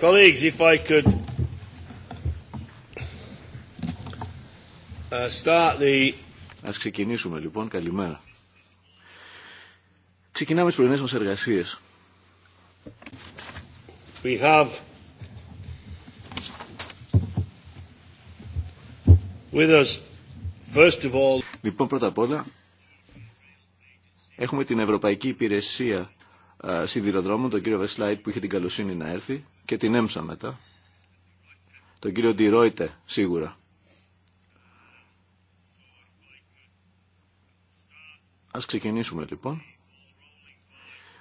Colleagues, if I could uh, start Ας ξεκινήσουμε λοιπόν. Καλημέρα. Ξεκινάμε τις πρωινές μας εργασίες. Λοιπόν, πρώτα απ' όλα, έχουμε την Ευρωπαϊκή Υπηρεσία ε, Σιδηροδρόμων, τον κύριο Βεσλάιτ, που είχε την καλοσύνη να έρθει και την έμψα μετά. Τον κύριο Ντιρόιτε σίγουρα. Ας ξεκινήσουμε λοιπόν.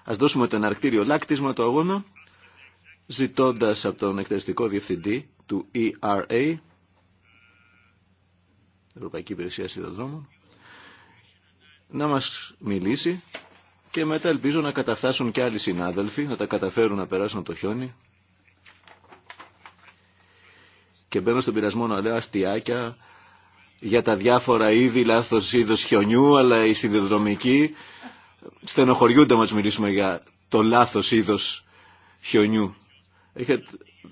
Ας δώσουμε το εναρκτήριο λάκτισμα το αγώνα, ζητώντας από τον εκτελεστικό διευθυντή του ERA, Ευρωπαϊκή Υπηρεσία Σιδοδρόμων, να μας μιλήσει και μετά ελπίζω να καταφτάσουν και άλλοι συνάδελφοι, να τα καταφέρουν να περάσουν το χιόνι και μπαίνω στον πειρασμό να λέω αστιάκια για τα διάφορα είδη λάθος είδος χιονιού αλλά οι σιδηροδρομικοί στενοχωριούνται μας μιλήσουμε για το λάθος είδος χιονιού. Έχετε...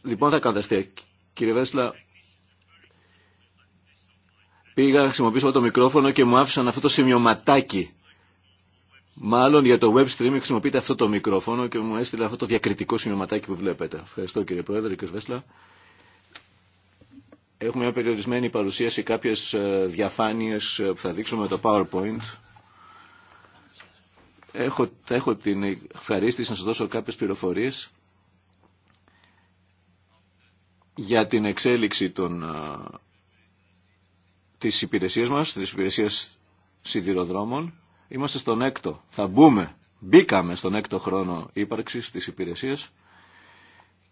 Λοιπόν θα καταστεί. Κύριε Βέσλα, πήγα να χρησιμοποιήσω το μικρόφωνο και μου άφησαν αυτό το σημειωματάκι. Μάλλον για το web streaming χρησιμοποιείτε αυτό το μικρόφωνο και μου έστειλε αυτό το διακριτικό σημειωματάκι που βλέπετε. Ευχαριστώ κύριε Πρόεδρε, κύριε Βέσλα. Έχουμε μια περιορισμένη παρουσίαση κάποιες ε, διαφάνειες ε, που θα δείξουμε με το PowerPoint. Έχω, έχω την ευχαρίστηση να σας δώσω κάποιες πληροφορίες για την εξέλιξη των, ε, της υπηρεσίας μας, της υπηρεσίας σιδηροδρόμων. Είμαστε στον έκτο. Θα μπούμε. Μπήκαμε στον έκτο χρόνο ύπαρξης της υπηρεσίας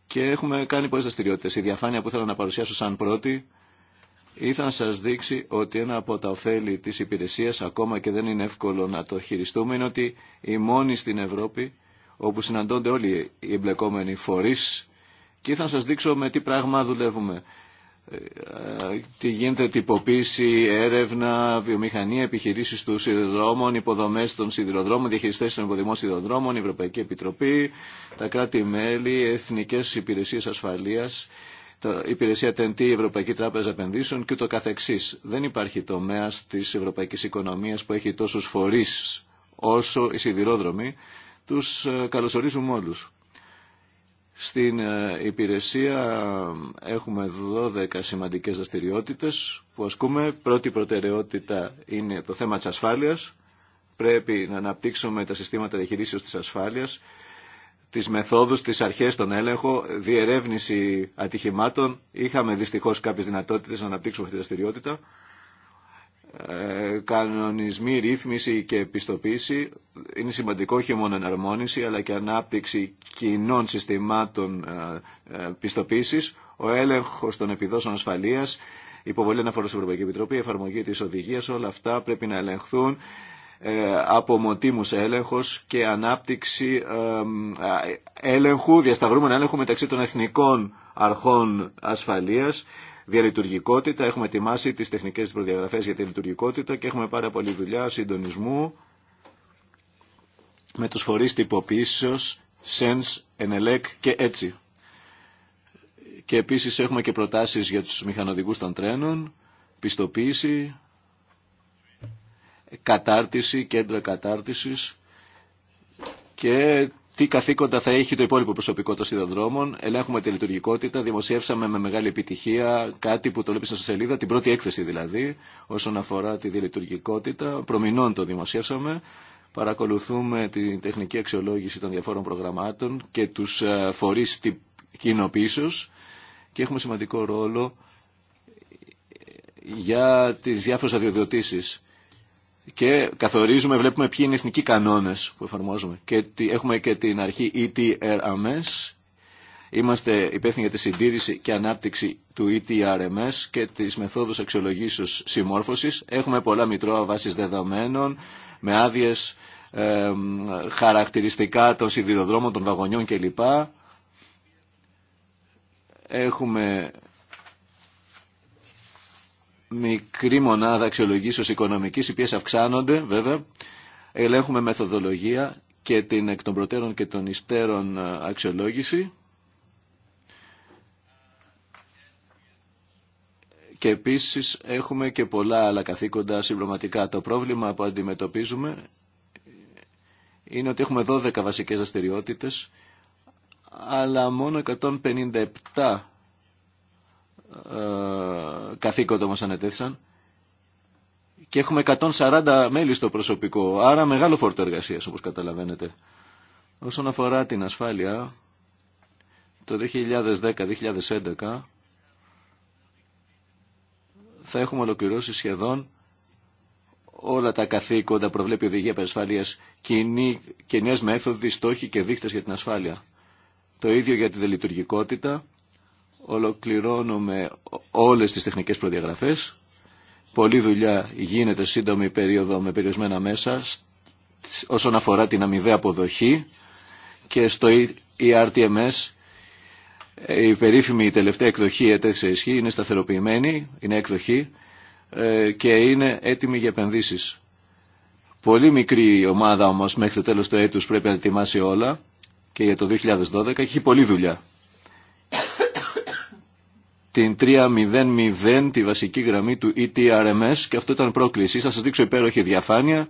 και έχουμε κάνει πολλέ δραστηριότητε. Η διαφάνεια που ήθελα να παρουσιάσω σαν πρώτη ήθελα να σα δείξει ότι ένα από τα ωφέλη τη υπηρεσία, ακόμα και δεν είναι εύκολο να το χειριστούμε, είναι ότι η μόνη στην Ευρώπη όπου συναντώνται όλοι οι εμπλεκόμενοι φορεί και ήθελα να σας δείξω με τι πράγμα δουλεύουμε τι γίνεται τυποποίηση, έρευνα, βιομηχανία, επιχειρήσει του σιδηροδρόμων, υποδομέ των σιδηροδρόμων, διαχειριστέ των υποδημών σιδηροδρόμων, η Ευρωπαϊκή Επιτροπή, τα κράτη-μέλη, εθνικέ υπηρεσίε ασφαλεία, η υπηρεσία TNT, η Ευρωπαϊκή Τράπεζα Επενδύσεων και ούτω καθεξής. Δεν υπάρχει τομέα τη ευρωπαϊκή οικονομία που έχει τόσου φορεί όσο οι σιδηρόδρομοι. Του καλωσορίζουμε όλου. Στην ε, υπηρεσία έχουμε 12 σημαντικές δραστηριότητε που ασκούμε. Πρώτη προτεραιότητα είναι το θέμα της ασφάλειας. Πρέπει να αναπτύξουμε τα συστήματα διαχειρίσεως της ασφάλειας, τις μεθόδους, τις αρχές, τον έλεγχο, διερεύνηση ατυχημάτων. Είχαμε δυστυχώς κάποιες δυνατότητες να αναπτύξουμε αυτή τη δραστηριότητα. Ε, κανονισμοί, ρύθμιση και επιστοποίηση είναι σημαντικό όχι μόνο εναρμόνιση αλλά και ανάπτυξη κοινών συστημάτων ε, ε, πιστοποίησης, ο έλεγχος των επιδόσεων ασφαλείας, υποβολή αναφορά στην Ευρωπαϊκή Επιτροπή, εφαρμογή της οδηγίας, όλα αυτά πρέπει να ελεγχθούν από μοτίμους έλεγχος και ανάπτυξη έλεγχου, διασταυρούμενο έλεγχο μεταξύ των εθνικών αρχών ασφαλείας διαλειτουργικότητα. Έχουμε ετοιμάσει τις τεχνικές προδιαγραφές για τη λειτουργικότητα και έχουμε πάρα πολλή δουλειά συντονισμού με του φορεί τυποποιήσεω, SENSE, ENELEC και έτσι. Και επίσης έχουμε και προτάσεις για τους μηχανοδηγού των τρένων, πιστοποίηση, κατάρτιση, κέντρα κατάρτισης και τι καθήκοντα θα έχει το υπόλοιπο προσωπικό των σιδηροδρόμων. Ελέγχουμε τη λειτουργικότητα. Δημοσιεύσαμε με μεγάλη επιτυχία κάτι που το λέπισα στη σελίδα, την πρώτη έκθεση δηλαδή, όσον αφορά τη διελειτουργικότητα. Προμηνών το δημοσιεύσαμε. Παρακολουθούμε την τεχνική αξιολόγηση των διαφόρων προγραμμάτων και του ε, φορεί κοινοποίησεω και έχουμε σημαντικό ρόλο για τι διάφορε αδειοδοτήσει και καθορίζουμε, βλέπουμε ποιοι είναι οι εθνικοί κανόνες που εφαρμόζουμε. Και έχουμε και την αρχή ETRMS, είμαστε υπεύθυνοι για τη συντήρηση και ανάπτυξη του ETRMS και τις μεθόδου αξιολογήσεως συμμόρφωσης. Έχουμε πολλά μητρώα βάσης δεδομένων, με άδειε χαρακτηριστικά των σιδηροδρόμων, των βαγονιών κλπ. Έχουμε μικρή μονάδα ω οικονομικής, οι οποίε αυξάνονται βέβαια. Ελέγχουμε μεθοδολογία και την εκ των προτέρων και των υστέρων ε, αξιολόγηση. Και επίσης έχουμε και πολλά άλλα καθήκοντα συμπληρωματικά. Το πρόβλημα που αντιμετωπίζουμε είναι ότι έχουμε 12 βασικές δραστηριότητε, αλλά μόνο 157 ε, καθήκοντα μας ανετέθησαν και έχουμε 140 μέλη στο προσωπικό, άρα μεγάλο φόρτο εργασίας όπως καταλαβαίνετε. Όσον αφορά την ασφάλεια, το 2010-2011 θα έχουμε ολοκληρώσει σχεδόν όλα τα καθήκοντα προβλέπει η Οδηγία Περισφάλειας, κοινέ μέθοδοι, στόχοι και δείχτες για την ασφάλεια. Το ίδιο για τη δελειτουργικότητα Ολοκληρώνουμε όλες τις τεχνικές προδιαγραφές. Πολλή δουλειά γίνεται σύντομη περίοδο με περιορισμένα μέσα όσον αφορά την αμοιβαία αποδοχή και στο ERTMS e ε, η περίφημη τελευταία εκδοχή ετέθησε ισχύ, είναι σταθεροποιημένη, είναι εκδοχή ε, και είναι έτοιμη για επενδύσεις. Πολύ μικρή ομάδα όμως μέχρι το τέλος του έτους πρέπει να ετοιμάσει όλα και για το 2012 έχει πολλή δουλειά την 3.0.0, τη βασική γραμμή του ETRMS και αυτό ήταν πρόκληση. Θα σας δείξω υπέροχη διαφάνεια.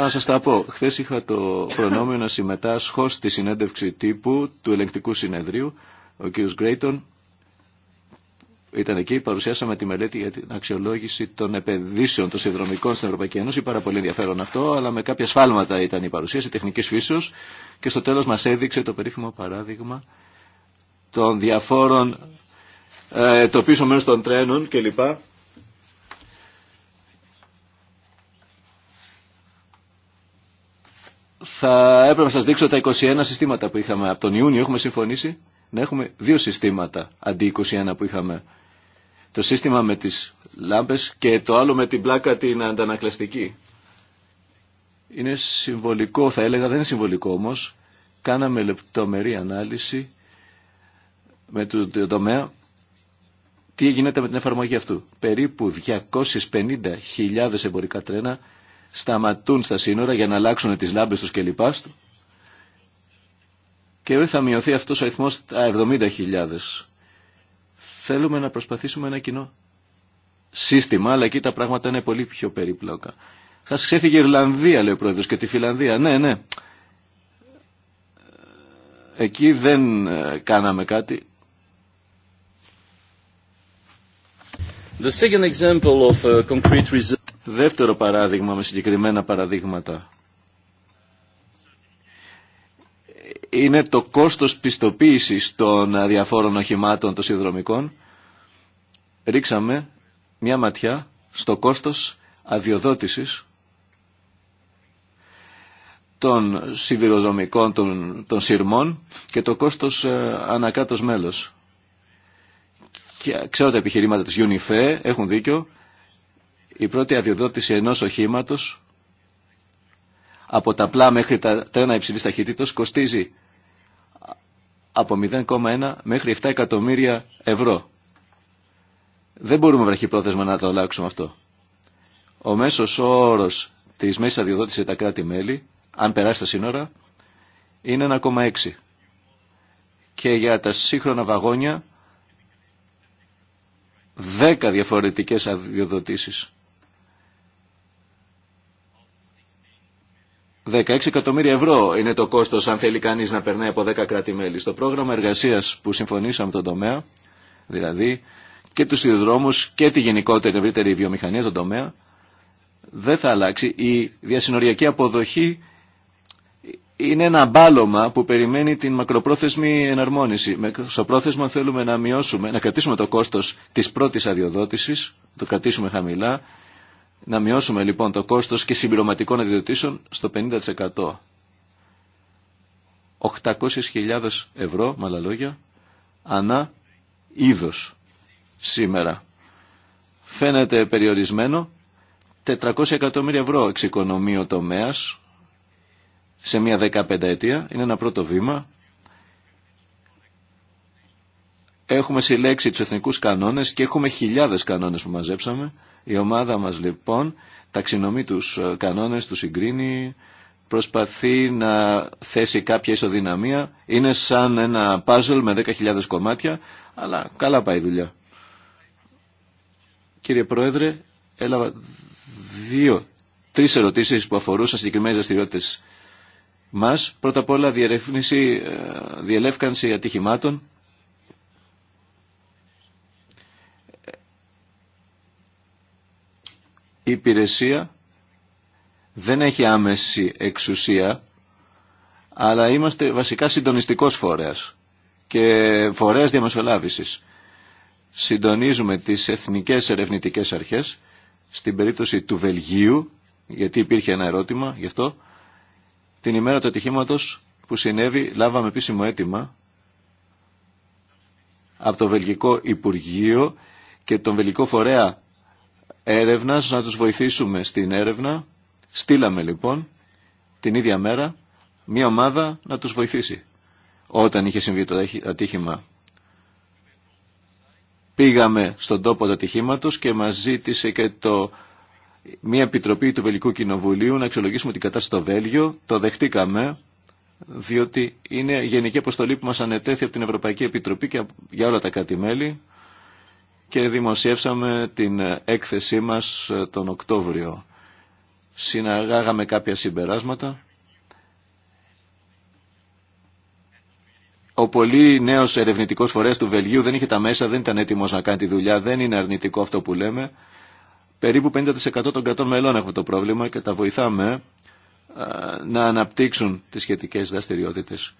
Α σας τα πω. Χθε είχα το προνόμιο να συμμετάσχω στη συνέντευξη τύπου του ελεγκτικού συνεδρίου. Ο κ. Γκρέιτον ήταν εκεί, παρουσιάσαμε τη μελέτη για την αξιολόγηση των επενδύσεων των συνδρομικών στην Ευρωπαϊκή Ένωση. Πάρα πολύ ενδιαφέρον αυτό, αλλά με κάποια σφάλματα ήταν η παρουσίαση τεχνική φύσεω και στο τέλο μα έδειξε το περίφημο παράδειγμα των διαφόρων ε, το πίσω μέρος των τρένων κλπ. Θα έπρεπε να σας δείξω τα 21 συστήματα που είχαμε. Από τον Ιούνιο έχουμε συμφωνήσει να έχουμε δύο συστήματα αντί 21 που είχαμε. Το σύστημα με τις λάμπες και το άλλο με την πλάκα την αντανακλαστική. Είναι συμβολικό θα έλεγα, δεν είναι συμβολικό όμως. Κάναμε λεπτομερή ανάλυση με το τομέα τι γίνεται με την εφαρμογή αυτού. Περίπου 250.000 εμπορικά τρένα σταματούν στα σύνορα για να αλλάξουν τις λάμπες τους κλπ. Και, και θα μειωθεί αυτός ο αριθμός στα 70.000. Θέλουμε να προσπαθήσουμε ένα κοινό σύστημα, αλλά εκεί τα πράγματα είναι πολύ πιο περίπλοκα. Σας ξέφυγε η Ιρλανδία, λέει ο πρόεδρο, και τη Φιλανδία. Ναι, ναι. Εκεί δεν ε, κάναμε κάτι. The uh, Δεύτερο παράδειγμα με συγκεκριμένα παραδείγματα. Είναι το κόστος πιστοποίησης των διαφόρων οχημάτων των συνδρομικών. Ρίξαμε μια ματιά στο κόστος αδειοδότησης των σιδηροδρομικών των, των σειρμών και το κόστος ε, ανακάτως μέλος. Και ξέρω τα επιχειρήματα της UNIFE, έχουν δίκιο. Η πρώτη αδειοδότηση ενός οχήματος από τα πλά μέχρι τα τρένα υψηλής ταχύτητος κοστίζει από 0,1 μέχρι 7 εκατομμύρια ευρώ. Δεν μπορούμε πρόθεσμα, να το αλλάξουμε αυτό. Ο μέσος όρος της μέσης αδειοδότησης τα κράτη-μέλη, αν περάσει τα σύνορα, είναι 1,6. Και για τα σύγχρονα βαγόνια 10 διαφορετικές αδειοδοτήσεις. 16 εκατομμύρια ευρώ είναι το κόστος αν θέλει κανείς να περνάει από 10 κράτη-μέλη. Στο πρόγραμμα εργασίας που συμφωνήσαμε τον τομέα, δηλαδή και τους σιδηροδρόμους και τη γενικότερη ευρύτερη βιομηχανία στον τομέα, δεν θα αλλάξει. Η διασυνοριακή αποδοχή είναι ένα μπάλωμα που περιμένει την μακροπρόθεσμη εναρμόνιση. Με πρόθεσμα θέλουμε να μειώσουμε, να κρατήσουμε το κόστος της πρώτης αδειοδότησης, το κρατήσουμε χαμηλά, να μειώσουμε λοιπόν το κόστος και συμπληρωματικών αδειοδοτήσεων στο 50%. 800.000 ευρώ, με άλλα λόγια, ανά είδος σήμερα. Φαίνεται περιορισμένο, 400 εκατομμύρια ευρώ εξοικονομεί ο τομέας, σε μια 15 ετία. Είναι ένα πρώτο βήμα. Έχουμε συλλέξει τους εθνικούς κανόνες και έχουμε χιλιάδες κανόνες που μαζέψαμε. Η ομάδα μας λοιπόν ταξινομεί τους ε, κανόνες, τους συγκρίνει, προσπαθεί να θέσει κάποια ισοδυναμία. Είναι σαν ένα παζλ με 10.000 κομμάτια, αλλά καλά πάει η δουλειά. Κύριε Πρόεδρε, έλαβα δύο, τρεις ερωτήσεις που αφορούσαν συγκεκριμένες δραστηριότητε μας. Πρώτα απ' όλα διερεύνηση, ε, διελεύκανση ατυχημάτων. Η υπηρεσία δεν έχει άμεση εξουσία, αλλά είμαστε βασικά συντονιστικός φορέας και φορέας διαμεσολάβησης. Συντονίζουμε τις εθνικές ερευνητικές αρχές, στην περίπτωση του Βελγίου, γιατί υπήρχε ένα ερώτημα γι' αυτό, την ημέρα του ατυχήματο που συνέβη λάβαμε επίσημο αίτημα από το Βελγικό Υπουργείο και τον Βελγικό Φορέα Έρευνας να τους βοηθήσουμε στην έρευνα. Στείλαμε λοιπόν την ίδια μέρα μία ομάδα να τους βοηθήσει όταν είχε συμβεί το ατύχημα. Πήγαμε στον τόπο του ατυχήματος και μας ζήτησε και το μια επιτροπή του Βελικού Κοινοβουλίου να αξιολογήσουμε την κατάσταση στο Βέλγιο. Το δεχτήκαμε, διότι είναι γενική αποστολή που μας ανετέθη από την Ευρωπαϊκή Επιτροπή και για όλα τα κράτη-μέλη και δημοσιεύσαμε την έκθεσή μας ε, τον Οκτώβριο. Συναγάγαμε κάποια συμπεράσματα. Ο πολύ νέος ερευνητικός φορέας του Βελγίου δεν είχε τα μέσα, δεν ήταν έτοιμος να κάνει τη δουλειά, δεν είναι αρνητικό αυτό που λέμε. Περίπου 50% των κρατών μελών έχουν το πρόβλημα και τα βοηθάμε ε, να αναπτύξουν τις σχετικές δραστηριότητες.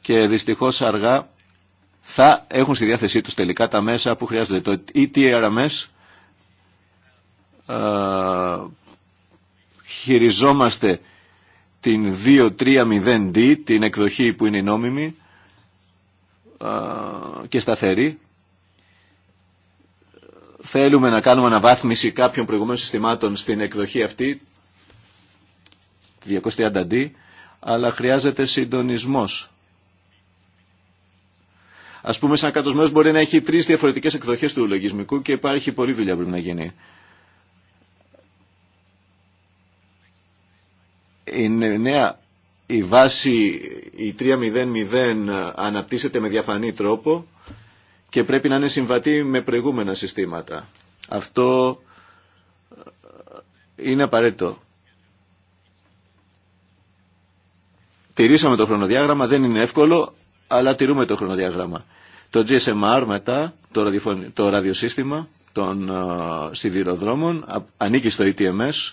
Και δυστυχώς αργά θα έχουν στη διάθεσή τους τελικά τα μέσα που χρειάζονται. Το ETRMS ε, χειριζόμαστε την 230D, την εκδοχή που είναι νόμιμη ε, και σταθερή θέλουμε να κάνουμε αναβάθμιση κάποιων προηγουμένων συστημάτων στην εκδοχή αυτή, 230D, αλλά χρειάζεται συντονισμός. Ας πούμε, σαν μέρος μπορεί να έχει τρεις διαφορετικές εκδοχές του λογισμικού και υπάρχει πολλή δουλειά που πρέπει να γίνει. Η νέα η βάση η 3.0.0 ε, αναπτύσσεται με διαφανή τρόπο και πρέπει να είναι συμβατή με προηγούμενα συστήματα. Αυτό ε, είναι απαραίτητο. Τηρήσαμε το χρονοδιάγραμμα, δεν είναι εύκολο, αλλά τηρούμε το χρονοδιάγραμμα. Το GSMR μετά, το, ραδιοσύστημα των uh, σιδηροδρόμων, ανήκει στο ETMS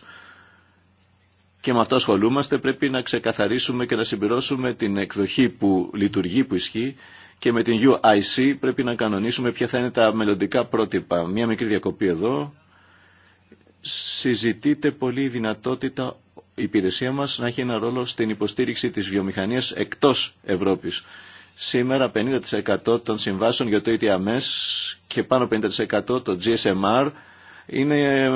και με αυτό ασχολούμαστε. Πρέπει να ξεκαθαρίσουμε και να συμπληρώσουμε την εκδοχή που λειτουργεί, που ισχύει και με την UIC πρέπει να κανονίσουμε ποια θα είναι τα μελλοντικά πρότυπα. Μία μικρή διακοπή εδώ. Συζητείται πολύ η δυνατότητα η υπηρεσία μας να έχει ένα ρόλο στην υποστήριξη της βιομηχανίας εκτός Ευρώπης. Σήμερα 50% των συμβάσεων για το ETMS και πάνω 50% το GSMR είναι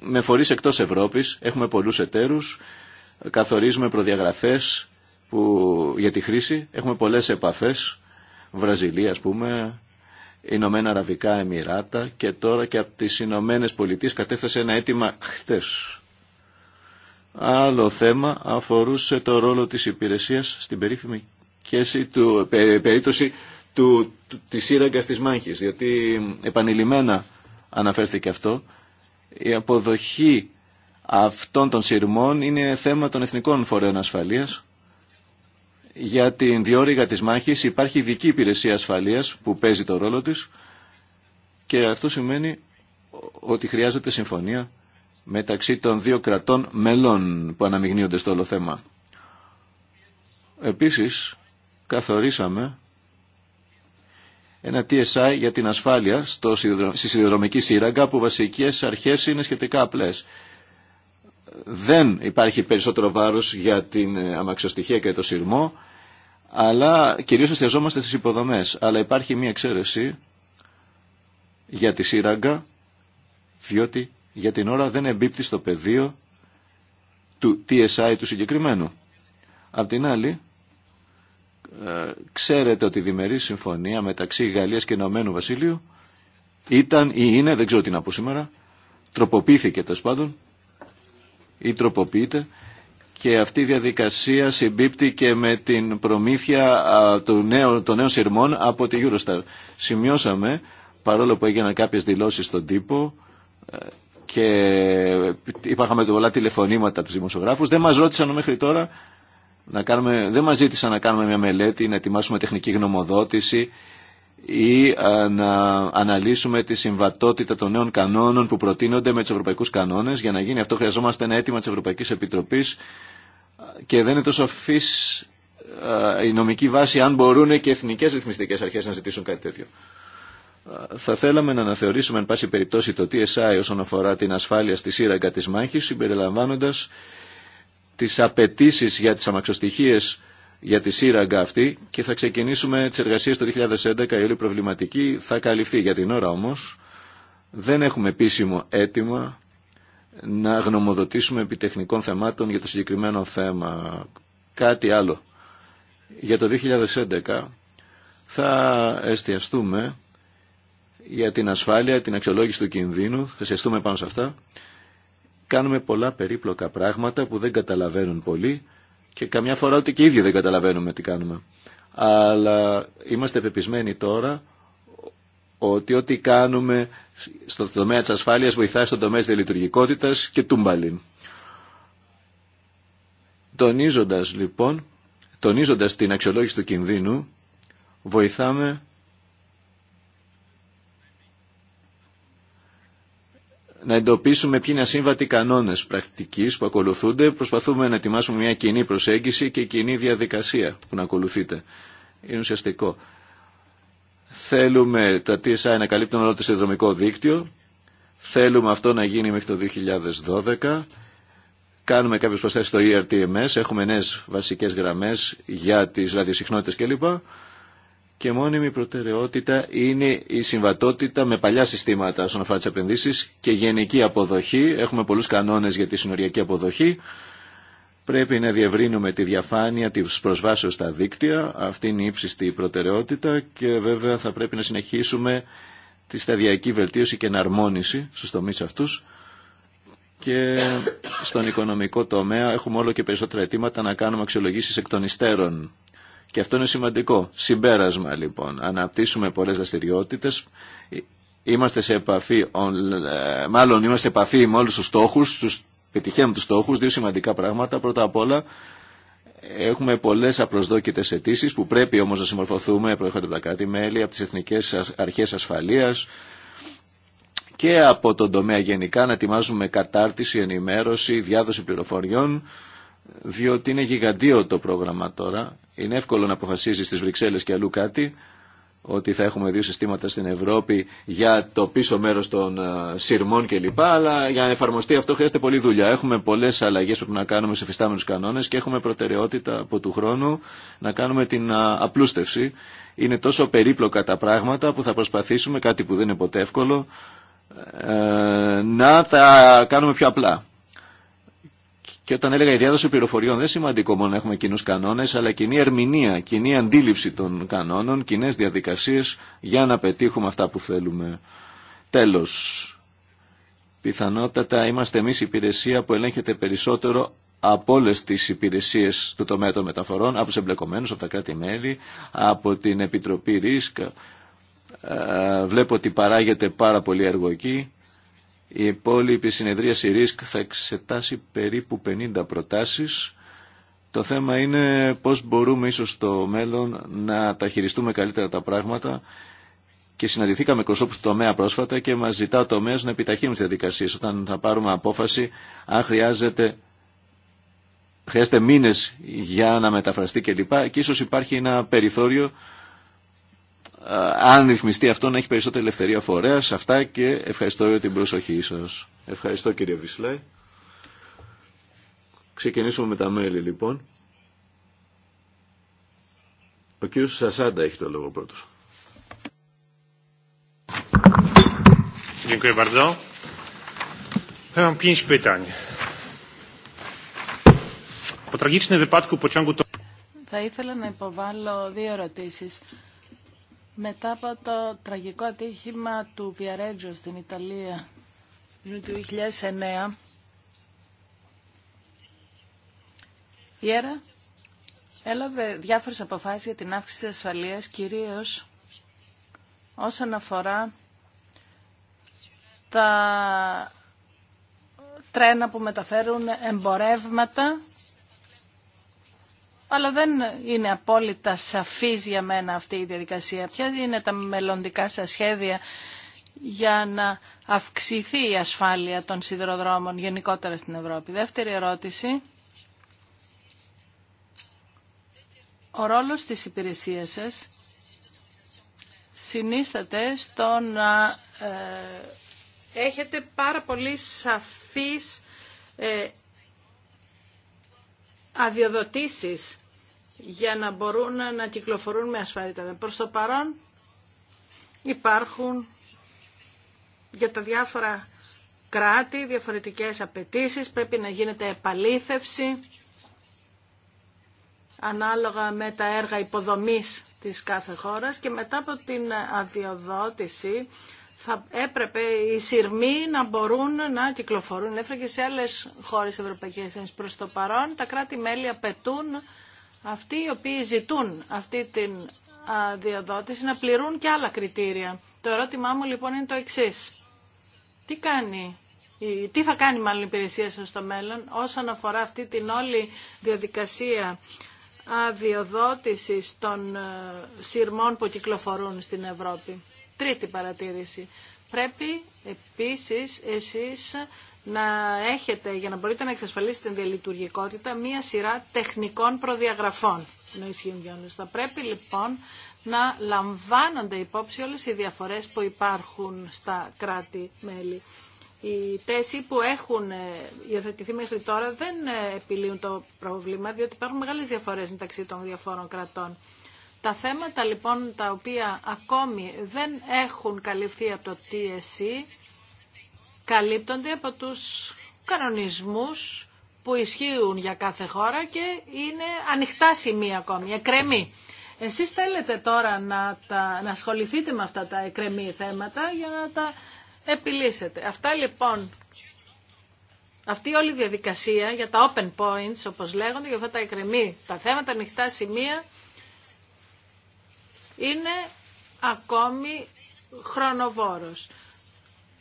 με φορείς εκτός Ευρώπης. Έχουμε πολλούς εταίρους, καθορίζουμε προδιαγραφές που, για τη χρήση, έχουμε πολλές επαφές Βραζιλία ας πούμε, Ηνωμένα Αραβικά Εμμυράτα και τώρα και από τις Ηνωμένε Πολιτείες κατέθεσε ένα αίτημα χτες. Άλλο θέμα αφορούσε το ρόλο της υπηρεσίας στην περίφημη του, περίπτωση του, του, της σύραγγας της μάχης, διότι επανειλημμένα αναφέρθηκε αυτό, η αποδοχή αυτών των σειρμών είναι θέμα των εθνικών φορέων ασφαλείας για την διόρυγα της μάχης υπάρχει ειδική υπηρεσία ασφαλείας που παίζει το ρόλο της και αυτό σημαίνει ότι χρειάζεται συμφωνία μεταξύ των δύο κρατών μελών που αναμειγνύονται στο όλο θέμα. Επίσης, καθορίσαμε ένα TSI για την ασφάλεια στο, στη σιδηροδρομική σύραγγα που βασικές αρχές είναι σχετικά απλές δεν υπάρχει περισσότερο βάρος για την ε, αμαξοστοιχεία και το σειρμό, αλλά κυρίως εστιαζόμαστε στις υποδομές. Αλλά υπάρχει μία εξαίρεση για τη σύραγγα, διότι για την ώρα δεν εμπίπτει στο πεδίο του TSI του συγκεκριμένου. Απ' την άλλη, ε, ξέρετε ότι η διμερή συμφωνία μεταξύ Γαλλίας και Ηνωμένου Βασίλειου ήταν ή είναι, δεν ξέρω τι να πω σήμερα, τροποποιήθηκε τέλο πάντων ή τροποποιείται και αυτή η διαδικασία συμπίπτει και με την προμήθεια των νέων, των νέων σειρμών από τη Eurostar. Σημειώσαμε, παρόλο που έγιναν κάποιες δηλώσεις στον τύπο ε, και υπάρχαμε πολλά τηλεφωνήματα από τους δημοσιογράφους, δεν μας ρώτησαν μέχρι τώρα να κάνουμε, δεν μας ζήτησαν να κάνουμε μια μελέτη, να ετοιμάσουμε τεχνική γνωμοδότηση ή να αναλύσουμε τη συμβατότητα των νέων κανόνων που προτείνονται με τους ευρωπαϊκούς κανόνες. Για να γίνει αυτό χρειαζόμαστε ένα αίτημα της Ευρωπαϊκής Επιτροπής και δεν είναι τόσο φύς ε, η νομική βάση αν μπορούν και εθνικές ρυθμιστικές αρχές να ζητήσουν κάτι τέτοιο. Ε, θα θέλαμε να αναθεωρήσουμε εν πάση περιπτώσει το TSI όσον αφορά την ασφάλεια στη σύραγγα της μάχης συμπεριλαμβάνοντας τις απαιτήσει για τις αμαξοστοιχίες για τη σύραγγα αυτή και θα ξεκινήσουμε τις εργασίες το 2011. Η όλη προβληματική θα καλυφθεί. Για την ώρα όμως δεν έχουμε επίσημο αίτημα να γνωμοδοτήσουμε επιτεχνικών θεμάτων για το συγκεκριμένο θέμα. Κάτι άλλο. Για το 2011 θα εστιαστούμε για την ασφάλεια, την αξιολόγηση του κινδύνου, θα εστιαστούμε πάνω σε αυτά. Κάνουμε πολλά περίπλοκα πράγματα που δεν καταλαβαίνουν πολλοί και καμιά φορά ότι και οι ίδιοι δεν καταλαβαίνουμε τι κάνουμε. Αλλά είμαστε πεπισμένοι τώρα ότι ό,τι κάνουμε στο τομέα της ασφάλειας βοηθάει στον τομέα της λειτουργικότητας και τούμπαλιν. Τονίζοντας λοιπόν, τονίζοντας την αξιολόγηση του κινδύνου, βοηθάμε να εντοπίσουμε ποιοι είναι ασύμβατοι κανόνε πρακτική που ακολουθούνται. Προσπαθούμε να ετοιμάσουμε μια κοινή προσέγγιση και κοινή διαδικασία που να ακολουθείτε. Είναι ουσιαστικό. Θέλουμε τα TSI να καλύπτουν όλο το συνδρομικό δίκτυο. Θέλουμε αυτό να γίνει μέχρι το 2012. Κάνουμε κάποιε προσθέσει στο ERTMS. Έχουμε νέε βασικέ γραμμέ για τι ραδιοσυχνότητες κλπ και μόνιμη προτεραιότητα είναι η συμβατότητα με παλιά συστήματα όσον αφορά τι επενδύσει και γενική αποδοχή. Έχουμε πολλού κανόνε για τη συνοριακή αποδοχή. Πρέπει να διευρύνουμε τη διαφάνεια τη προσβάσεω στα δίκτυα. Αυτή είναι η ύψιστη προτεραιότητα και βέβαια θα πρέπει να συνεχίσουμε τη σταδιακή βελτίωση και εναρμόνιση στου τομεί αυτού. Και στον οικονομικό τομέα έχουμε όλο και περισσότερα αιτήματα να κάνουμε αξιολογήσει εκ των υστέρων και αυτό είναι σημαντικό. Συμπέρασμα λοιπόν. Αναπτύσσουμε πολλές δραστηριότητε. Ε, είμαστε σε επαφή, ε, μάλλον είμαστε σε επαφή με όλους τους στόχους, τους πετυχαίνουμε τους στόχους, δύο σημαντικά πράγματα. Πρώτα απ' όλα έχουμε πολλές απροσδόκητες αιτήσει που πρέπει όμως να συμμορφωθούμε, προέρχονται από τα κράτη-μέλη, από τις εθνικές αρχές ασφαλείας, και από τον τομέα γενικά να ετοιμάζουμε κατάρτιση, ενημέρωση, διάδοση πληροφοριών διότι είναι γιγαντίο το πρόγραμμα τώρα. Είναι εύκολο να αποφασίσει στι Βρυξέλλες και αλλού κάτι, ότι θα έχουμε δύο συστήματα στην Ευρώπη για το πίσω μέρο των ε, σειρμών κλπ. Αλλά για να εφαρμοστεί αυτό χρειάζεται πολλή δουλειά. Έχουμε πολλέ αλλαγέ που πρέπει να κάνουμε σε φυστάμενου κανόνε και έχουμε προτεραιότητα από του χρόνου να κάνουμε την ε, απλούστευση. Είναι τόσο περίπλοκα τα πράγματα που θα προσπαθήσουμε, κάτι που δεν είναι ποτέ εύκολο, ε, να τα κάνουμε πιο απλά. Και όταν έλεγα η διάδοση πληροφοριών δεν σημαντικό μόνο να έχουμε κοινού κανόνε, αλλά κοινή ερμηνεία, κοινή αντίληψη των κανόνων, κοινέ διαδικασίε για να πετύχουμε αυτά που θέλουμε. Τέλο. Πιθανότατα είμαστε εμεί η υπηρεσία που ελέγχεται περισσότερο από όλε τι υπηρεσίε του τομέα των μεταφορών, από του εμπλεκομένου, από τα κράτη-μέλη, από την Επιτροπή Ρίσκα. Ε, βλέπω ότι παράγεται πάρα πολύ εργοκή. Η υπόλοιπη συνεδρία ΡΙΣΚ θα εξετάσει περίπου 50 προτάσεις. Το θέμα είναι πώς μπορούμε ίσως στο μέλλον να τα χειριστούμε καλύτερα τα πράγματα και συναντηθήκαμε εκπροσώπου του τομέα πρόσφατα και μα ζητά ο τομέα να επιταχύνουμε τι διαδικασίε. Όταν θα πάρουμε απόφαση, αν χρειάζεται, χρειάζεται μήνε για να μεταφραστεί κλπ. Και, και ίσω υπάρχει ένα περιθώριο ε, αν ρυθμιστεί αυτό να έχει περισσότερη ελευθερία φορέα. Αυτά και ευχαριστώ για την προσοχή σας. Ευχαριστώ κύριε Βισλέ. Ξεκινήσουμε με τα μέλη λοιπόν. Ο κύριος Σασάντα έχει το λόγο πρώτος. Dziękuję bardzo. Ja mam pięć pytań. Po tragicznym wypadku pociągu to... Θα ήθελα να υποβάλω δύο ερωτήσεις. Μετά από το τραγικό ατύχημα του Βιαρέτζο στην Ιταλία του 2009, η ΕΡΑ έλαβε διάφορες αποφάσεις για την αύξηση της ασφαλείας, κυρίως όσον αφορά τα τρένα που μεταφέρουν εμπορεύματα αλλά δεν είναι απόλυτα σαφής για μένα αυτή η διαδικασία. Ποια είναι τα μελλοντικά σας σχέδια για να αυξηθεί η ασφάλεια των σιδηροδρόμων γενικότερα στην Ευρώπη. Δεύτερη ερώτηση. Ο ρόλος της υπηρεσίας σας συνίσταται στο να ε, έχετε πάρα πολύ σαφείς ε, αδειοδοτήσεις για να μπορούν να κυκλοφορούν με ασφαλήτα. Προς το παρόν υπάρχουν για τα διάφορα κράτη διαφορετικές απαιτήσεις, πρέπει να γίνεται επαλήθευση ανάλογα με τα έργα υποδομής της κάθε χώρας και μετά από την αδειοδότηση θα έπρεπε οι σειρμοί να μπορούν να κυκλοφορούν ελεύθερα και σε άλλες χώρες Ευρωπαϊκής Ένωσης. Προς το παρόν τα κράτη-μέλη απαιτούν αυτοί οι οποίοι ζητούν αυτή την αδειοδότηση να πληρούν και άλλα κριτήρια. Το ερώτημά μου λοιπόν είναι το εξή. Τι κάνει τι θα κάνει μάλλον η υπηρεσία σας στο μέλλον όσον αφορά αυτή την όλη διαδικασία αδειοδότησης των ε, σειρμών που κυκλοφορούν στην Ευρώπη. Τρίτη παρατήρηση. Πρέπει επίσης εσείς να έχετε, για να μπορείτε να εξασφαλίσετε την διαλειτουργικότητα, μία σειρά τεχνικών προδιαγραφών να ισχύουν Θα πρέπει λοιπόν να λαμβάνονται υπόψη όλες οι διαφορές που υπάρχουν στα κράτη-μέλη. Οι τέσσερι που έχουν ε, υιοθετηθεί μέχρι τώρα δεν ε, επιλύουν το πρόβλημα, διότι υπάρχουν μεγάλες διαφορές μεταξύ των διαφόρων κρατών. Τα θέματα λοιπόν τα οποία ακόμη δεν έχουν καλυφθεί από το TSE καλύπτονται από τους κανονισμούς που ισχύουν για κάθε χώρα και είναι ανοιχτά σημεία ακόμη, εκκρεμή. Εσείς θέλετε τώρα να, να ασχοληθείτε με αυτά τα εκκρεμή θέματα για να τα επιλύσετε. Αυτά λοιπόν, αυτή όλη η διαδικασία για τα open points όπως λέγονται, για αυτά τα εκκρεμή, τα θέματα ανοιχτά σημεία, είναι ακόμη χρονοβόρος.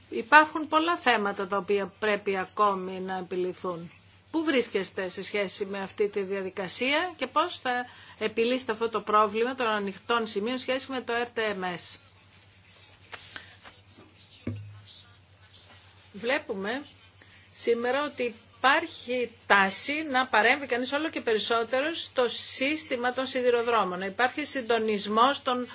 Υπάρχουν πολλά θέματα τα οποία πρέπει ακόμη να επιληθούν. Πού βρίσκεστε σε σχέση με αυτή τη διαδικασία και πώς θα επιλύσετε αυτό το πρόβλημα των ανοιχτών σημείων σχέση με το RTMS. Βλέπουμε σήμερα ότι υπάρχει τάση να παρέμβει κανείς όλο και περισσότερο στο σύστημα των σιδηροδρόμων. Υπάρχει συντονισμός των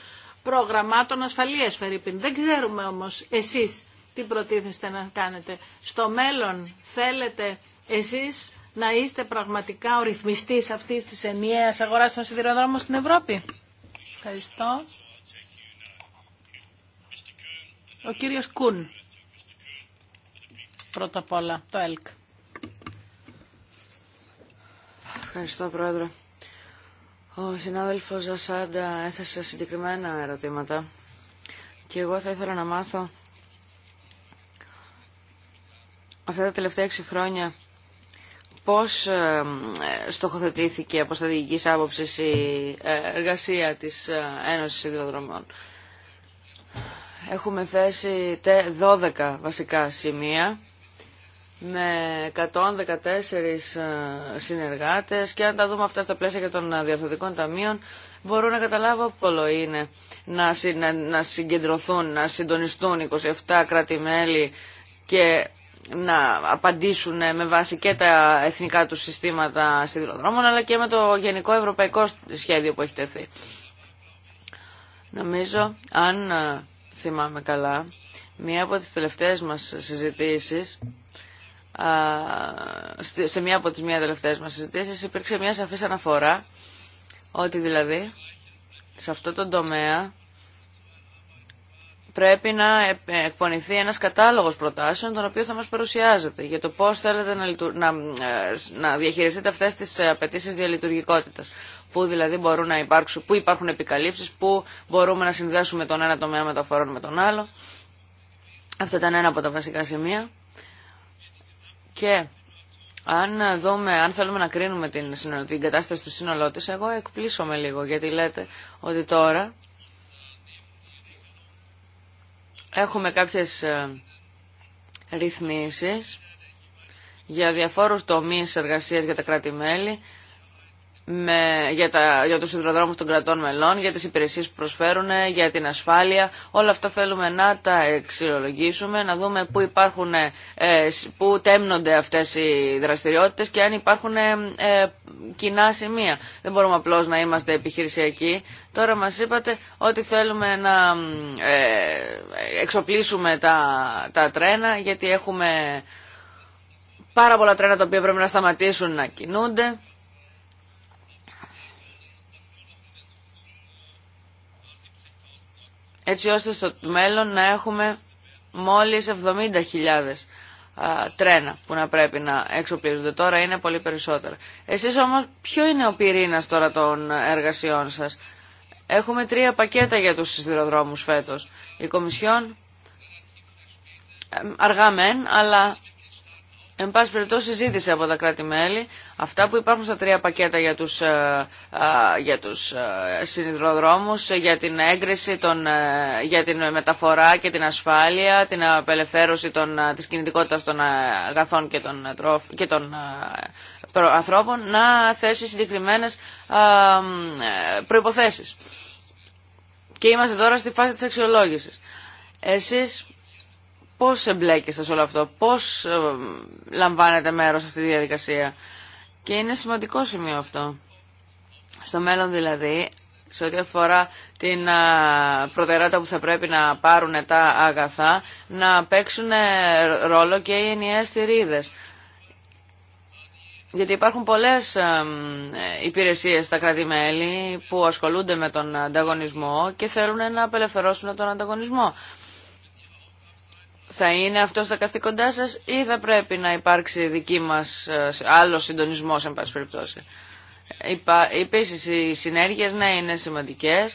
προγραμμάτων ασφαλείας, Φερρυπίν. Δεν ξέρουμε όμως εσείς τι προτίθεστε να κάνετε. Στο μέλλον θέλετε εσείς να είστε πραγματικά ο ρυθμιστής αυτής της ενιαίας αγοράς των σιδηροδρόμων στην Ευρώπη. Ευχαριστώ. Ο κύριος Κούν. Πρώτα απ' όλα, το ΕΛΚ. Ευχαριστώ, Πρόεδρε. Ο συνάδελφος Ζασάντα έθεσε συγκεκριμένα ερωτήματα και εγώ θα ήθελα να μάθω αυτά τα τελευταία έξι χρόνια πώς ε, στοχοθετήθηκε από στρατηγικής άποψης η ε, εργασία της ε, Ένωσης Σιδηροδρομών. Έχουμε θέσει 12 βασικά σημεία με 114 ε, συνεργάτες και αν τα δούμε αυτά στα πλαίσια και των ε, διορθωτικών ταμείων μπορώ να καταλάβω πολλο είναι να, να, συγκεντρωθούν, να συντονιστούν 27 κράτη-μέλη και να απαντήσουν ε, με βάση και τα εθνικά του συστήματα σιδηροδρόμων αλλά και με το γενικό ευρωπαϊκό σχέδιο που έχει τεθεί. Νομίζω, αν θυμάμαι καλά, μία από τις τελευταίες μας συζητήσεις σε μία από τις μία τελευταίες μας συζητήσεις υπήρξε μία σαφής αναφορά ότι δηλαδή σε αυτό το τομέα πρέπει να εκπονηθεί ένας κατάλογος προτάσεων τον οποίο θα μας παρουσιάζεται για το πώς θέλετε να, ε, να, διαχειριστείτε αυτές τις απαιτήσει διαλειτουργικότητας που δηλαδή μπορούν να υπάρξουν, που υπάρχουν επικαλύψεις, που μπορούμε να συνδέσουμε τον ένα τομέα μεταφορών με τον άλλο. Αυτό ήταν ένα από τα βασικά σημεία. Και αν δούμε, αν θέλουμε να κρίνουμε την, την κατάσταση του σύνολό τη, εγώ με λίγο, γιατί λέτε ότι τώρα έχουμε κάποιες ε, ρυθμίσεις για διαφόρους τομείς εργασίας για τα κράτη-μέλη, με, για, τα, για τους υδροδρόμους των κρατών μελών, για τις υπηρεσίες που προσφέρουν, για την ασφάλεια. Όλα αυτά θέλουμε να τα εξυλολογήσουμε, να δούμε πού υπάρχουν, ε, πού τέμνονται αυτές οι δραστηριότητες και αν υπάρχουν ε, ε, κοινά σημεία. Δεν μπορούμε απλώς να είμαστε επιχειρησιακοί. Τώρα μας είπατε ότι θέλουμε να εξοπλίσουμε τα, τα τρένα γιατί έχουμε πάρα πολλά τρένα τα οποία πρέπει να σταματήσουν να κινούνται. έτσι ώστε στο μέλλον να έχουμε μόλις 70.000 τρένα που να πρέπει να εξοπλίζονται τώρα είναι πολύ περισσότερα. Εσείς όμως ποιο είναι ο πυρήνας τώρα των εργασιών σας. Έχουμε τρία πακέτα για τους σιδηροδρόμους φέτος. Η Κομισιόν ε, αργά μεν, αλλά Εν πάση περιπτώσει ζήτησε από τα κράτη-μέλη αυτά που υπάρχουν στα τρία πακέτα για τους, ε, ε, για τους ε, για την έγκριση, των, για την μεταφορά και την ασφάλεια, την απελευθέρωση των, της κινητικότητας των αγαθών και των, και των ανθρώπων, να θέσει συγκεκριμένες προϋποθέσεις. Και είμαστε τώρα στη φάση της αξιολόγησης. Εσείς Πώς εμπλέκεστε σε όλο αυτό, πώς ε, λαμβάνετε μέρος σε αυτή τη διαδικασία. Και είναι σημαντικό σημείο αυτό. Στο μέλλον δηλαδή, σε ό,τι αφορά την ε, προτεραιότητα που θα πρέπει να πάρουν τα αγαθά, να παίξουν ρόλο και οι ενιαίες θηρίδες. Γιατί υπάρχουν πολλές ε, υπηρεσίες στα κράτη-μέλη που ασχολούνται με τον ανταγωνισμό και θέλουν να απελευθερώσουν τον ανταγωνισμό θα είναι αυτό στα καθήκοντά σα ή θα πρέπει να υπάρξει δική μας ε, άλλο συντονισμό εν πάση περιπτώσει. Επίση, οι συνέργειες ναι είναι σημαντικέ,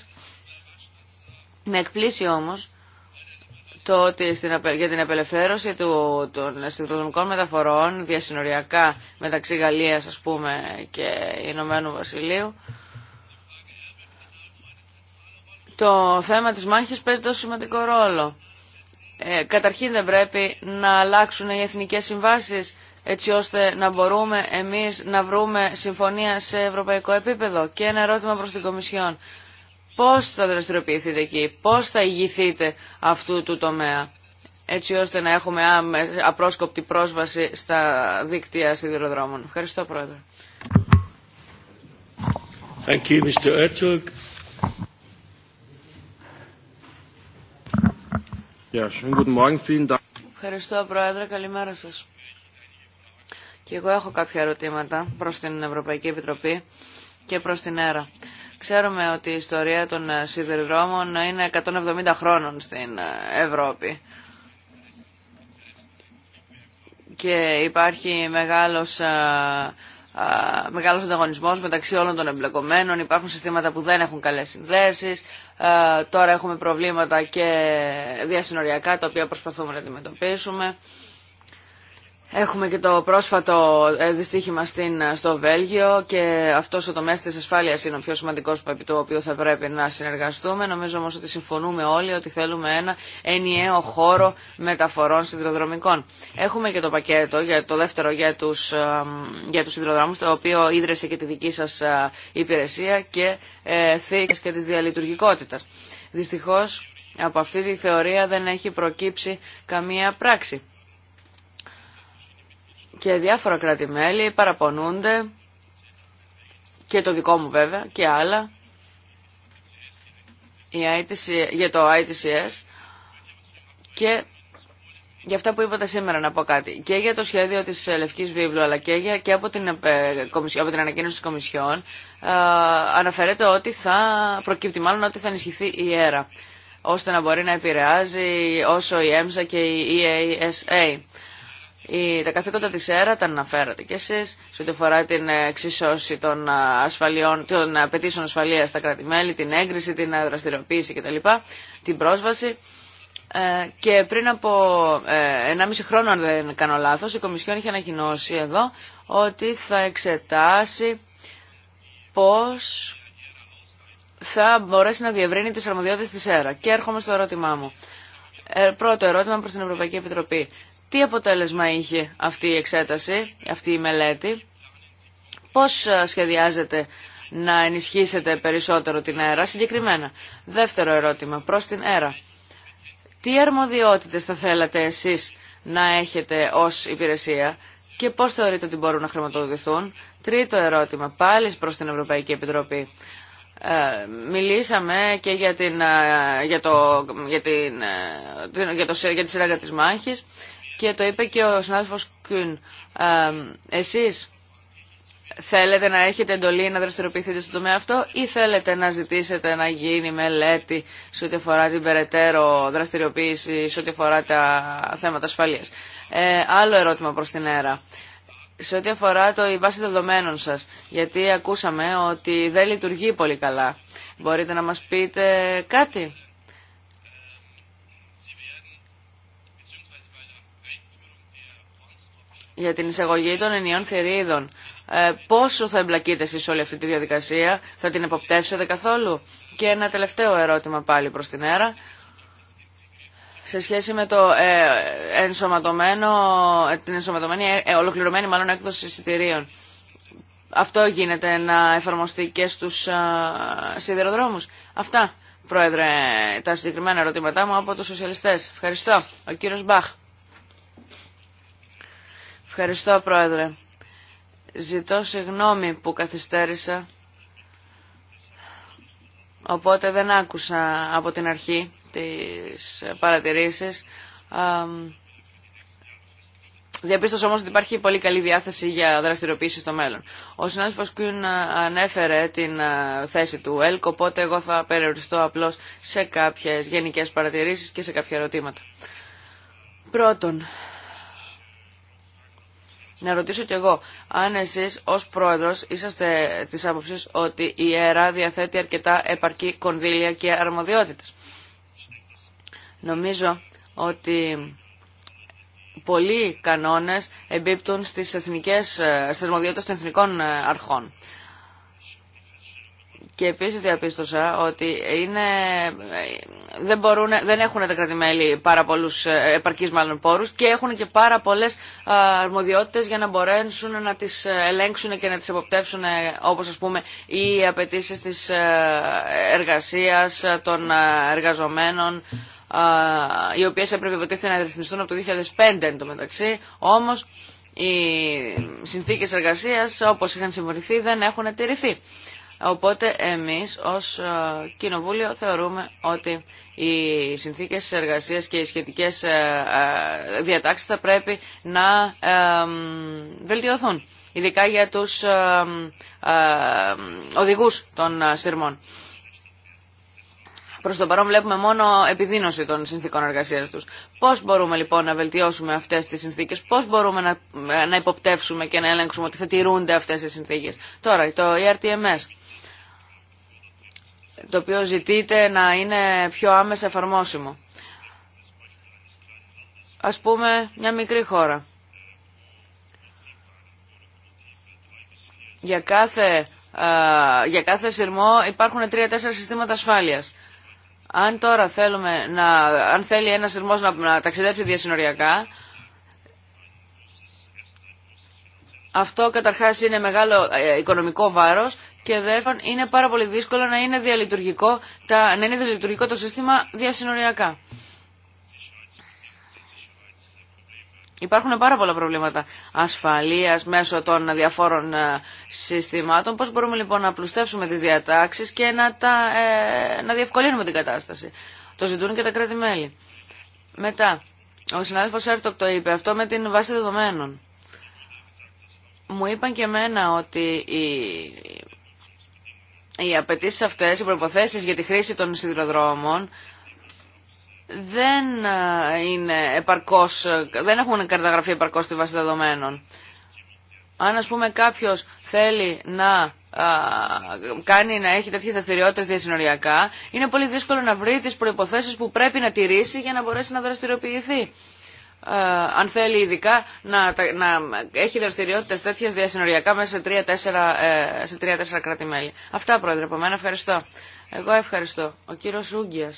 Με εκπλήσει όμως το ότι στην, για την απελευθέρωση του, των συνδρομικών μεταφορών διασυνοριακά μεταξύ Γαλλίας ας πούμε και Ηνωμένου Βασιλείου το θέμα της μάχης παίζει τόσο σημαντικό ρόλο. Ε, καταρχήν δεν πρέπει να αλλάξουν οι εθνικές συμβάσεις έτσι ώστε να μπορούμε εμείς να βρούμε συμφωνία σε ευρωπαϊκό επίπεδο. Και ένα ερώτημα προς την Κομισιόν. Πώς θα δραστηριοποιηθείτε εκεί, πώς θα ηγηθείτε αυτού του τομέα έτσι ώστε να έχουμε απρόσκοπτη πρόσβαση στα δίκτυα σιδηροδρόμων. Ευχαριστώ Πρόεδρε. Thank you, Mr. Ευχαριστώ, Πρόεδρε. Καλημέρα σας. Και εγώ έχω κάποια ερωτήματα προς την Ευρωπαϊκή Επιτροπή και προς την ΕΡΑ. Ξέρουμε ότι η ιστορία των ε, σιδηροδρόμων είναι 170 χρόνων στην ε, Ευρώπη. Και υπάρχει μεγάλος ε, μεγάλος ανταγωνισμός μεταξύ όλων των εμπλεκομένων, υπάρχουν συστήματα που δεν έχουν καλές συνδέσεις, τώρα έχουμε προβλήματα και διασυνοριακά τα οποία προσπαθούμε να αντιμετωπίσουμε. Έχουμε και το πρόσφατο ε, δυστύχημα ε, στο Βέλγιο και αυτό ο τομέας της ασφάλειας είναι ο πιο σημαντικός επί του οποίου θα πρέπει να συνεργαστούμε. Νομίζω όμως ότι συμφωνούμε όλοι ότι θέλουμε ένα ενιαίο χώρο μεταφορών σιδηροδρομικών. Έχουμε και το πακέτο, για, το δεύτερο για τους, ε, για το οποίο ίδρυσε και τη δική σας υπηρεσία και ε, θήκες και της διαλειτουργικότητας. Δυστυχώς από αυτή τη θεωρία δεν έχει προκύψει καμία πράξη και διάφορα κράτη-μέλη παραπονούνται και το δικό μου βέβαια και άλλα για το ITCS και για αυτά που είπατε σήμερα να πω κάτι. Και για το σχέδιο της Λευκής Βίβλου αλλά και, για, και από, την, ε, από την ανακοίνωση της Κομισιόν ε, αναφέρεται ότι θα προκύπτει μάλλον ότι θα ενισχυθεί η ΕΡΑ ώστε να μπορεί να επηρεάζει όσο η ΕΜΣΑ και η EASA τα καθήκοντα της ΕΡΑ τα αναφέρατε και εσείς σε ό,τι αφορά την ε, εξισώση των, ε, ασφαλιών, των απαιτήσεων ασφαλείας στα κρατη την έγκριση, την δραστηριοποίηση κτλ, την πρόσβαση. Ε, και πριν από 1,5 χρόνο, αν δεν κάνω λάθος, η Κομισιόν είχε ανακοινώσει εδώ ότι θα εξετάσει πώς θα μπορέσει να διευρύνει τις αρμοδιότητες της ΕΡΑ. Και έρχομαι στο ερώτημά μου. Πρώτο ερώτημα προς την Ευρωπαϊκή Επιτροπή. Τι αποτέλεσμα είχε αυτή η εξέταση, αυτή η μελέτη, πώς ε, σχεδιάζεται να ενισχύσετε περισσότερο την αέρα συγκεκριμένα. Δεύτερο ερώτημα προς την αέρα. Τι αρμοδιότητες θα θέλατε εσείς να έχετε ως υπηρεσία και πώς θεωρείτε ότι μπορούν να χρηματοδοτηθούν. Τρίτο ερώτημα, πάλι προς την Ευρωπαϊκή Επιτροπή. Ε, μιλήσαμε και για, την, ε, για, το, για, την, για, τη σειρά της μάχης και το είπε και ο συνάδελφος Κουν. Εσείς θέλετε να έχετε εντολή να δραστηριοποιηθείτε στο τομέα αυτό ή θέλετε να ζητήσετε να γίνει μελέτη σε ό,τι αφορά την περαιτέρω δραστηριοποίηση, σε ό,τι αφορά τα θέματα ασφαλείας. Ε, άλλο ερώτημα προς την ΕΡΑ. Σε ό,τι αφορά το, η βάση δεδομένων σας, γιατί ακούσαμε ότι δεν λειτουργεί πολύ καλά. Μπορείτε να μας πείτε κάτι για την εισαγωγή των ενιών θηρίδων. Ε, πόσο θα εμπλακείτε εσείς όλη αυτή τη διαδικασία, θα την εποπτεύσετε καθόλου. Και ένα τελευταίο ερώτημα πάλι προς την αέρα. Σε σχέση με το, ε, ενσωματωμένο, την ενσωματωμένη, ε, ε, ολοκληρωμένη μάλλον έκδοση εισιτηρίων. Αυτό γίνεται να εφαρμοστεί και στους σιδηροδρόμους. Αυτά, Πρόεδρε, τα συγκεκριμένα ερωτήματά μου από τους σοσιαλιστές. Ευχαριστώ. Ο κύριος Μπαχ. Ευχαριστώ, Πρόεδρε. Ζητώ συγγνώμη που καθυστέρησα, οπότε δεν άκουσα από την αρχή τις παρατηρήσεις. Διαπίστωσα όμως, ότι υπάρχει πολύ καλή διάθεση για δραστηριοποίηση στο μέλλον. Ο συνάδελφος Κιούν ανέφερε την θέση του ΕΛΚ, οπότε εγώ θα περιοριστώ απλώς σε κάποιες γενικές παρατηρήσεις και σε κάποια ερωτήματα. Πρώτον, να ρωτήσω κι εγώ αν εσείς ως πρόεδρος είσαστε της άποψης ότι η ΕΡΑ διαθέτει αρκετά επαρκή κονδύλια και αρμοδιότητες. Νομίζω ότι πολλοί κανόνες εμπίπτουν στις, εθνικές, ε, στις αρμοδιότητες των εθνικών ε, αρχών. Και επίσης διαπίστωσα ότι είναι, δεν, μπορούν, δεν έχουν τα κρατημέλη πάρα πολλούς ε, επαρκείς μάλλον πόρους και έχουν και πάρα πολλές αρμοδιότητες για να μπορέσουν να τις ε, ελέγξουν και να τις εποπτεύσουν ε, όπως ας πούμε οι απαιτήσει της εργασίας των εργαζομένων οι οποίες έπρεπε υποτίθεται να ρυθμιστούν από το 2005 εν τω μεταξύ, όμως οι συνθήκες εργασίας όπως είχαν συμβοληθεί δεν έχουν τηρηθεί. Οπότε εμείς ως ε, Κοινοβούλιο θεωρούμε ότι οι συνθήκες εργασίας και οι σχετικές ε, ε, διατάξεις θα πρέπει να βελτιωθούν, ειδικά για τους οδηγούς των σειρμών. Προς το παρόν βλέπουμε μόνο επιδείνωση των συνθήκων εργασία τους. Πώς μπορούμε λοιπόν να βελτιώσουμε αυτές τις συνθήκες, πώς μπορούμε να, να υποπτεύσουμε και να ελέγξουμε ότι θα τηρούνται αυτέ οι συνθήκες. Τώρα, το ERTMS το οποίο ζητείται να είναι πιο άμεσα εφαρμόσιμο. Ας πούμε μια μικρή χώρα. Για κάθε, για κάθε σειρμό υπάρχουν τρία-τέσσερα συστήματα ασφάλειας. Αν τώρα θέλουμε να, αν θέλει ένα σειρμός να, να ταξιδέψει διασυνοριακά, αυτό καταρχάς είναι μεγάλο ε, οικονομικό βάρος και δεύτερον είναι πάρα πολύ δύσκολο να είναι διαλειτουργικό, τα, να είναι διαλειτουργικό το σύστημα διασυνοριακά. Υπάρχουν πάρα πολλά προβλήματα ασφαλείας μέσω των διαφόρων ε, συστημάτων. Πώς μπορούμε λοιπόν να πλουστεύσουμε τις διατάξεις και να, τα, ε, να διευκολύνουμε την κατάσταση. Το ζητούν και τα κράτη-μέλη. Μετά, ο συνάδελφος Έρτοκ το είπε, αυτό με την βάση δεδομένων. Μου είπαν και εμένα ότι η οι απαιτήσει αυτέ, οι προποθέσει για τη χρήση των σιδηροδρόμων δεν, ε, είναι επαρκώς, δεν έχουν καταγραφεί επαρκώς στη βάση δεδομένων. Αν ας πούμε κάποιος θέλει να κάνει να έχει τέτοιε δραστηριότητε διασυνοριακά, είναι πολύ δύσκολο να βρει τι προποθέσει που πρέπει να τηρήσει για να μπορέσει να δραστηριοποιηθεί. Ε, αν θέλει ειδικά να, να έχει δραστηριότητε τέτοιε διασυνοριακά μέσα σε τρία-τέσσερα ε, κράτη-μέλη. Αυτά, Πρόεδρε, από μένα. Ευχαριστώ. Εγώ ευχαριστώ. Ο κύριος Ρούγκια.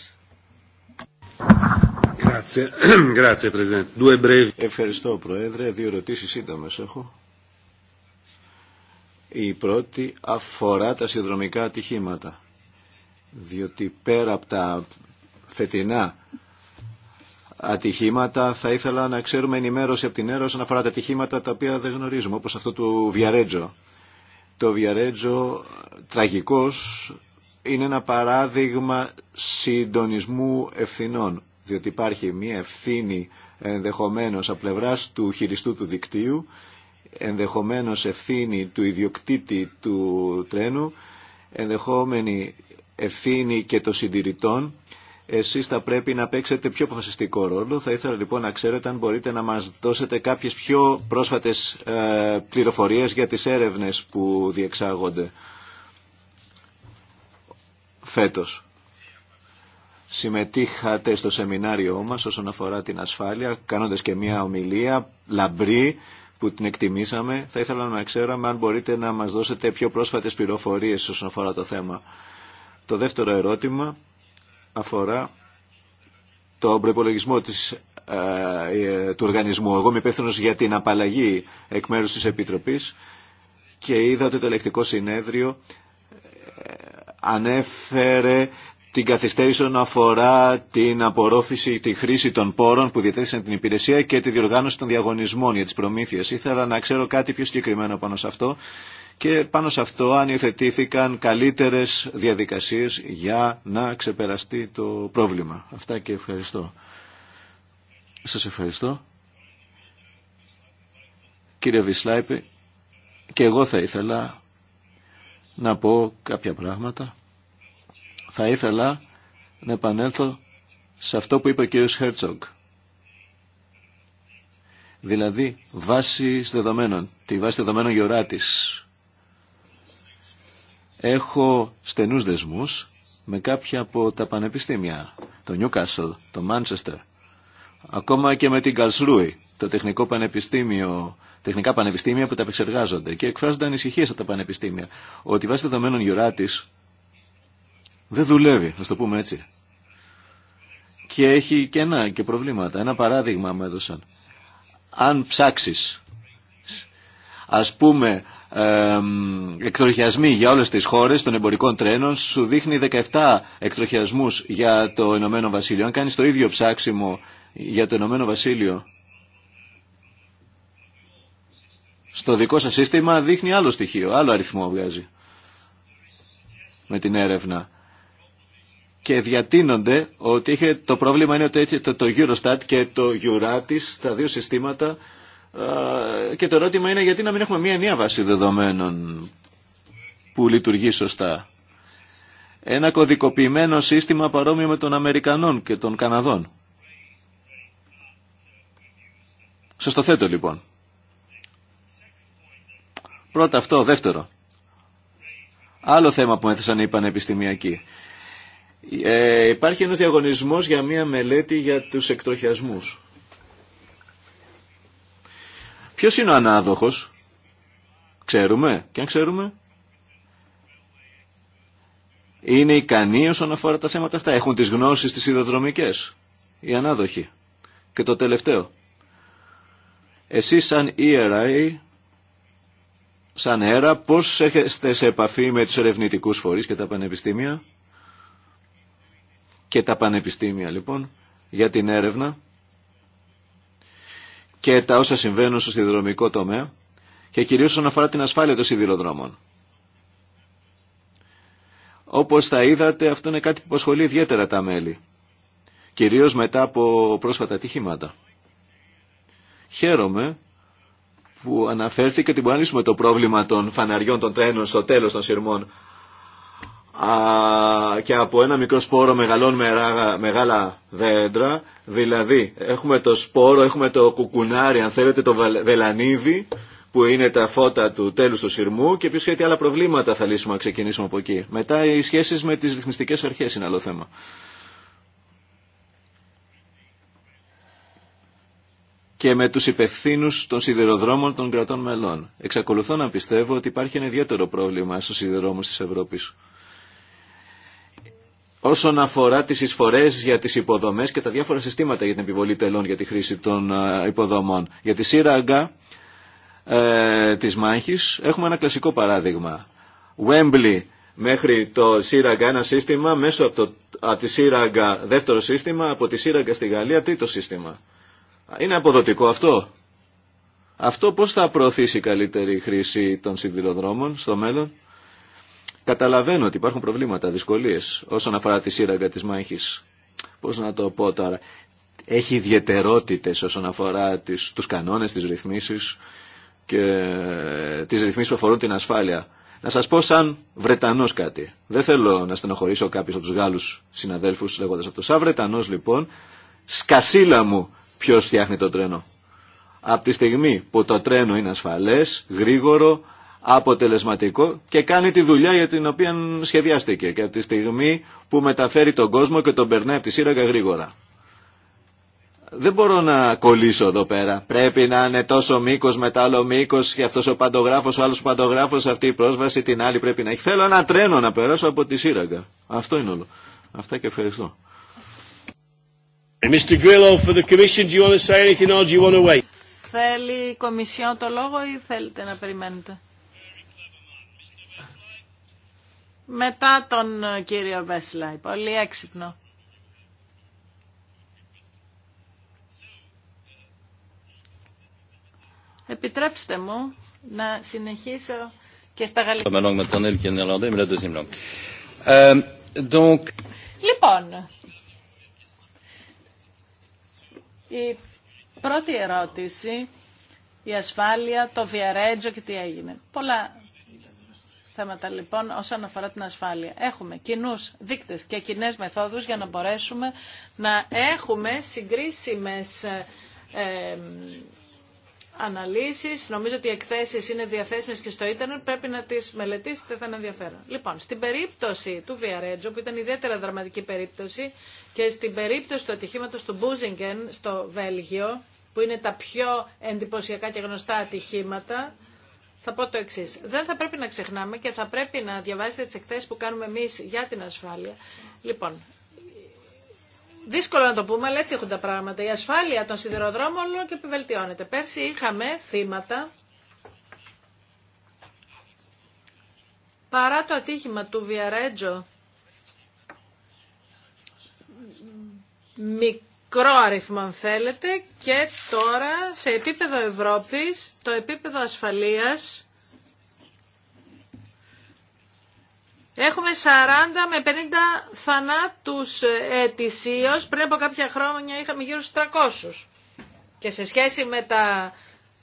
Ευχαριστώ, Πρόεδρε. Δύο ερωτήσει σύντομε έχω. Η πρώτη αφορά τα συνδρομικά ατυχήματα. Διότι πέρα από τα φετινά ατυχήματα. Θα ήθελα να ξέρουμε ενημέρωση από την Έρωση να αφορά τα ατυχήματα τα οποία δεν γνωρίζουμε, όπως αυτό του Βιαρέτζο. Το Βιαρέτζο τραγικός είναι ένα παράδειγμα συντονισμού ευθυνών, διότι υπάρχει μια ευθύνη ενδεχομένως από πλευράς του χειριστού του δικτύου, ενδεχομένως ευθύνη του ιδιοκτήτη του τρένου, ενδεχόμενη ευθύνη και των συντηρητών εσείς θα πρέπει να παίξετε πιο αποφασιστικό ρόλο. Θα ήθελα λοιπόν να ξέρετε αν μπορείτε να μας δώσετε κάποιες πιο πρόσφατες ε, πληροφορίες για τις έρευνες που διεξάγονται φέτος. Συμμετείχατε στο σεμινάριό μας όσον αφορά την ασφάλεια, κάνοντας και μια ομιλία λαμπρή που την εκτιμήσαμε. Θα ήθελα να ξέραμε αν μπορείτε να μας δώσετε πιο πρόσφατες πληροφορίες όσον αφορά το θέμα. Το δεύτερο ερώτημα αφορά τον προπολογισμό ε, ε, του οργανισμού. Εγώ είμαι υπεύθυνο για την απαλλαγή εκ μέρους της Επιτροπής και είδα ότι το ελεκτικό συνέδριο ε, ανέφερε την καθυστέρηση όσον αφορά την απορρόφηση, τη χρήση των πόρων που διαθέσαν την υπηρεσία και τη διοργάνωση των διαγωνισμών για τις προμήθειες. Ήθελα να ξέρω κάτι πιο συγκεκριμένο πάνω σε αυτό και πάνω σε αυτό αν υιοθετήθηκαν καλύτερες διαδικασίες για να ξεπεραστεί το πρόβλημα. Αυτά και ευχαριστώ. Σας ευχαριστώ. Κύριε Βισλάιπη, και εγώ θα ήθελα να πω κάποια πράγματα. Θα ήθελα να επανέλθω σε αυτό που είπε ο κύριος Χέρτσογκ. Δηλαδή, βάσει δεδομένων, τη βάση δεδομένων γεωράτης Έχω στενούς δεσμούς με κάποια από τα πανεπιστήμια, το Newcastle, το Manchester, ακόμα και με την Καλσρούη, το τεχνικό πανεπιστήμιο, τεχνικά πανεπιστήμια που τα επεξεργάζονται και εκφράζονται ανησυχίε από τα πανεπιστήμια ότι βάσει δεδομένων γιουράτη δεν δουλεύει, α το πούμε έτσι. Και έχει και ένα και προβλήματα. Ένα παράδειγμα μου έδωσαν. Αν ψάξει, α πούμε, εκτροχιασμοί για όλες τις χώρες των εμπορικών τρένων σου δείχνει 17 εκτροχιασμούς για το Ηνωμένο Βασίλειο. Αν κάνεις το ίδιο ψάξιμο για το Ηνωμένο Βασίλειο στο δικό σας σύστημα δείχνει άλλο στοιχείο, άλλο αριθμό βγάζει με την έρευνα. Και διατείνονται ότι είχε, το πρόβλημα είναι ότι το, το Eurostat και το Euratis, τα δύο συστήματα, και το ερώτημα είναι γιατί να μην έχουμε μία νέα βάση δεδομένων που λειτουργεί σωστά. Ένα κωδικοποιημένο σύστημα παρόμοιο με των Αμερικανών και των Καναδών. Σας το θέτω λοιπόν. Πρώτα αυτό, δεύτερο. Άλλο θέμα που έθεσαν οι πανεπιστημιακοί. Ε, υπάρχει ένας διαγωνισμός για μία μελέτη για τους εκτροχιασμούς. Ποιος είναι ο ανάδοχος, ξέρουμε και αν ξέρουμε. Είναι ικανοί όσον αφορά τα θέματα αυτά. Έχουν τις γνώσεις τις ιδεοδρομικές, οι ανάδοχοι. Και το τελευταίο. Εσείς σαν ERA, σαν ΕΡΑ, πώς έχετε σε επαφή με τους ερευνητικούς φορείς και τα πανεπιστήμια. Και τα πανεπιστήμια λοιπόν για την έρευνα και τα όσα συμβαίνουν στο σιδηροδρομικό τομέα και κυρίως όσον αφορά την ασφάλεια των σιδηροδρόμων. Όπως θα είδατε, αυτό είναι κάτι που ασχολεί ιδιαίτερα τα μέλη, κυρίως μετά από πρόσφατα ατυχήματα. Χαίρομαι που αναφέρθηκε ότι μπορούμε να λύσουμε το πρόβλημα των φαναριών των τρένων στο τέλος των σειρμών, και από ένα μικρό σπόρο μεγαλών μεγάλα δέντρα, δηλαδή έχουμε το σπόρο, έχουμε το κουκουνάρι, αν θέλετε το βελανίδι, που είναι τα φώτα του τέλους του σειρμού και επίσης τι άλλα προβλήματα θα λύσουμε να ξεκινήσουμε από εκεί. Μετά οι σχέσεις με τις ρυθμιστικές αρχές είναι άλλο θέμα. και με τους υπευθύνους των σιδηροδρόμων των κρατών μελών. Εξακολουθώ να πιστεύω ότι υπάρχει ένα ιδιαίτερο πρόβλημα στους σιδηροδρόμους της Ευρώπης όσον αφορά τις εισφορές για τις υποδομές και τα διάφορα συστήματα για την επιβολή τελών για τη χρήση των ε, υποδομών. Για τη σύραγγα ε, της μάχης έχουμε ένα κλασικό παράδειγμα. Wembley μέχρι το σύραγγα ένα σύστημα, μέσω από, το, από τη σύραγγα δεύτερο σύστημα, από τη σύραγγα στη Γαλλία τρίτο σύστημα. Είναι αποδοτικό αυτό. Αυτό πώς θα προωθήσει καλύτερη χρήση των σιδηροδρόμων στο μέλλον. Καταλαβαίνω ότι υπάρχουν προβλήματα, δυσκολίες όσον αφορά τη σύραγγα της μάχης. Πώς να το πω τώρα. Έχει ιδιαιτερότητες όσον αφορά τις, τους κανόνες, τις ρυθμίσεις και ε, τις ρυθμίσεις που αφορούν την ασφάλεια. Να σας πω σαν Βρετανός κάτι. Δεν θέλω να στενοχωρήσω κάποιους από τους Γάλλους συναδέλφους λέγοντας αυτό. Σαν Βρετανός λοιπόν, σκασίλα μου ποιος φτιάχνει το τρένο. Από τη στιγμή που το τρένο είναι ασφαλές, γρήγορο, αποτελεσματικό και κάνει τη δουλειά για την οποία σχεδιάστηκε και από τη στιγμή που μεταφέρει τον κόσμο και τον περνάει από τη σύραγγα γρήγορα. Δεν μπορώ να κολλήσω εδώ πέρα. Πρέπει να είναι τόσο μήκο μετά άλλο μήκο και αυτό ο παντογράφο, ο άλλο παντογράφο, αυτή η πρόσβαση, την άλλη πρέπει να έχει. Θέλω ένα τρένο να περάσω από τη σύραγγα. Αυτό είναι όλο. Αυτά και ευχαριστώ. Θέλει η Κομισιόν το λόγο ή θέλετε να περιμένετε. Μετά τον ε, κύριο Βέσλαϊ. Πολύ έξυπνο. Επιτρέψτε μου να συνεχίσω και στα γαλλικά. Euh, λοιπόν, η πρώτη ερώτηση, η ασφάλεια, το Βιαρέτζο και τι έγινε. Πολλά θέματα λοιπόν όσον αφορά την ασφάλεια. Έχουμε κοινού δείκτε και κοινέ μεθόδου για να μπορέσουμε να έχουμε συγκρίσιμε ε, αναλύσεις. Νομίζω ότι οι εκθέσεις είναι διαθέσιμες και στο ίντερνετ, πρέπει να τις μελετήσετε, θα είναι ενδιαφέρον. Λοιπόν, στην περίπτωση του Βιαρέτζο, που ήταν ιδιαίτερα δραματική περίπτωση, και στην περίπτωση του ατυχήματο του Μπούζιγκεν στο Βέλγιο, που είναι τα πιο εντυπωσιακά και γνωστά ατυχήματα, θα πω το εξή. Δεν θα πρέπει να ξεχνάμε και θα πρέπει να διαβάζετε τι εκθέσει που κάνουμε εμεί για την ασφάλεια. Λοιπόν, δύσκολο να το πούμε, αλλά έτσι έχουν τα πράγματα. Η ασφάλεια των σιδηροδρόμων όλο και επιβελτιώνεται. Πέρσι είχαμε θύματα. Παρά το ατύχημα του Βιαρέτζο, μικρό αριθμό αν θέλετε και τώρα σε επίπεδο Ευρώπης το επίπεδο ασφαλείας Έχουμε 40 με 50 θανάτους ε, ετησίως, πριν από κάποια χρόνια είχαμε γύρω στους 300. Και σε σχέση με τα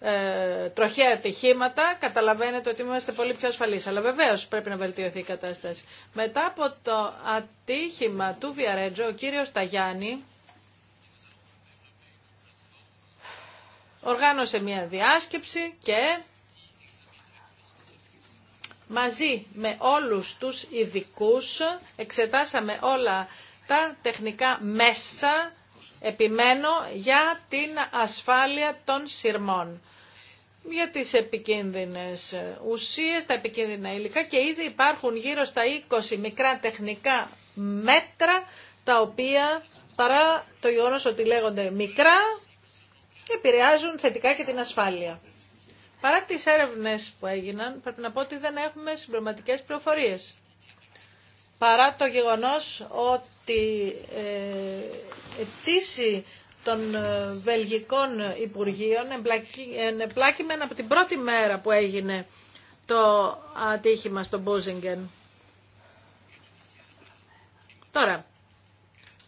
ε, τροχαία ατυχήματα καταλαβαίνετε ότι είμαστε πολύ πιο ασφαλείς. Αλλά βεβαίως πρέπει να βελτιωθεί η κατάσταση. Μετά από το ατύχημα του Βιαρέτζο, ο κύριος Ταγιάννη οργάνωσε μια διάσκεψη και μαζί με όλους τους ειδικού εξετάσαμε όλα τα τεχνικά μέσα, επιμένω, για την ασφάλεια των σειρμών για τις επικίνδυνες ουσίες, τα επικίνδυνα υλικά και ήδη υπάρχουν γύρω στα 20 μικρά τεχνικά μέτρα τα οποία παρά το γεγονός ότι λέγονται μικρά και επηρεάζουν θετικά και την ασφάλεια. Παρά τις έρευνες που έγιναν, πρέπει να πω ότι δεν έχουμε συμπληρωματικές πληροφορίες. Παρά το γεγονός ότι ε, των ε, Βελγικών Υπουργείων εμπλάκημεν από την πρώτη μέρα που έγινε το ατύχημα στο Μπούζιγκεν. Τώρα,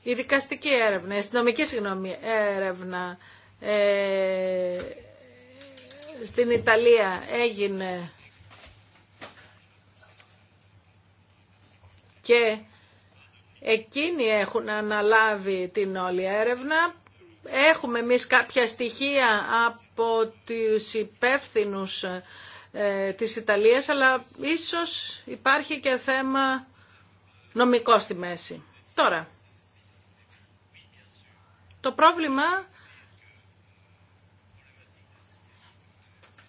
η δικαστική έρευνα, η αστυνομική συγγνώμη, έρευνα ε, στην Ιταλία έγινε και εκείνοι έχουν αναλάβει την όλη έρευνα. Έχουμε εμεί κάποια στοιχεία από τους υπεύθυνου ε, της Ιταλίας, αλλά ίσως υπάρχει και θέμα νομικό στη μέση. Τώρα, το πρόβλημα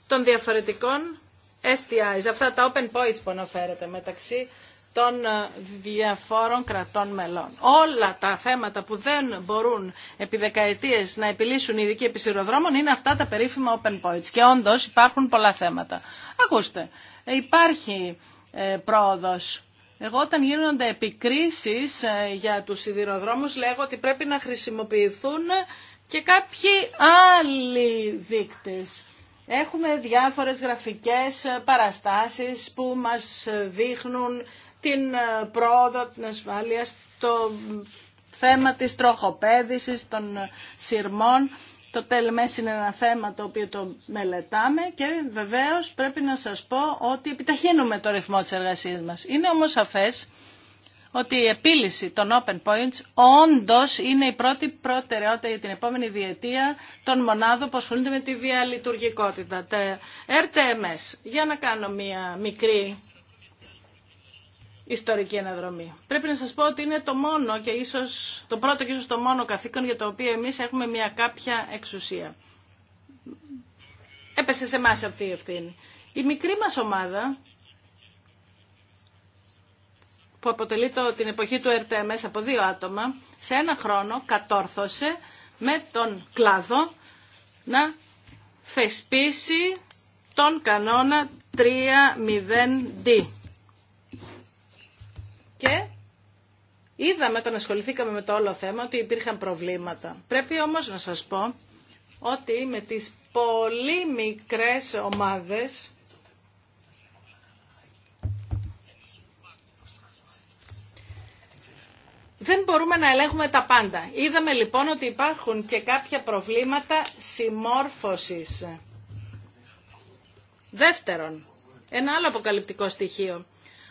των διαφορετικών STIs, αυτά τα open points που αναφέρεται μεταξύ των ε, διαφόρων κρατών μελών. Όλα τα θέματα που δεν μπορούν επί δεκαετίες να επιλύσουν οι ειδικοί επισυροδρόμων είναι αυτά τα περίφημα open points. Και όντως υπάρχουν πολλά θέματα. Ακούστε, υπάρχει ε, Εγώ όταν γίνονται επικρίσεις ε, για τους σιδηροδρόμους λέγω ότι πρέπει να χρησιμοποιηθούν και κάποιοι άλλοι δείκτες έχουμε διάφορες γραφικές ε, παραστάσεις που μας δείχνουν την ε, πρόοδο, την ασφάλεια το θέμα της τροχοπέδησης, των ε, σειρμών. Το τέλμες είναι ένα θέμα το οποίο το μελετάμε και βεβαίως πρέπει να σας πω ότι επιταχύνουμε το ρυθμό της εργασίας μας. Είναι όμως σαφές ότι η επίλυση των open points όντως είναι η πρώτη προτεραιότητα για την επόμενη διετία των μονάδων που ασχολούνται με τη διαλειτουργικότητα. Τα RTMS, για να κάνω μία μικρή ιστορική αναδρομή. Πρέπει να σας πω ότι είναι το μόνο και ίσως, το πρώτο και ίσως το μόνο καθήκον για το οποίο εμείς έχουμε μια κάποια εξουσία. Έπεσε σε εμά αυτή η ευθύνη. Η μικρή μας ομάδα που αποτελεί την εποχή του μέσα από δύο άτομα, σε ένα χρόνο κατόρθωσε με τον κλάδο να θεσπίσει τον κανόνα 3.0D. Και είδαμε όταν ασχοληθήκαμε με το όλο θέμα ότι υπήρχαν προβλήματα. Πρέπει όμως να σας πω ότι με τις πολύ μικρές ομάδες δεν μπορούμε να ελέγχουμε τα πάντα. Είδαμε λοιπόν ότι υπάρχουν και κάποια προβλήματα συμμόρφωσης. Δεύτερον, ένα άλλο αποκαλυπτικό στοιχείο.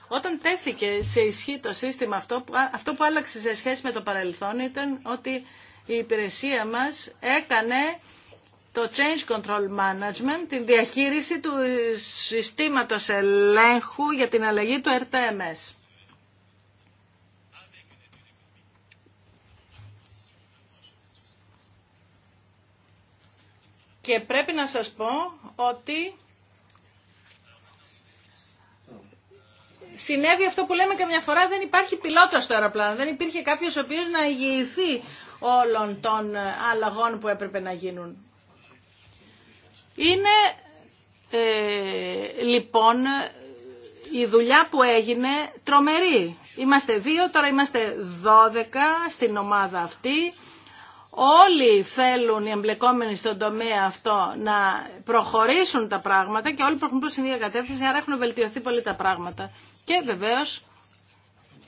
Όταν τέθηκε σε ισχύ το σύστημα αυτό, αυτό που άλλαξε σε σχέση με το παρελθόν ήταν ότι η υπηρεσία μας έκανε το Change Control Management, την διαχείριση του συστήματος ελέγχου για την αλλαγή του RTMS. Και πρέπει να σας πω ότι συνέβη αυτό που λέμε καμιά φορά, δεν υπάρχει πιλότος στο αεροπλάνο, δεν υπήρχε κάποιος ο οποίος να ηγηθεί όλων των αλλαγών που έπρεπε να γίνουν. Είναι ε, λοιπόν η δουλειά που έγινε τρομερή. Είμαστε δύο, τώρα είμαστε δώδεκα στην ομάδα αυτή. Όλοι θέλουν οι εμπλεκόμενοι στον τομέα αυτό να προχωρήσουν τα πράγματα και όλοι προχωρούν προς την ίδια κατεύθυνση, άρα έχουν βελτιωθεί πολύ τα πράγματα. Και βεβαίως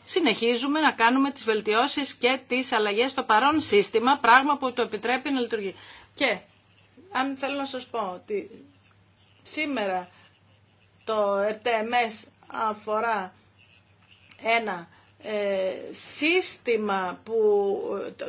συνεχίζουμε να κάνουμε τις βελτιώσεις και τις αλλαγές στο παρόν σύστημα, πράγμα που το επιτρέπει να λειτουργεί. Και αν θέλω να σας πω ότι σήμερα το RTMS αφορά ένα ε, σύστημα που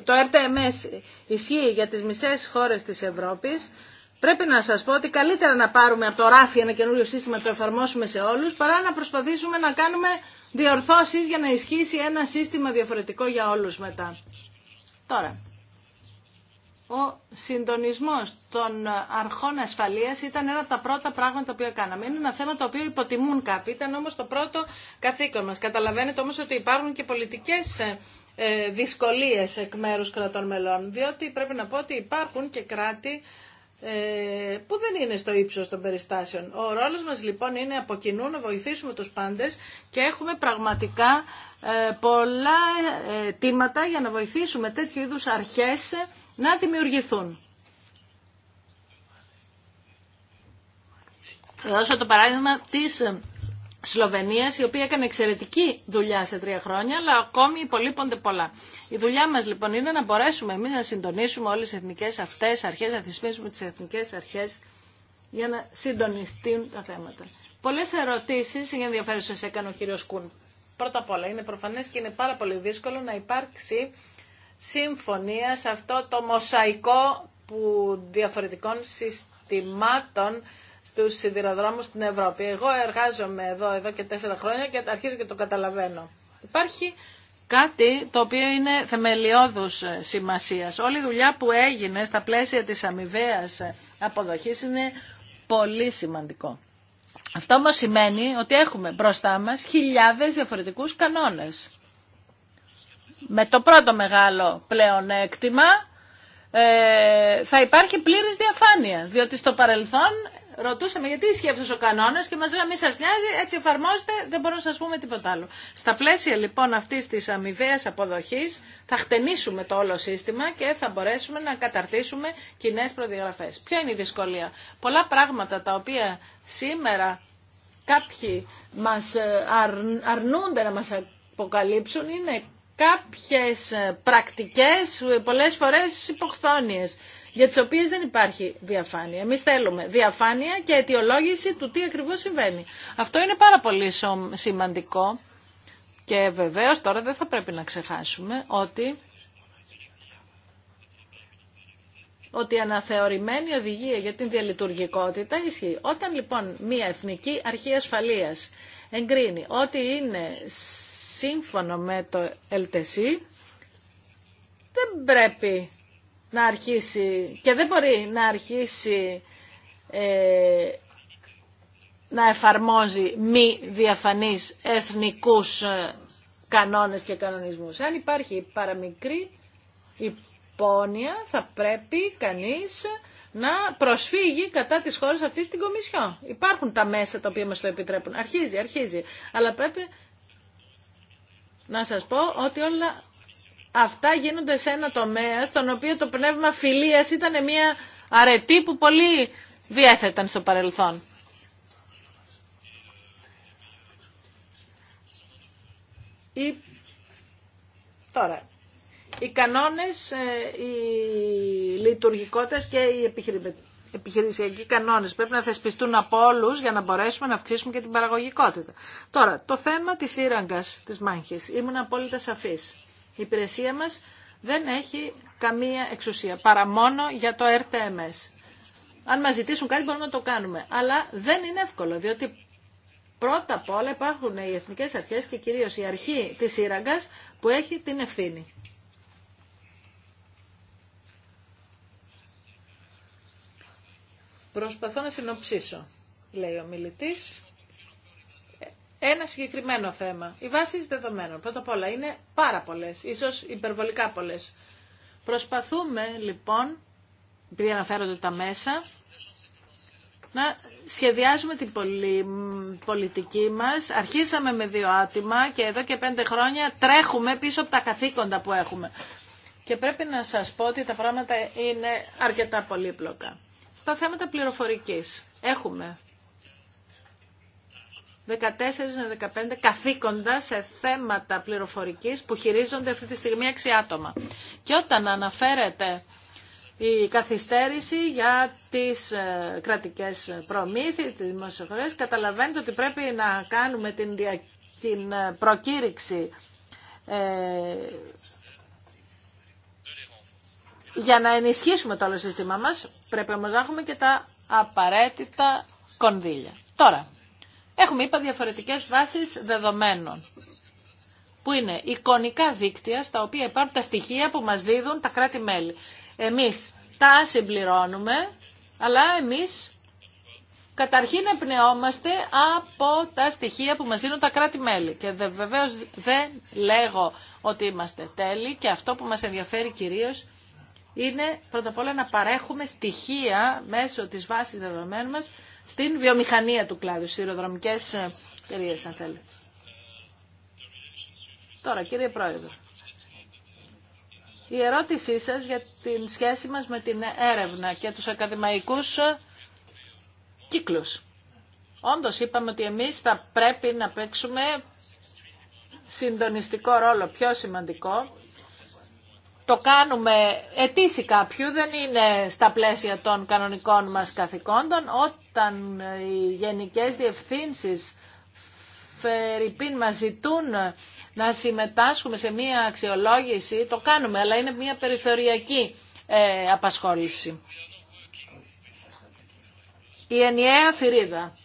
το RTMS ισχύει για τις μισές χώρες της Ευρώπης, πρέπει να σας πω ότι καλύτερα να πάρουμε από το ράφι ένα καινούριο σύστημα και το εφαρμόσουμε σε όλους, παρά να προσπαθήσουμε να κάνουμε διορθώσεις για να ισχύσει ένα σύστημα διαφορετικό για όλους μετά. Τώρα, ο συντονισμός των αρχών ασφαλείας ήταν ένα από τα πρώτα πράγματα που κάναμε. Είναι ένα θέμα το οποίο υποτιμούν κάποιοι, ήταν όμως το πρώτο καθήκον μας. Καταλαβαίνετε όμως ότι υπάρχουν και πολιτικές ε, ε, δυσκολίες εκ μέρους κρατών μελών, διότι πρέπει να πω ότι υπάρχουν και κράτη ε, που δεν είναι στο ύψος των περιστάσεων. Ο ρόλος μας λοιπόν είναι από κοινού να βοηθήσουμε τους πάντες και έχουμε πραγματικά ε, πολλά αιτήματα ε, για να βοηθήσουμε τέτοιου είδους αρχές να δημιουργηθούν. Δώσω το παράδειγμα της ε, Σλοβενίας, η οποία έκανε εξαιρετική δουλειά σε τρία χρόνια, αλλά ακόμη υπολείπονται πολλά. Η δουλειά μας λοιπόν είναι να μπορέσουμε εμείς να συντονίσουμε όλες τις εθνικές αυτές αρχές, να θυσμίσουμε τις εθνικές αρχές για να συντονιστούν τα θέματα. Πολλές ερωτήσεις για ενδιαφέρουσες έκανε ο κύριος Κούν. Πρώτα απ' όλα είναι προφανές και είναι πάρα πολύ δύσκολο να υπάρξει συμφωνία σε αυτό το μοσαϊκό που διαφορετικών συστημάτων στους σιδηροδρόμους στην Ευρώπη. Εγώ εργάζομαι εδώ, εδώ και τέσσερα χρόνια και αρχίζω και το καταλαβαίνω. Υπάρχει κάτι το οποίο είναι θεμελιώδους σημασίας. Όλη η δουλειά που έγινε στα πλαίσια της αμοιβαία αποδοχής είναι πολύ σημαντικό. Αυτό όμως σημαίνει ότι έχουμε μπροστά μας χιλιάδες διαφορετικούς κανόνες. Με το πρώτο μεγάλο πλεονέκτημα ε, θα υπάρχει πλήρης διαφάνεια, διότι στο παρελθόν ρωτούσαμε γιατί ισχύει ο κανόνα και μα λέει μη σα νοιάζει, έτσι εφαρμόζεται, δεν μπορούμε να σα πούμε τίποτα άλλο. Στα πλαίσια λοιπόν αυτή τη αμοιβαία αποδοχή θα χτενίσουμε το όλο σύστημα και θα μπορέσουμε να καταρτήσουμε κοινέ προδιαγραφέ. Ποια είναι η δυσκολία. Πολλά πράγματα τα οποία σήμερα κάποιοι μας ε, αρνούνται να μας αποκαλύψουν είναι κάποιες ε, πρακτικές ε, πολλές φορές υποχθόνιες για τις οποίες δεν υπάρχει διαφάνεια. Εμείς θέλουμε διαφάνεια και αιτιολόγηση του τι ακριβώς συμβαίνει. Αυτό είναι πάρα πολύ σημαντικό και βεβαίως τώρα δεν θα πρέπει να ξεχάσουμε ότι ότι αναθεωρημένη οδηγία για την διαλειτουργικότητα ισχύει. Όταν λοιπόν μια Εθνική Αρχή Ασφαλείας εγκρίνει ότι είναι σύμφωνο με το LTC, δεν πρέπει να αρχίσει και δεν μπορεί να αρχίσει ε, να εφαρμόζει μη διαφανείς εθνικούς ε, κανόνες και κανονισμούς. Αν υπάρχει παραμικρή υπόνοια θα πρέπει κανείς να προσφύγει κατά της χώρας αυτής στην Κομισιό. Υπάρχουν τα μέσα τα οποία μας το επιτρέπουν. Αρχίζει, αρχίζει. Αλλά πρέπει να σας πω ότι όλα αυτά γίνονται σε ένα τομέα στον οποίο το πνεύμα φιλίας ήταν μια αρετή που πολύ διέθεταν στο παρελθόν. Η... Τώρα, οι κανόνες, ε, οι λειτουργικότητες και οι επιχειρησιακοί κανόνε πρέπει να θεσπιστούν από όλου για να μπορέσουμε να αυξήσουμε και την παραγωγικότητα. Τώρα, το θέμα της σύραγγας της μάχης Ήμουν απόλυτα σαφή. Η υπηρεσία μας δεν έχει καμία εξουσία, παρά μόνο για το RTMS. Αν μας ζητήσουν κάτι μπορούμε να το κάνουμε, αλλά δεν είναι εύκολο, διότι πρώτα απ' όλα υπάρχουν οι εθνικές αρχές και κυρίως η αρχή της σύραγγας που έχει την ευθύνη. Προσπαθώ να συνοψίσω, λέει ο μιλητής ένα συγκεκριμένο θέμα. Οι βάσει δεδομένων, πρώτα απ' όλα, είναι πάρα πολλέ, ίσω υπερβολικά πολλέ. Προσπαθούμε λοιπόν, επειδή αναφέρονται τα μέσα, να σχεδιάζουμε την πολιτική μας. Αρχίσαμε με δύο άτομα και εδώ και πέντε χρόνια τρέχουμε πίσω από τα καθήκοντα που έχουμε. Και πρέπει να σας πω ότι τα πράγματα είναι αρκετά πολύπλοκα. Στα θέματα πληροφορικής έχουμε 14 15 καθήκοντα σε θέματα πληροφορικής που χειρίζονται αυτή τη στιγμή 6 άτομα. Και όταν αναφέρεται η καθυστέρηση για τις ε, κρατικές προμήθειες, τις δημοσιοφορίες, καταλαβαίνετε ότι πρέπει να κάνουμε την, την ε, προκήρυξη ε... για να ενισχύσουμε το όλο σύστημά μας. Πρέπει όμως να έχουμε και τα απαραίτητα κονδύλια. Τώρα, Έχουμε, είπα, διαφορετικές βάσεις δεδομένων που είναι εικονικά δίκτυα στα οποία υπάρχουν τα στοιχεία που μας δίδουν τα κράτη-μέλη. Εμείς τα συμπληρώνουμε, αλλά εμείς καταρχήν εμπνεόμαστε από τα στοιχεία που μας δίνουν τα κράτη-μέλη. Και δε, βεβαίως δεν λέγω ότι είμαστε τέλειοι και αυτό που μας ενδιαφέρει κυρίως είναι πρώτα απ' όλα να παρέχουμε στοιχεία μέσω της βάσης δεδομένων μας στην βιομηχανία του κλάδου, στις αεροδρομικές εταιρείε, αν θέλετε. Τώρα, κύριε Πρόεδρε, η ερώτησή σας για την σχέση μας με την έρευνα και τους ακαδημαϊκούς ε, κύκλους. Όντως είπαμε ότι εμείς θα πρέπει να παίξουμε συντονιστικό ρόλο πιο σημαντικό το κάνουμε ετήσι κάποιου, δεν είναι στα πλαίσια των κανονικών μας καθηκόντων. Όταν οι γενικές διευθύνσεις Φερρυπίν μας ζητούν να συμμετάσχουμε σε μία αξιολόγηση, το κάνουμε, αλλά είναι μία περιθωριακή ε, απασχόληση. Η ενιαία φυρίδα.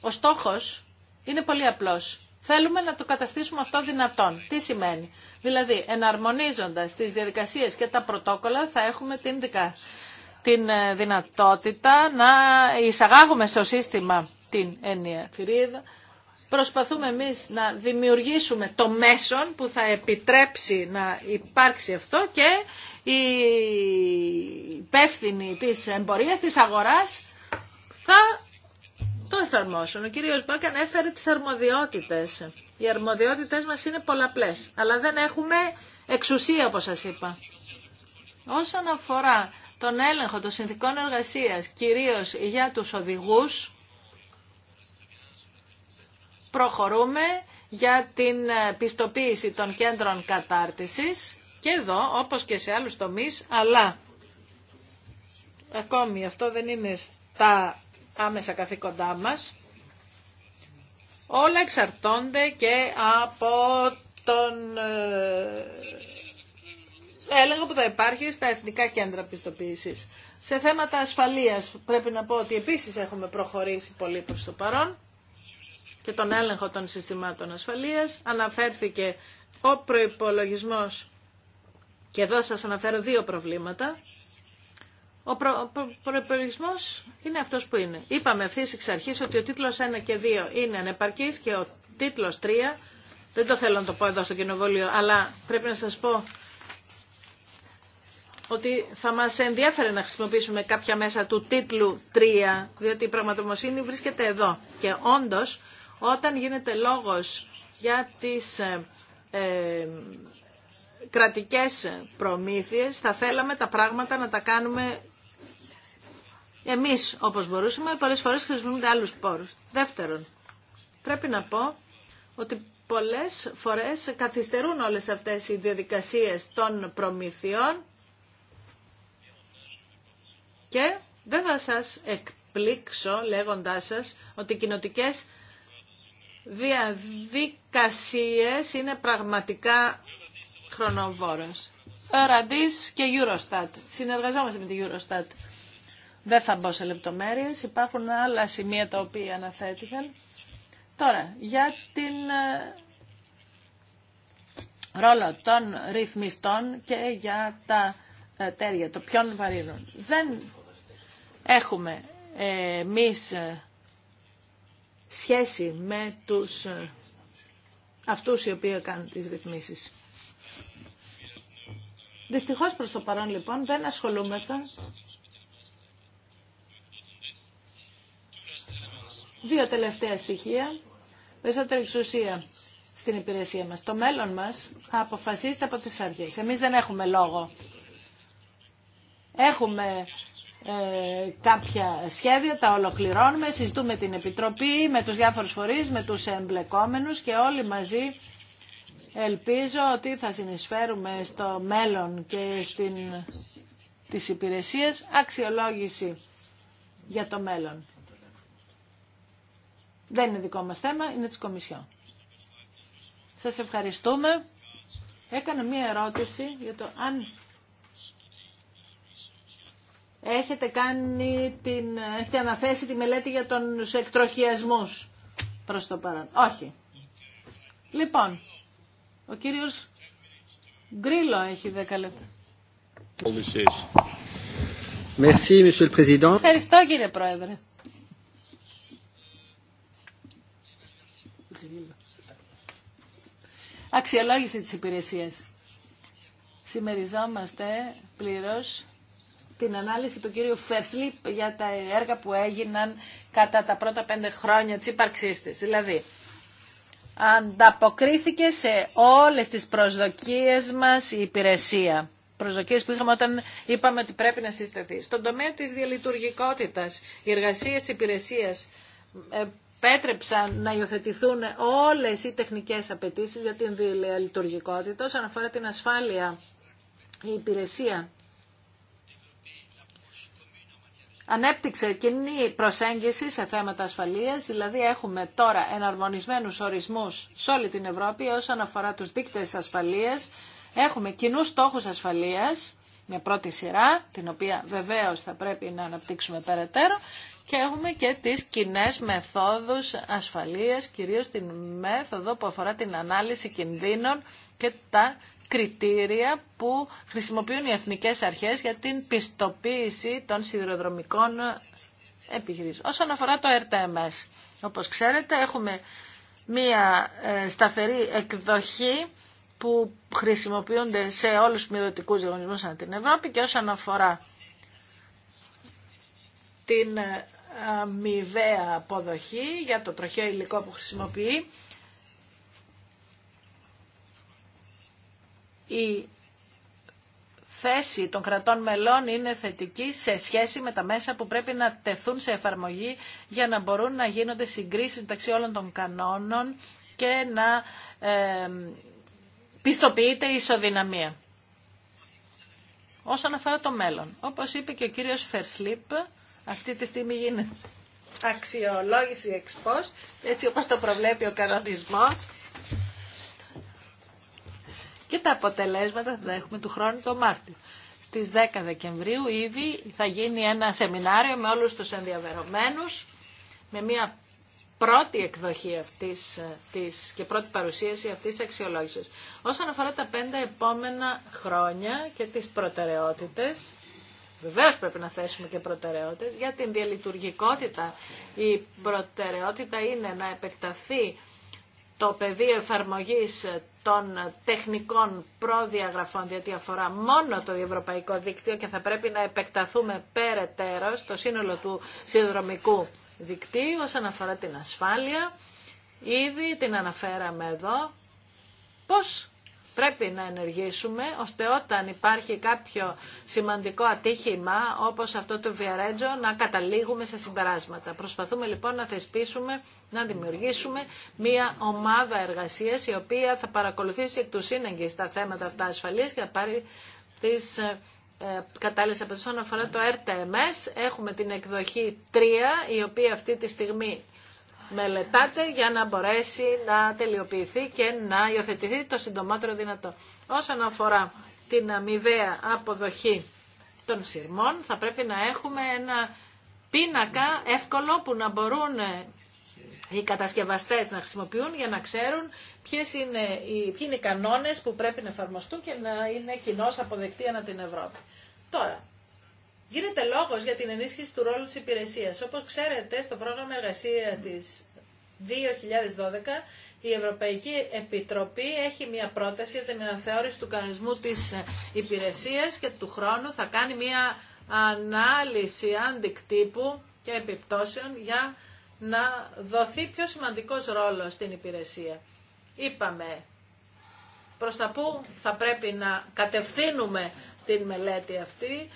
Ο στόχος είναι πολύ απλός. Θέλουμε να το καταστήσουμε αυτό δυνατόν. Τι σημαίνει. Δηλαδή, εναρμονίζοντας τις διαδικασίες και τα πρωτόκολλα, θα έχουμε την, δικα... την ε, δυνατότητα να εισαγάγουμε στο σύστημα την έννοια Προσπαθούμε εμείς να δημιουργήσουμε το μέσον που θα επιτρέψει να υπάρξει αυτό και οι υπεύθυνοι της εμπορίας, της αγοράς θα το εφαρμόσουν. Ο κύριος Μπάκαν έφερε τις αρμοδιότητες. Οι αρμοδιότητες μας είναι πολλαπλές, αλλά δεν έχουμε εξουσία όπως σας είπα. Όσον αφορά τον έλεγχο των συνθηκών εργασίας, κυρίως για τους οδηγούς, προχωρούμε για την ε, πιστοποίηση των κέντρων κατάρτισης και εδώ, όπως και σε άλλους τομείς, αλλά ακόμη αυτό δεν είναι στα άμεσα καθήκοντά μας, όλα εξαρτώνται και από τον ε, έλεγχο που θα υπάρχει στα εθνικά κέντρα πιστοποίησης. Σε θέματα ασφαλείας πρέπει να πω ότι επίσης έχουμε προχωρήσει πολύ προς το παρόν και τον έλεγχο των συστημάτων ασφαλείας. Αναφέρθηκε ο προϋπολογισμός και εδώ σας αναφέρω δύο προβλήματα. Ο προ, είναι αυτό που είναι. Είπαμε ευθύ εξ αρχή ότι ο τίτλο 1 και 2 είναι ανεπαρκή και ο τίτλο 3, δεν το θέλω να το πω εδώ στο κοινοβούλιο, αλλά πρέπει να σα πω ότι θα μα ενδιαφέρει να χρησιμοποιήσουμε κάποια μέσα του τίτλου 3, διότι η πραγματομοσύνη βρίσκεται εδώ. Και όντω, όταν γίνεται λόγο για τι ε, ε, κρατικές προμήθειες, θα θέλαμε τα πράγματα να τα κάνουμε εμείς όπως μπορούσαμε πολλές φορές χρησιμοποιούμε άλλους πόρους. Δεύτερον, πρέπει να πω ότι πολλές φορές καθυστερούν όλες αυτές οι διαδικασίε των προμηθειών και δεν θα σα εκπλήξω λέγοντά σα ότι οι κοινοτικέ διαδικασίες είναι πραγματικά χρονοβόρες. Ραντί και Eurostat. Συνεργαζόμαστε με τη Eurostat. Δεν θα μπω σε λεπτομέρειες. Υπάρχουν άλλα σημεία τα οποία αναθέτηκαν. Τώρα, για την ε, ρόλο των ρυθμιστών και για τα ε, τέρια, το ποιον βαρύνουν. Δεν έχουμε ε, εμείς σχέση με τους αυτούς οι οποίοι κάνουν τις ρυθμίσεις. Δυστυχώς προς το παρόν λοιπόν δεν ασχολούμεθα Δύο τελευταία στοιχεία. Περισσότερη εξουσία στην υπηρεσία μας. Το μέλλον μας θα αποφασίζεται από τις αρχές. Εμείς δεν έχουμε λόγο. Έχουμε ε, κάποια σχέδια, τα ολοκληρώνουμε, συζητούμε την Επιτροπή, με τους διάφορους φορείς, με τους εμπλεκόμενους και όλοι μαζί ελπίζω ότι θα συνεισφέρουμε στο μέλλον και στην τις υπηρεσίες αξιολόγηση για το μέλλον. Δεν είναι δικό μας θέμα, είναι της Κομισιόν. Σας ευχαριστούμε. Έκανα μία ερώτηση για το αν έχετε, κάνει την, έχετε αναθέσει τη μελέτη για τους εκτροχιασμούς προς το παρόν. Όχι. Λοιπόν, ο κύριος Γκρίλο έχει 10 λεπτά. Ευχαριστώ κύριε Πρόεδρε. αξιολόγηση της υπηρεσίας. Σημεριζόμαστε πλήρως την ανάλυση του κύριου Φερσλίπ για τα έργα που έγιναν κατά τα πρώτα πέντε χρόνια της ύπαρξής της. Δηλαδή, ανταποκρίθηκε σε όλες τις προσδοκίες μας η υπηρεσία. Προσδοκίες που είχαμε όταν είπαμε ότι πρέπει να συσταθεί. Στον τομέα της διαλειτουργικότητας, οι εργασίες υπηρεσίας ε, πέτρεψαν να υιοθετηθούν όλες οι τεχνικές απαιτήσεις για την λειτουργικότητα όσον αφορά την ασφάλεια, η υπηρεσία. Ανέπτυξε κοινή προσέγγιση σε θέματα ασφαλείας, δηλαδή έχουμε τώρα εναρμονισμένους ορισμούς σε όλη την Ευρώπη όσον αφορά τους δίκτες ασφαλείας, έχουμε κοινούς στόχους ασφαλείας, μια πρώτη σειρά, την οποία βεβαίως θα πρέπει να αναπτύξουμε περαιτέρω και έχουμε και τις κοινέ μεθόδους ασφαλείας, κυρίως την μέθοδο που αφορά την ανάλυση κινδύνων και τα κριτήρια που χρησιμοποιούν οι εθνικές αρχές για την πιστοποίηση των σιδηροδρομικών επιχειρήσεων. Όσον αφορά το RTMS, όπως ξέρετε έχουμε μία ε, σταθερή εκδοχή που χρησιμοποιούνται σε όλους τους μειοδοτικούς διαγωνισμούς ανά την Ευρώπη και όσον αφορά την ε, αμοιβαία αποδοχή για το τροχαίο υλικό που χρησιμοποιεί. Η θέση των κρατών μελών είναι θετική σε σχέση με τα μέσα που πρέπει να τεθούν σε εφαρμογή για να μπορούν να γίνονται συγκρίσεις μεταξύ όλων των κανόνων και να ε, πιστοποιείται η ισοδυναμία. Όσον αφορά το μέλλον, όπως είπε και ο κύριος Φερσλίπ, αυτή τη στιγμή γίνεται αξιολόγηση εξ έτσι όπως το προβλέπει ο κανονισμός. Και τα αποτελέσματα θα έχουμε του χρόνου το Μάρτιο. Στις 10 Δεκεμβρίου ήδη θα γίνει ένα σεμινάριο με όλους τους ενδιαφερομένους, με μια πρώτη εκδοχή αυτής της και πρώτη παρουσίαση αυτής της αξιολόγησης. Όσον αφορά τα πέντε επόμενα χρόνια και τις προτεραιότητες, Βεβαίως πρέπει να θέσουμε και προτεραιότητες. Για την διαλειτουργικότητα η προτεραιότητα είναι να επεκταθεί το πεδίο εφαρμογής των τεχνικών προδιαγραφών, διότι αφορά μόνο το ευρωπαϊκό δίκτυο και θα πρέπει να επεκταθούμε περαιτέρω στο σύνολο του συνδρομικού δικτύου όσον αφορά την ασφάλεια. Ήδη την αναφέραμε εδώ. Πώς πρέπει να ενεργήσουμε, ώστε όταν υπάρχει κάποιο σημαντικό ατύχημα, όπως αυτό το Βιαρέτζο, να καταλήγουμε σε συμπεράσματα. Προσπαθούμε λοιπόν να θεσπίσουμε, να δημιουργήσουμε μία ομάδα εργασίας, η οποία θα παρακολουθήσει εκ του σύνεγγυ τα θέματα αυτά ασφαλής και θα πάρει τις ε, κατάλληλες απαιτήσεις όσον αφορά το RTMS. Έχουμε την εκδοχή 3, η οποία αυτή τη στιγμή μελετάτε για να μπορέσει να τελειοποιηθεί και να υιοθετηθεί το συντομότερο δυνατό. Όσον αφορά την αμοιβαία αποδοχή των σειρμών, θα πρέπει να έχουμε ένα πίνακα εύκολο που να μπορούν οι κατασκευαστές να χρησιμοποιούν για να ξέρουν ποιες είναι οι, ποιοι είναι οι κανόνες που πρέπει να εφαρμοστούν και να είναι κοινώ αποδεκτοί ανά την Ευρώπη. Τώρα, Γίνεται λόγος για την ενίσχυση του ρόλου της υπηρεσίας. Όπως ξέρετε, στο πρόγραμμα εργασία της 2012 η Ευρωπαϊκή Επιτροπή έχει μια πρόταση για την αναθεώρηση του κανονισμού της Υπηρεσία και του χρόνου θα κάνει μια ανάλυση αντικτύπου και επιπτώσεων για να δοθεί πιο σημαντικός ρόλος στην υπηρεσία. Είπαμε προς τα πού θα πρέπει να κατευθύνουμε την μελέτη αυτή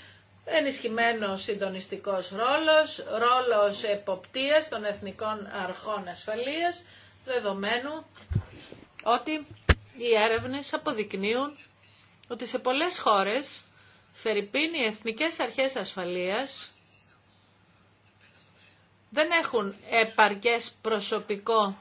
ενισχυμένο συντονιστικός ρόλος, ρόλος εποπτείας των εθνικών αρχών ασφαλείας, δεδομένου ότι οι έρευνες αποδεικνύουν ότι σε πολλές χώρες Φερρυπίν, οι εθνικές αρχές ασφαλείας δεν έχουν επαρκές προσωπικό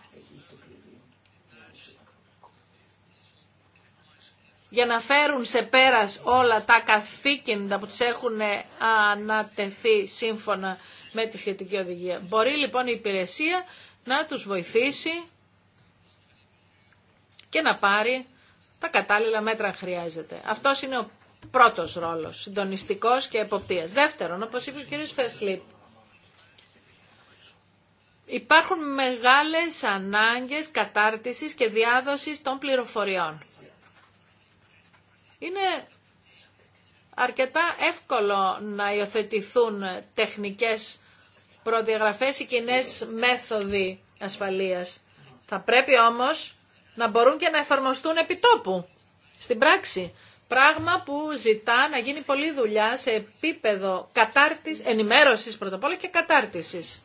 για να φέρουν σε πέρας όλα τα καθήκοντα που τις έχουν ε, ανατεθεί σύμφωνα με τη σχετική οδηγία. Μπορεί λοιπόν η υπηρεσία να τους βοηθήσει και να πάρει τα κατάλληλα μέτρα αν χρειάζεται. Αυτό είναι ο πρώτος ρόλος, συντονιστικός και εποπτείας. Δεύτερον, όπως είπε ο κ. Φεσλίπ, υπάρχουν μεγάλες ανάγκες κατάρτισης και διάδοσης των πληροφοριών είναι αρκετά εύκολο να υιοθετηθούν τεχνικές προδιαγραφές ή κοινέ μέθοδοι ασφαλείας. Θα πρέπει όμως να μπορούν και να εφαρμοστούν επιτόπου, στην πράξη. Πράγμα που ζητά να γίνει πολλή δουλειά σε επίπεδο κατάρτισης, ενημέρωσης πρώτα απ' όλα και κατάρτισης.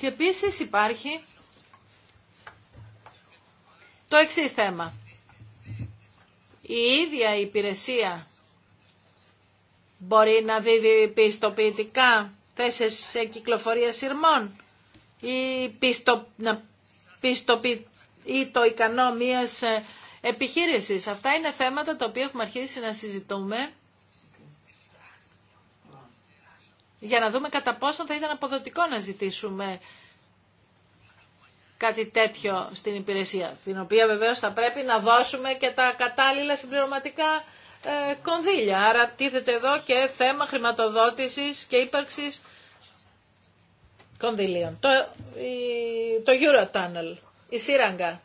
Και επίσης υπάρχει το εξής θέμα η ίδια η υπηρεσία μπορεί να δίδει πιστοποιητικά θέσεις σε κυκλοφορία σειρμών ή πιστο, να το ικανό μιας ε, επιχείρησης. Αυτά είναι θέματα τα οποία έχουμε αρχίσει να συζητούμε για να δούμε κατά πόσο θα ήταν αποδοτικό να ζητήσουμε κάτι τέτοιο στην υπηρεσία, την οποία βεβαίως θα πρέπει να δώσουμε και τα κατάλληλα συμπληρωματικά ε, κονδύλια. Άρα τίθεται εδώ και θέμα χρηματοδότησης και ύπαρξης κονδυλίων. Το, το Eurotunnel, η σύραγγα,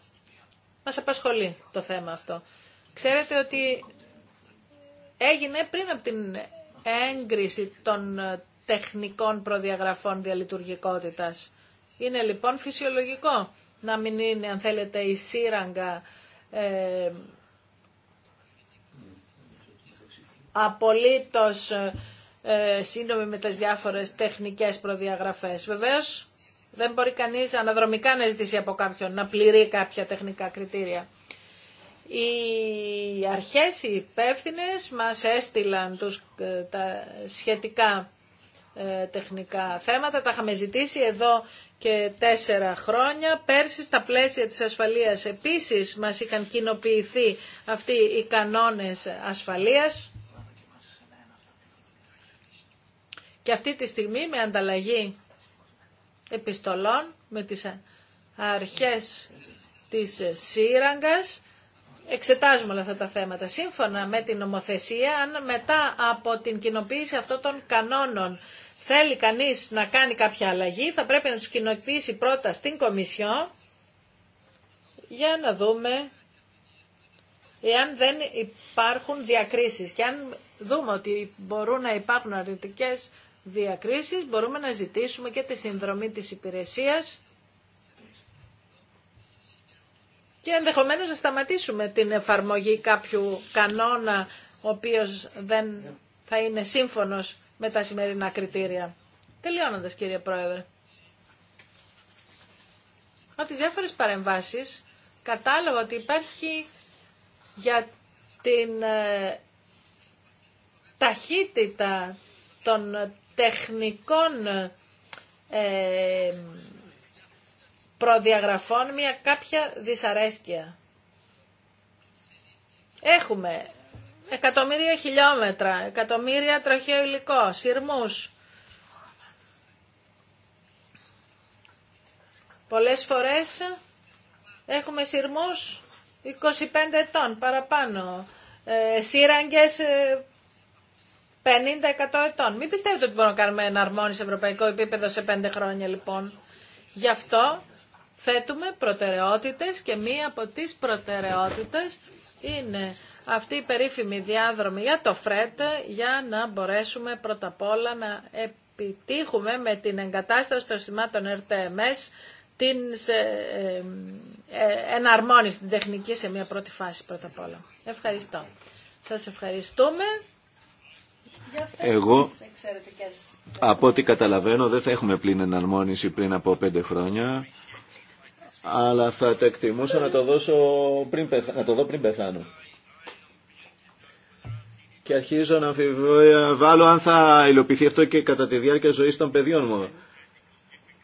μας απασχολεί το θέμα αυτό. Ξέρετε ότι έγινε πριν από την έγκριση των τεχνικών προδιαγραφών διαλειτουργικότητας. Είναι λοιπόν φυσιολογικό να μην είναι, αν θέλετε, η σύραγγα ε, απολύτως ε, με τις διάφορες τεχνικές προδιαγραφές. Βεβαίως, δεν μπορεί κανείς αναδρομικά να ζητήσει από κάποιον να πληρεί κάποια τεχνικά κριτήρια. Οι αρχές, οι υπεύθυνε μας έστειλαν τους, ε, τα σχετικά ε, τεχνικά θέματα. Τα είχαμε ζητήσει εδώ και τέσσερα χρόνια. Πέρσι στα πλαίσια της ασφαλείας επίσης μας είχαν κοινοποιηθεί αυτοί οι κανόνες ασφαλείας. Και αυτή τη στιγμή με ανταλλαγή επιστολών με τις αρχές της σύραγγας εξετάζουμε όλα αυτά τα θέματα. Σύμφωνα με την νομοθεσία, αν μετά από την κοινοποίηση αυτών των κανόνων θέλει κανείς να κάνει κάποια αλλαγή θα πρέπει να τους κοινοποιήσει πρώτα στην Κομισιό για να δούμε εάν δεν υπάρχουν διακρίσεις και αν δούμε ότι μπορούν να υπάρχουν αρνητικές διακρίσεις μπορούμε να ζητήσουμε και τη συνδρομή της υπηρεσίας και ενδεχομένως να σταματήσουμε την εφαρμογή κάποιου κανόνα ο οποίος δεν θα είναι σύμφωνος με τα σημερινά κριτήρια. Τελειώνοντας κύριε Πρόεδρε. Από τις διάφορες παρεμβάσεις κατάλαβα ότι υπάρχει για την ε, ταχύτητα των τεχνικών ε, προδιαγραφών μια κάποια δυσαρέσκεια. Έχουμε εκατομμύρια χιλιόμετρα, εκατομμύρια τροχαίο υλικό, σειρμούς. Πολλές φορές έχουμε σειρμούς 25 ετών παραπάνω, ε, σύραγγες 50-100 ε, ετών. Μην πιστεύετε ότι μπορούμε να κάνουμε αρμόνι σε ευρωπαϊκό επίπεδο σε 5 χρόνια λοιπόν. Γι' αυτό θέτουμε προτεραιότητες και μία από τις προτεραιότητες είναι αυτή η περίφημη διάδρομη για το ΦΡΕΤ για να μπορέσουμε πρώτα απ' όλα να επιτύχουμε με την εγκατάσταση των συστημάτων RTMS την ε, ε, εναρμόνιση, την τεχνική σε μια πρώτη φάση πρώτα απ' όλα. Ευχαριστώ. Σας ευχαριστούμε. Εγώ, από ό,τι καταλαβαίνω, δεν θα έχουμε πλήν εναρμόνιση πριν από πέντε χρόνια, αλλά θα το εκτιμούσα να το, δώσω πριν, να το δω πριν πεθάνω και αρχίζω να βάλω αν θα υλοποιηθεί αυτό και κατά τη διάρκεια ζωής των παιδιών μου.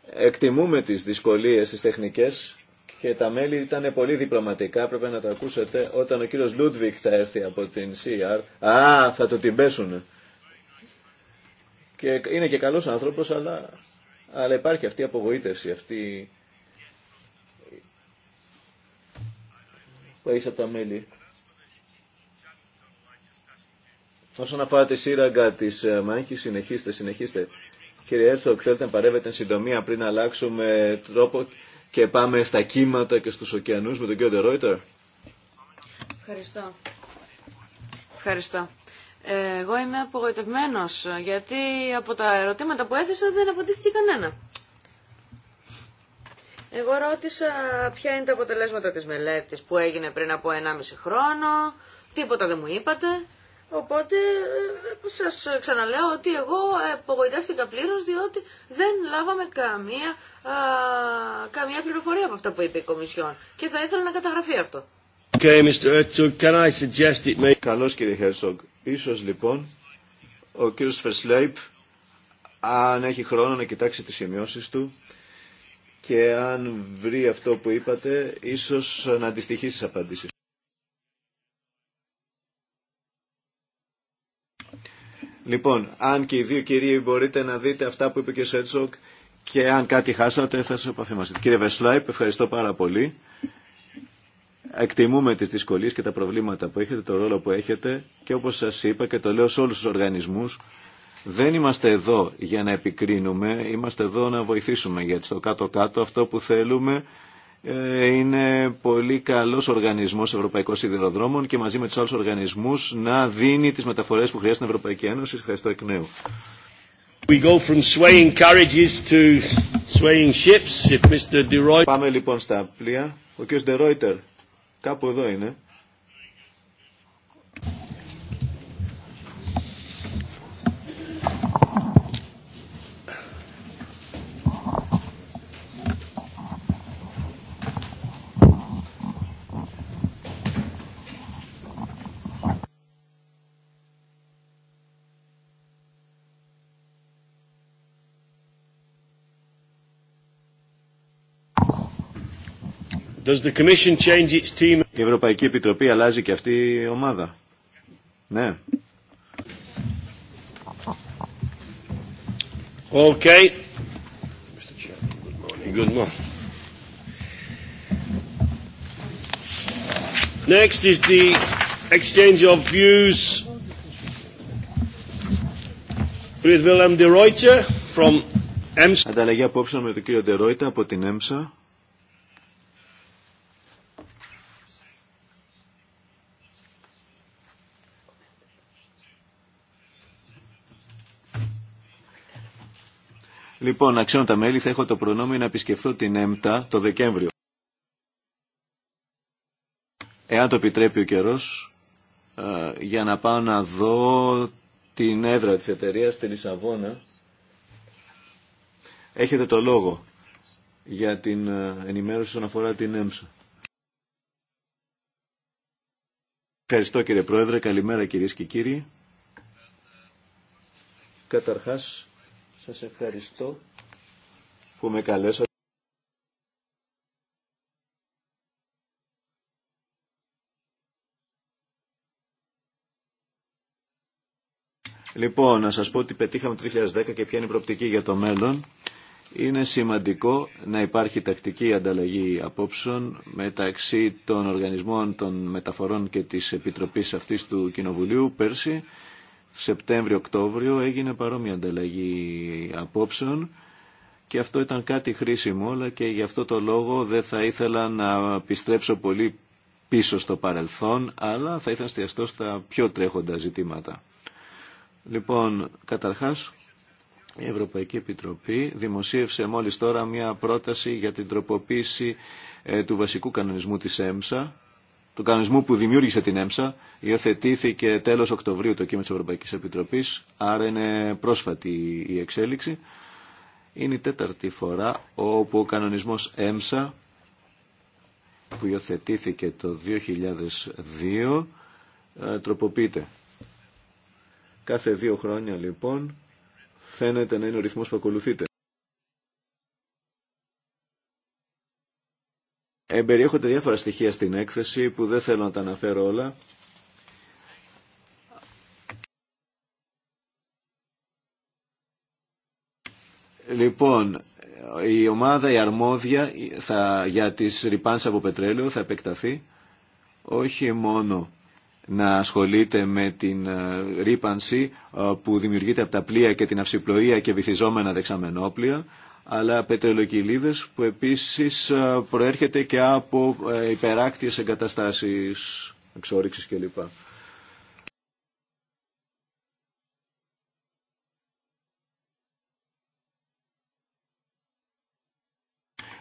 Εκτιμούμε τις δυσκολίες, τις τεχνικές και τα μέλη ήταν πολύ διπλωματικά, πρέπει να τα ακούσετε, όταν ο κύριος Λούντβικ θα έρθει από την CR. Α, θα το την Και είναι και καλός άνθρωπος, αλλά, αλλά υπάρχει αυτή η απογοήτευση, αυτή που από τα μέλη. Όσον αφορά τη σύραγγα τη ε, μάχη, συνεχίστε, συνεχίστε. Κύριε Έρθοκ, θέλετε να παρεύετε συντομία πριν αλλάξουμε τρόπο και πάμε στα κύματα και στους ωκεανούς με τον κύριο Ντερόιτερ. Ευχαριστώ. Ευχαριστώ. Ε, εγώ είμαι απογοητευμένος ε, γιατί από τα ερωτήματα που έθεσα δεν απαντήθηκε κανένα. Εγώ ρώτησα ποια είναι τα αποτελέσματα της μελέτης που έγινε πριν από 1,5 χρόνο. Τίποτα δεν μου είπατε. Οπότε ε, σας ξαναλέω ότι εγώ απογοητεύτηκα πλήρως διότι δεν λάβαμε καμία, α, καμία πληροφορία από αυτά που είπε η Κομισιόν και θα ήθελα να καταγραφεί αυτό. Okay, may... Καλώς κύριε Χέρσογκ. Ίσως λοιπόν ο κύριος Φερσλέιπ αν έχει χρόνο να κοιτάξει τις σημειώσεις του και αν βρει αυτό που είπατε ίσως να αντιστοιχεί στις απαντήσεις. Λοιπόν, αν και οι δύο κυρίοι μπορείτε να δείτε αυτά που είπε και ο Σέτσοκ και αν κάτι χάσατε θα σας επαφήμαστε. Κύριε Βεσλάιπ, ευχαριστώ πάρα πολύ. Εκτιμούμε τις δυσκολίες και τα προβλήματα που έχετε, το ρόλο που έχετε και όπως σας είπα και το λέω σε όλους τους οργανισμούς, δεν είμαστε εδώ για να επικρίνουμε, είμαστε εδώ να βοηθήσουμε γιατί στο κάτω-κάτω αυτό που θέλουμε ε, είναι πολύ καλός οργανισμός Ευρωπαϊκών Σιδηροδρόμων και μαζί με τους άλλους οργανισμούς να δίνει τις μεταφορές που χρειάζεται η Ευρωπαϊκή Ένωση. Ευχαριστώ εκ νέου. We go from swaying carriages to swaying ships, if Mr. De Πάμε λοιπόν στα πλοία. Ο κ. Ντερόιτερ, κάπου εδώ είναι. Does the Commission change its team? Η Ευρωπαϊκή Επιτροπή αλλάζει και αυτή η ομάδα. Ναι. Okay. Good morning. Next is the exchange of views with Willem de Reuter from EMSA. Ανταλλαγή απόψεων με τον κύριο De Reuter από την EMSA. Λοιπόν, ξέρω τα μέλη, θα έχω το προνόμιο να επισκεφθώ την ΕΜΤΑ το Δεκέμβριο. Εάν το επιτρέπει ο καιρός, για να πάω να δω την έδρα της εταιρείας στη Λισαβόνα. Έχετε το λόγο για την ενημέρωση όσον αφορά την ΕΜΣΑ. Ευχαριστώ κύριε Πρόεδρε, καλημέρα κυρίες και κύριοι. Καταρχάς, σας ευχαριστώ που με καλέσατε. Λοιπόν, να σας πω ότι πετύχαμε το 2010 και ποια είναι η προοπτική για το μέλλον. Είναι σημαντικό να υπάρχει τακτική ανταλλαγή απόψεων μεταξύ των οργανισμών των μεταφορών και της Επιτροπής αυτής του Κοινοβουλίου πέρσι. Σεπτέμβριο-Οκτώβριο έγινε παρόμοια ανταλλαγή απόψεων και αυτό ήταν κάτι χρήσιμο, αλλά και γι' αυτό το λόγο δεν θα ήθελα να πιστρέψω πολύ πίσω στο παρελθόν, αλλά θα ήθελα εστιαστώ στα πιο τρέχοντα ζητήματα. Λοιπόν, καταρχάς, η Ευρωπαϊκή Επιτροπή δημοσίευσε μόλις τώρα μια πρόταση για την τροποποίηση ε, του βασικού κανονισμού της ΕΜΣΑ, του κανονισμού που δημιούργησε την ΕΜΣΑ υιοθετήθηκε τέλος Οκτωβρίου το κείμενο της Ευρωπαϊκής Επιτροπής, άρα είναι πρόσφατη η εξέλιξη. Είναι η τέταρτη φορά όπου ο κανονισμός ΕΜΣΑ που υιοθετήθηκε το 2002 ε, τροποποιείται. Κάθε δύο χρόνια λοιπόν φαίνεται να είναι ο ρυθμός που ακολουθείται. Εμπεριέχονται διάφορα στοιχεία στην έκθεση που δεν θέλω να τα αναφέρω όλα. Λοιπόν, η ομάδα, η αρμόδια θα, για τις ρηπάνσεις από πετρέλαιο θα επεκταθεί όχι μόνο να ασχολείται με την ε, ρήπανση ε, που δημιουργείται από τα πλοία και την αυσιπλοεία και βυθιζόμενα δεξαμενόπλια, αλλά πετρελοκυλίδες που επίσης ε, προέρχεται και από ε, υπεράκτιες εγκαταστάσεις εξόριξης κλπ.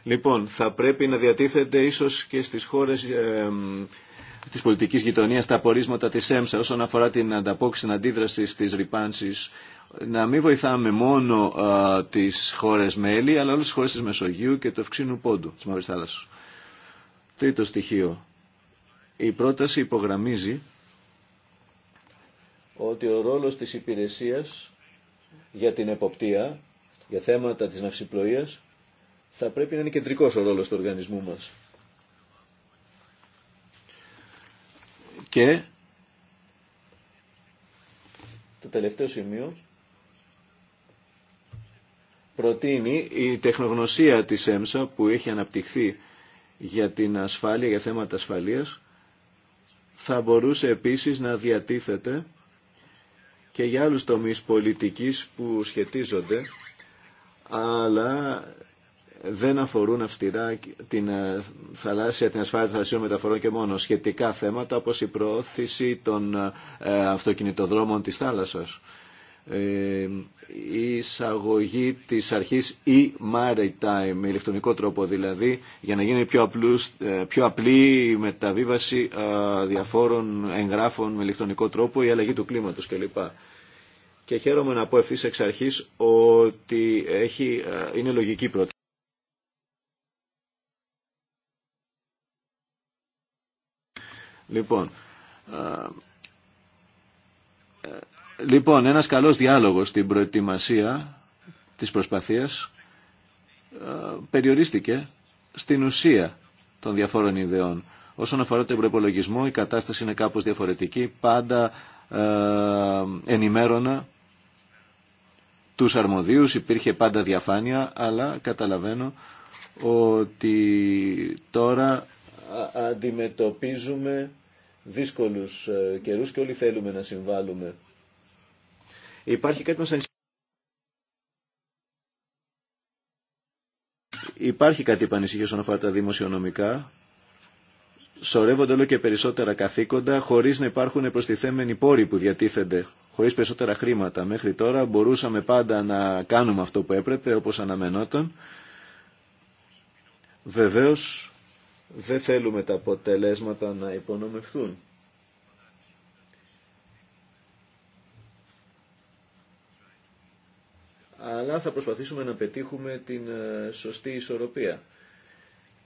Λοιπόν, θα πρέπει να διατίθεται ίσως και στις χώρες ε, της πολιτικής γειτονίας τα απορίσματα της ΕΜΣΑ όσον αφορά την ανταπόκριση, την αντίδραση στις ρηπάνσεις να μην βοηθάμε μόνο τις χώρες μέλη, αλλά όλες τις χώρες της Μεσογείου και του ευξήνου πόντου της Μαύρης Θάλασσας. Τρίτο στοιχείο. Η πρόταση υπογραμμίζει ότι ο ρόλος της υπηρεσίας για την εποπτεία, για θέματα της ναυσιπλοείας, θα πρέπει να είναι κεντρικός ο ρόλος του οργανισμού μας. Και το τελευταίο σημείο προτείνει η τεχνογνωσία της ΕΜΣΑ που έχει αναπτυχθεί για την ασφάλεια, για θέματα ασφαλείας, θα μπορούσε επίσης να διατίθεται και για άλλους τομείς πολιτικής που σχετίζονται, αλλά δεν αφορούν αυστηρά την ε, θαλάσσια, την ασφάλεια των θαλασσιών μεταφορών και μόνο σχετικά θέματα όπως η προώθηση των ε, αυτοκινητοδρόμων της θάλασσας ε, η εισαγωγή της αρχής e-maritime με ηλεκτρονικό τρόπο δηλαδή για να γίνει πιο, απλούς, ε, πιο απλή η μεταβίβαση ε, διαφόρων εγγράφων με ηλεκτρονικό τρόπο η αλλαγή του κλίματος κλπ. Και χαίρομαι να πω ευθύ εξ αρχής ότι έχει, είναι λογική πρώτη. Λοιπόν, Λοιπόν, ένας καλός διάλογος στην προετοιμασία της προσπαθίας ε, περιορίστηκε στην ουσία των διαφόρων ιδεών. Όσον αφορά τον προπολογισμό, η κατάσταση είναι κάπως διαφορετική. Πάντα ε, ενημέρωνα τους αρμοδίους, υπήρχε πάντα διαφάνεια, αλλά καταλαβαίνω ότι τώρα ε, αντιμετωπίζουμε δύσκολους ε, καιρούς και όλοι θέλουμε να συμβάλλουμε Υπάρχει κάτι μας Υπάρχει κάτι που όσον αφορά τα δημοσιονομικά. Σορεύονται όλο και περισσότερα καθήκοντα χωρίς να υπάρχουν προστιθέμενοι πόροι που διατίθενται, χωρίς περισσότερα χρήματα. Μέχρι τώρα μπορούσαμε πάντα να κάνουμε αυτό που έπρεπε, όπως αναμενόταν. Βεβαίως δεν θέλουμε τα αποτελέσματα να υπονομευθούν. αλλά θα προσπαθήσουμε να πετύχουμε την ε, σωστή ισορροπία.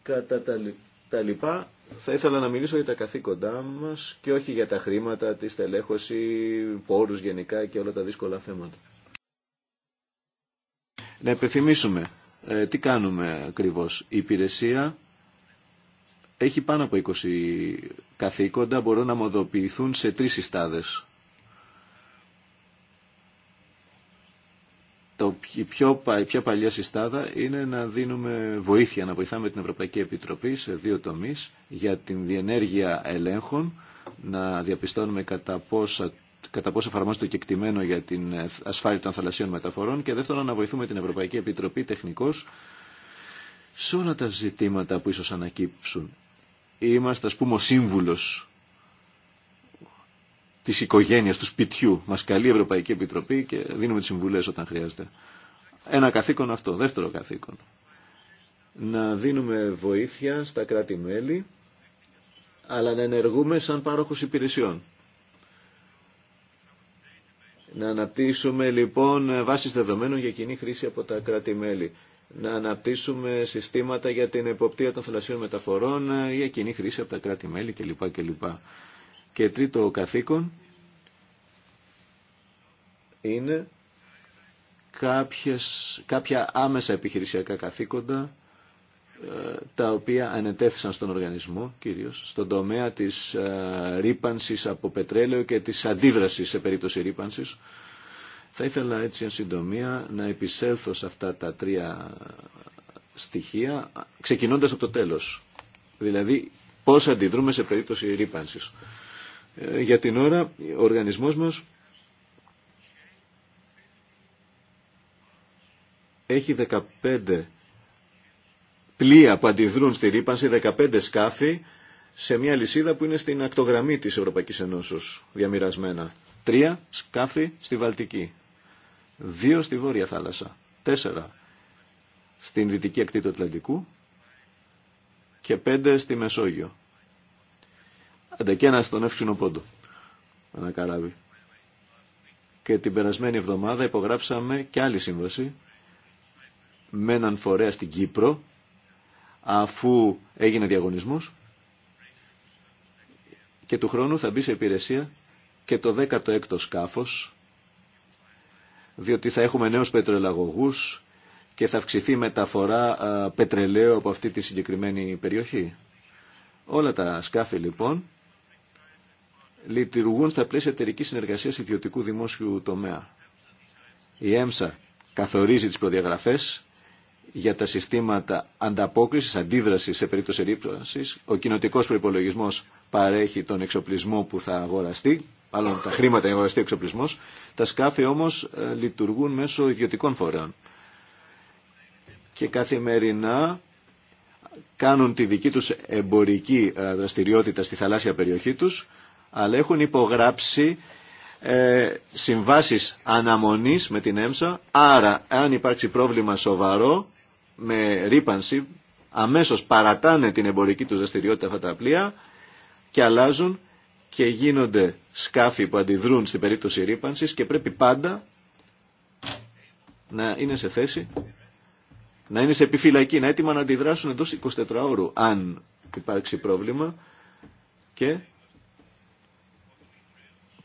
Κατά τα λοιπά, θα ήθελα να μιλήσω για τα καθήκοντά μας και όχι για τα χρήματα, τη στελέχωση, πόρους γενικά και όλα τα δύσκολα θέματα. Να επιθυμίσουμε ε, τι κάνουμε ακριβώς. Η υπηρεσία έχει πάνω από 20 καθήκοντα, μπορούν να μοδοποιηθούν σε τρεις συστάδες. το πιο, η πιο παλιά συστάδα είναι να δίνουμε βοήθεια, να βοηθάμε την Ευρωπαϊκή Επιτροπή σε δύο τομείς για την διενέργεια ελέγχων, να διαπιστώνουμε κατά πόσα κατά πόσο εφαρμόζεται το κεκτημένο για την ασφάλεια των θαλασσίων μεταφορών και δεύτερον να βοηθούμε την Ευρωπαϊκή Επιτροπή τεχνικώς σε όλα τα ζητήματα που ίσως ανακύψουν. Είμαστε ας πούμε ο σύμβουλος Τη οικογένεια, του σπιτιού. μα καλεί η Ευρωπαϊκή Επιτροπή και δίνουμε τι συμβουλέ όταν χρειάζεται. Ένα καθήκον αυτό, δεύτερο καθήκον. Να δίνουμε βοήθεια στα κράτη-μέλη, αλλά να ενεργούμε σαν πάροχο υπηρεσιών. Να αναπτύσσουμε λοιπόν βάσει δεδομένων για κοινή χρήση από τα κράτη-μέλη. Να αναπτύσσουμε συστήματα για την εποπτεία των θαλασσίων μεταφορών ε, για κοινή χρήση από τα κράτη-μέλη κλπ. κλπ. Και τρίτο καθήκον είναι κάποιες, κάποια άμεσα επιχειρησιακά καθήκοντα ε, τα οποία ανετέθησαν στον οργανισμό κυρίως στον τομέα της ε, ρήπανσης από πετρέλαιο και της αντίδρασης σε περίπτωση ρήπανσης. Θα ήθελα έτσι εν συντομία να επισέλθω σε αυτά τα τρία στοιχεία ξεκινώντας από το τέλος. Δηλαδή πώς αντιδρούμε σε περίπτωση ρήπανσης. Ε, για την ώρα ο οργανισμός μας έχει 15 πλοία που αντιδρούν στη ρήπανση, 15 σκάφη σε μια λυσίδα που είναι στην ακτογραμμή της Ευρωπαϊκής Ενώσεως διαμοιρασμένα. Τρία σκάφη στη Βαλτική, δύο στη Βόρεια Θάλασσα, τέσσερα στην δυτική ακτή του Ατλαντικού και πέντε στη Μεσόγειο αντακένα στον εύξηνο πόντο. καράβι. Και την περασμένη εβδομάδα υπογράψαμε και άλλη σύμβαση με έναν φορέα στην Κύπρο αφού έγινε διαγωνισμός και του χρόνου θα μπει σε υπηρεσία και το 16ο σκάφος διότι θα έχουμε νέους πετρελαγωγούς και θα αυξηθεί μεταφορά ε, πετρελαίου από αυτή τη συγκεκριμένη περιοχή. Όλα τα σκάφη λοιπόν λειτουργούν στα πλαίσια εταιρική συνεργασία ιδιωτικού δημόσιου τομέα. Η ΕΜΣΑ καθορίζει τι προδιαγραφέ για τα συστήματα ανταπόκριση, αντίδραση σε περίπτωση ρήπανση. Ο κοινοτικό προπολογισμό παρέχει τον εξοπλισμό που θα αγοραστεί, μάλλον τα χρήματα για αγοραστεί ο εξοπλισμό. Τα σκάφη όμως ε, λειτουργούν μέσω ιδιωτικών φορέων. Και καθημερινά κάνουν τη δική τους εμπορική ε, δραστηριότητα στη θαλάσσια περιοχή τους αλλά έχουν υπογράψει ε, συμβάσεις αναμονής με την ΕΜΣΑ, άρα αν υπάρξει πρόβλημα σοβαρό με ρήπανση, αμέσως παρατάνε την εμπορική τους δραστηριότητα αυτά τα πλοία και αλλάζουν και γίνονται σκάφη που αντιδρούν στην περίπτωση ρήπανσης και πρέπει πάντα να είναι σε θέση, να είναι σε επιφυλακή, να έτοιμα να αντιδράσουν εντός 24 ώρου αν υπάρξει πρόβλημα και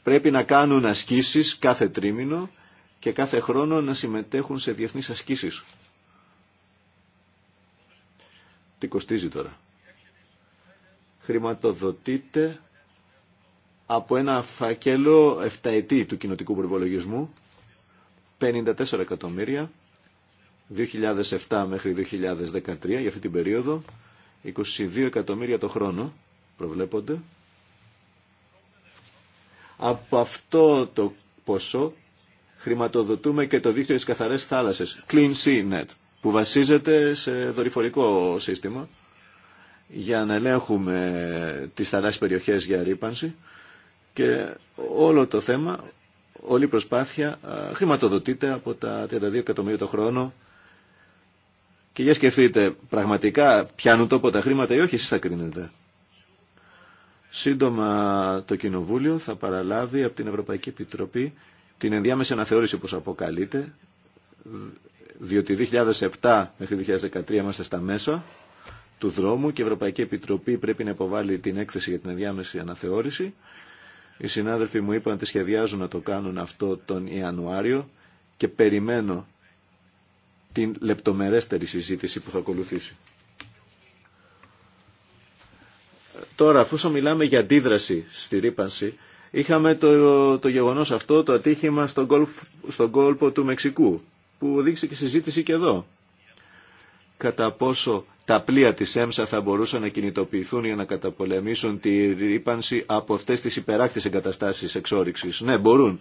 πρέπει να κάνουν ασκήσεις κάθε τρίμηνο και κάθε χρόνο να συμμετέχουν σε διεθνείς ασκήσεις. Τι κοστίζει τώρα. Χρηματοδοτείται από ένα φακέλο 7 του κοινοτικού προπολογισμού 54 εκατομμύρια 2007 μέχρι 2013 για αυτή την περίοδο 22 εκατομμύρια το χρόνο προβλέπονται από αυτό το ποσό χρηματοδοτούμε και το δίκτυο της καθαρές θάλασσες, Clean Sea Net, που βασίζεται σε δορυφορικό σύστημα για να ελέγχουμε τις θαλάσσιες περιοχές για ρήπανση και όλο το θέμα, όλη η προσπάθεια χρηματοδοτείται από τα 32 εκατομμύρια το χρόνο και για σκεφτείτε, πραγματικά πιάνουν τόπο τα χρήματα ή όχι, εσείς θα κρίνετε. Σύντομα το Κοινοβούλιο θα παραλάβει από την Ευρωπαϊκή Επιτροπή την ενδιάμεση αναθεώρηση όπως αποκαλείται, διότι 2007 μέχρι 2013 είμαστε στα μέσα του δρόμου και η Ευρωπαϊκή Επιτροπή πρέπει να υποβάλει την έκθεση για την ενδιάμεση αναθεώρηση. Οι συνάδελφοι μου είπαν ότι σχεδιάζουν να το κάνουν αυτό τον Ιανουάριο και περιμένω την λεπτομερέστερη συζήτηση που θα ακολουθήσει. Τώρα, αφού μιλάμε για αντίδραση στη ρήπανση, είχαμε το, το γεγονός αυτό, το ατύχημα στον, κόλπο του Μεξικού, που οδήγησε και συζήτηση και εδώ. Κατά πόσο τα πλοία της ΕΜΣΑ θα μπορούσαν να κινητοποιηθούν για να καταπολεμήσουν τη ρήπανση από αυτές τις υπεράκτης εγκαταστάσεις εξόριξης. Ναι, μπορούν.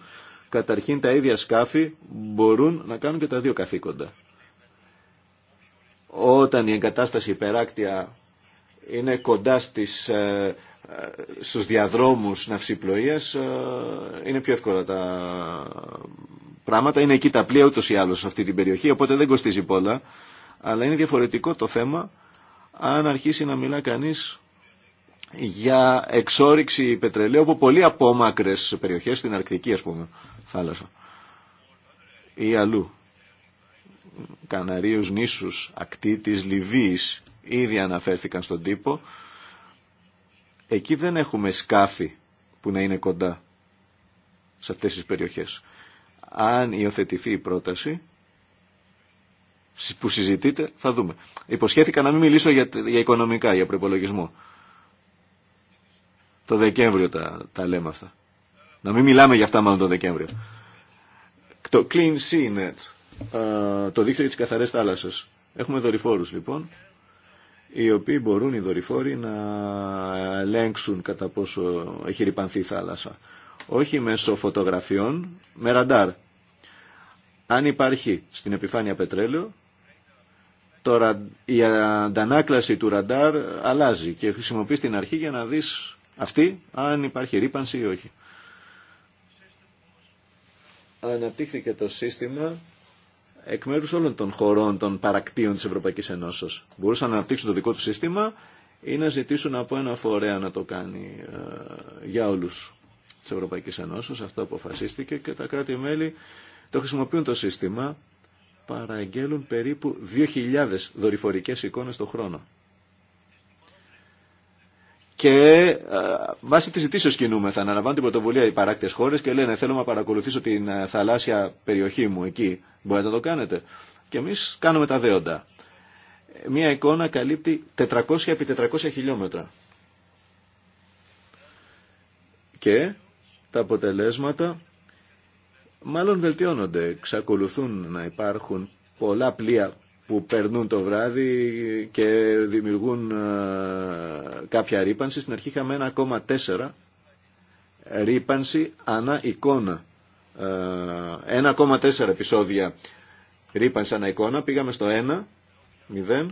Καταρχήν τα ίδια σκάφη μπορούν να κάνουν και τα δύο καθήκοντα. Όταν η εγκατάσταση υπεράκτια είναι κοντά στις, ε, ε, στους διαδρόμους ναυσιπλοείας, ε, είναι πιο εύκολα τα πράγματα. Είναι εκεί τα πλοία ούτως ή άλλως σε αυτή την περιοχή, οπότε δεν κοστίζει πολλά. Αλλά είναι διαφορετικό το θέμα αν αρχίσει να μιλά κανείς για εξόριξη πετρελαίου από πολύ απόμακρες περιοχές, στην Αρκτική ας πούμε, θάλασσα ή αλλού. Καναρίους νήσους, ακτή της Λιβύης ήδη αναφέρθηκαν στον τύπο. Εκεί δεν έχουμε σκάφη που να είναι κοντά σε αυτές τις περιοχές. Αν υιοθετηθεί η πρόταση που συζητείτε, θα δούμε. Υποσχέθηκα να μην μιλήσω για, για οικονομικά, για προπολογισμό. Το Δεκέμβριο τα, τα λέμε αυτά. Να μην μιλάμε για αυτά μάλλον το Δεκέμβριο. Το Clean Sea Net ε, το δίκτυο για τις καθαρές θάλασσες. Έχουμε δορυφόρους λοιπόν οι οποίοι μπορούν οι δορυφόροι να ελέγξουν κατά πόσο έχει ρηπανθεί η θάλασσα. Όχι μέσω φωτογραφιών, με ραντάρ. Αν υπάρχει στην επιφάνεια πετρέλαιο, τώρα η αντανάκλαση του ραντάρ αλλάζει και χρησιμοποιεί την αρχή για να δεις αυτή αν υπάρχει ρήπανση ή όχι. Αναπτύχθηκε το σύστημα εκ μέρου όλων των χωρών των παρακτήων της Ευρωπαϊκή Ενώσεως. Μπορούσαν να αναπτύξουν το δικό του σύστημα ή να ζητήσουν από ένα φορέα να το κάνει ε, για όλους της Ευρωπαϊκή Ενώσεως. Αυτό αποφασίστηκε και τα κράτη-μέλη το χρησιμοποιούν το σύστημα παραγγέλουν περίπου 2.000 δορυφορικές εικόνες το χρόνο και ε, βάσει τη ζητήσεω κινούμεθα να αναλαμβάνουν την πρωτοβουλία οι παράκτε χώρε και λένε Θέλω να παρακολουθήσω την ε, θαλάσσια περιοχή μου εκεί. Μπορείτε να το κάνετε. Και εμεί κάνουμε τα δέοντα. Μία εικόνα καλύπτει 400 επί 400 χιλιόμετρα. Και τα αποτελέσματα μάλλον βελτιώνονται. Ξακολουθούν να υπάρχουν πολλά πλοία που περνούν το βράδυ και δημιουργούν ε, κάποια ρήπανση. Στην αρχή είχαμε 1,4 ρήπανση ανά εικόνα. 1,4 ε, επεισόδια ρήπανση ανά εικόνα. Πήγαμε στο 1, 0.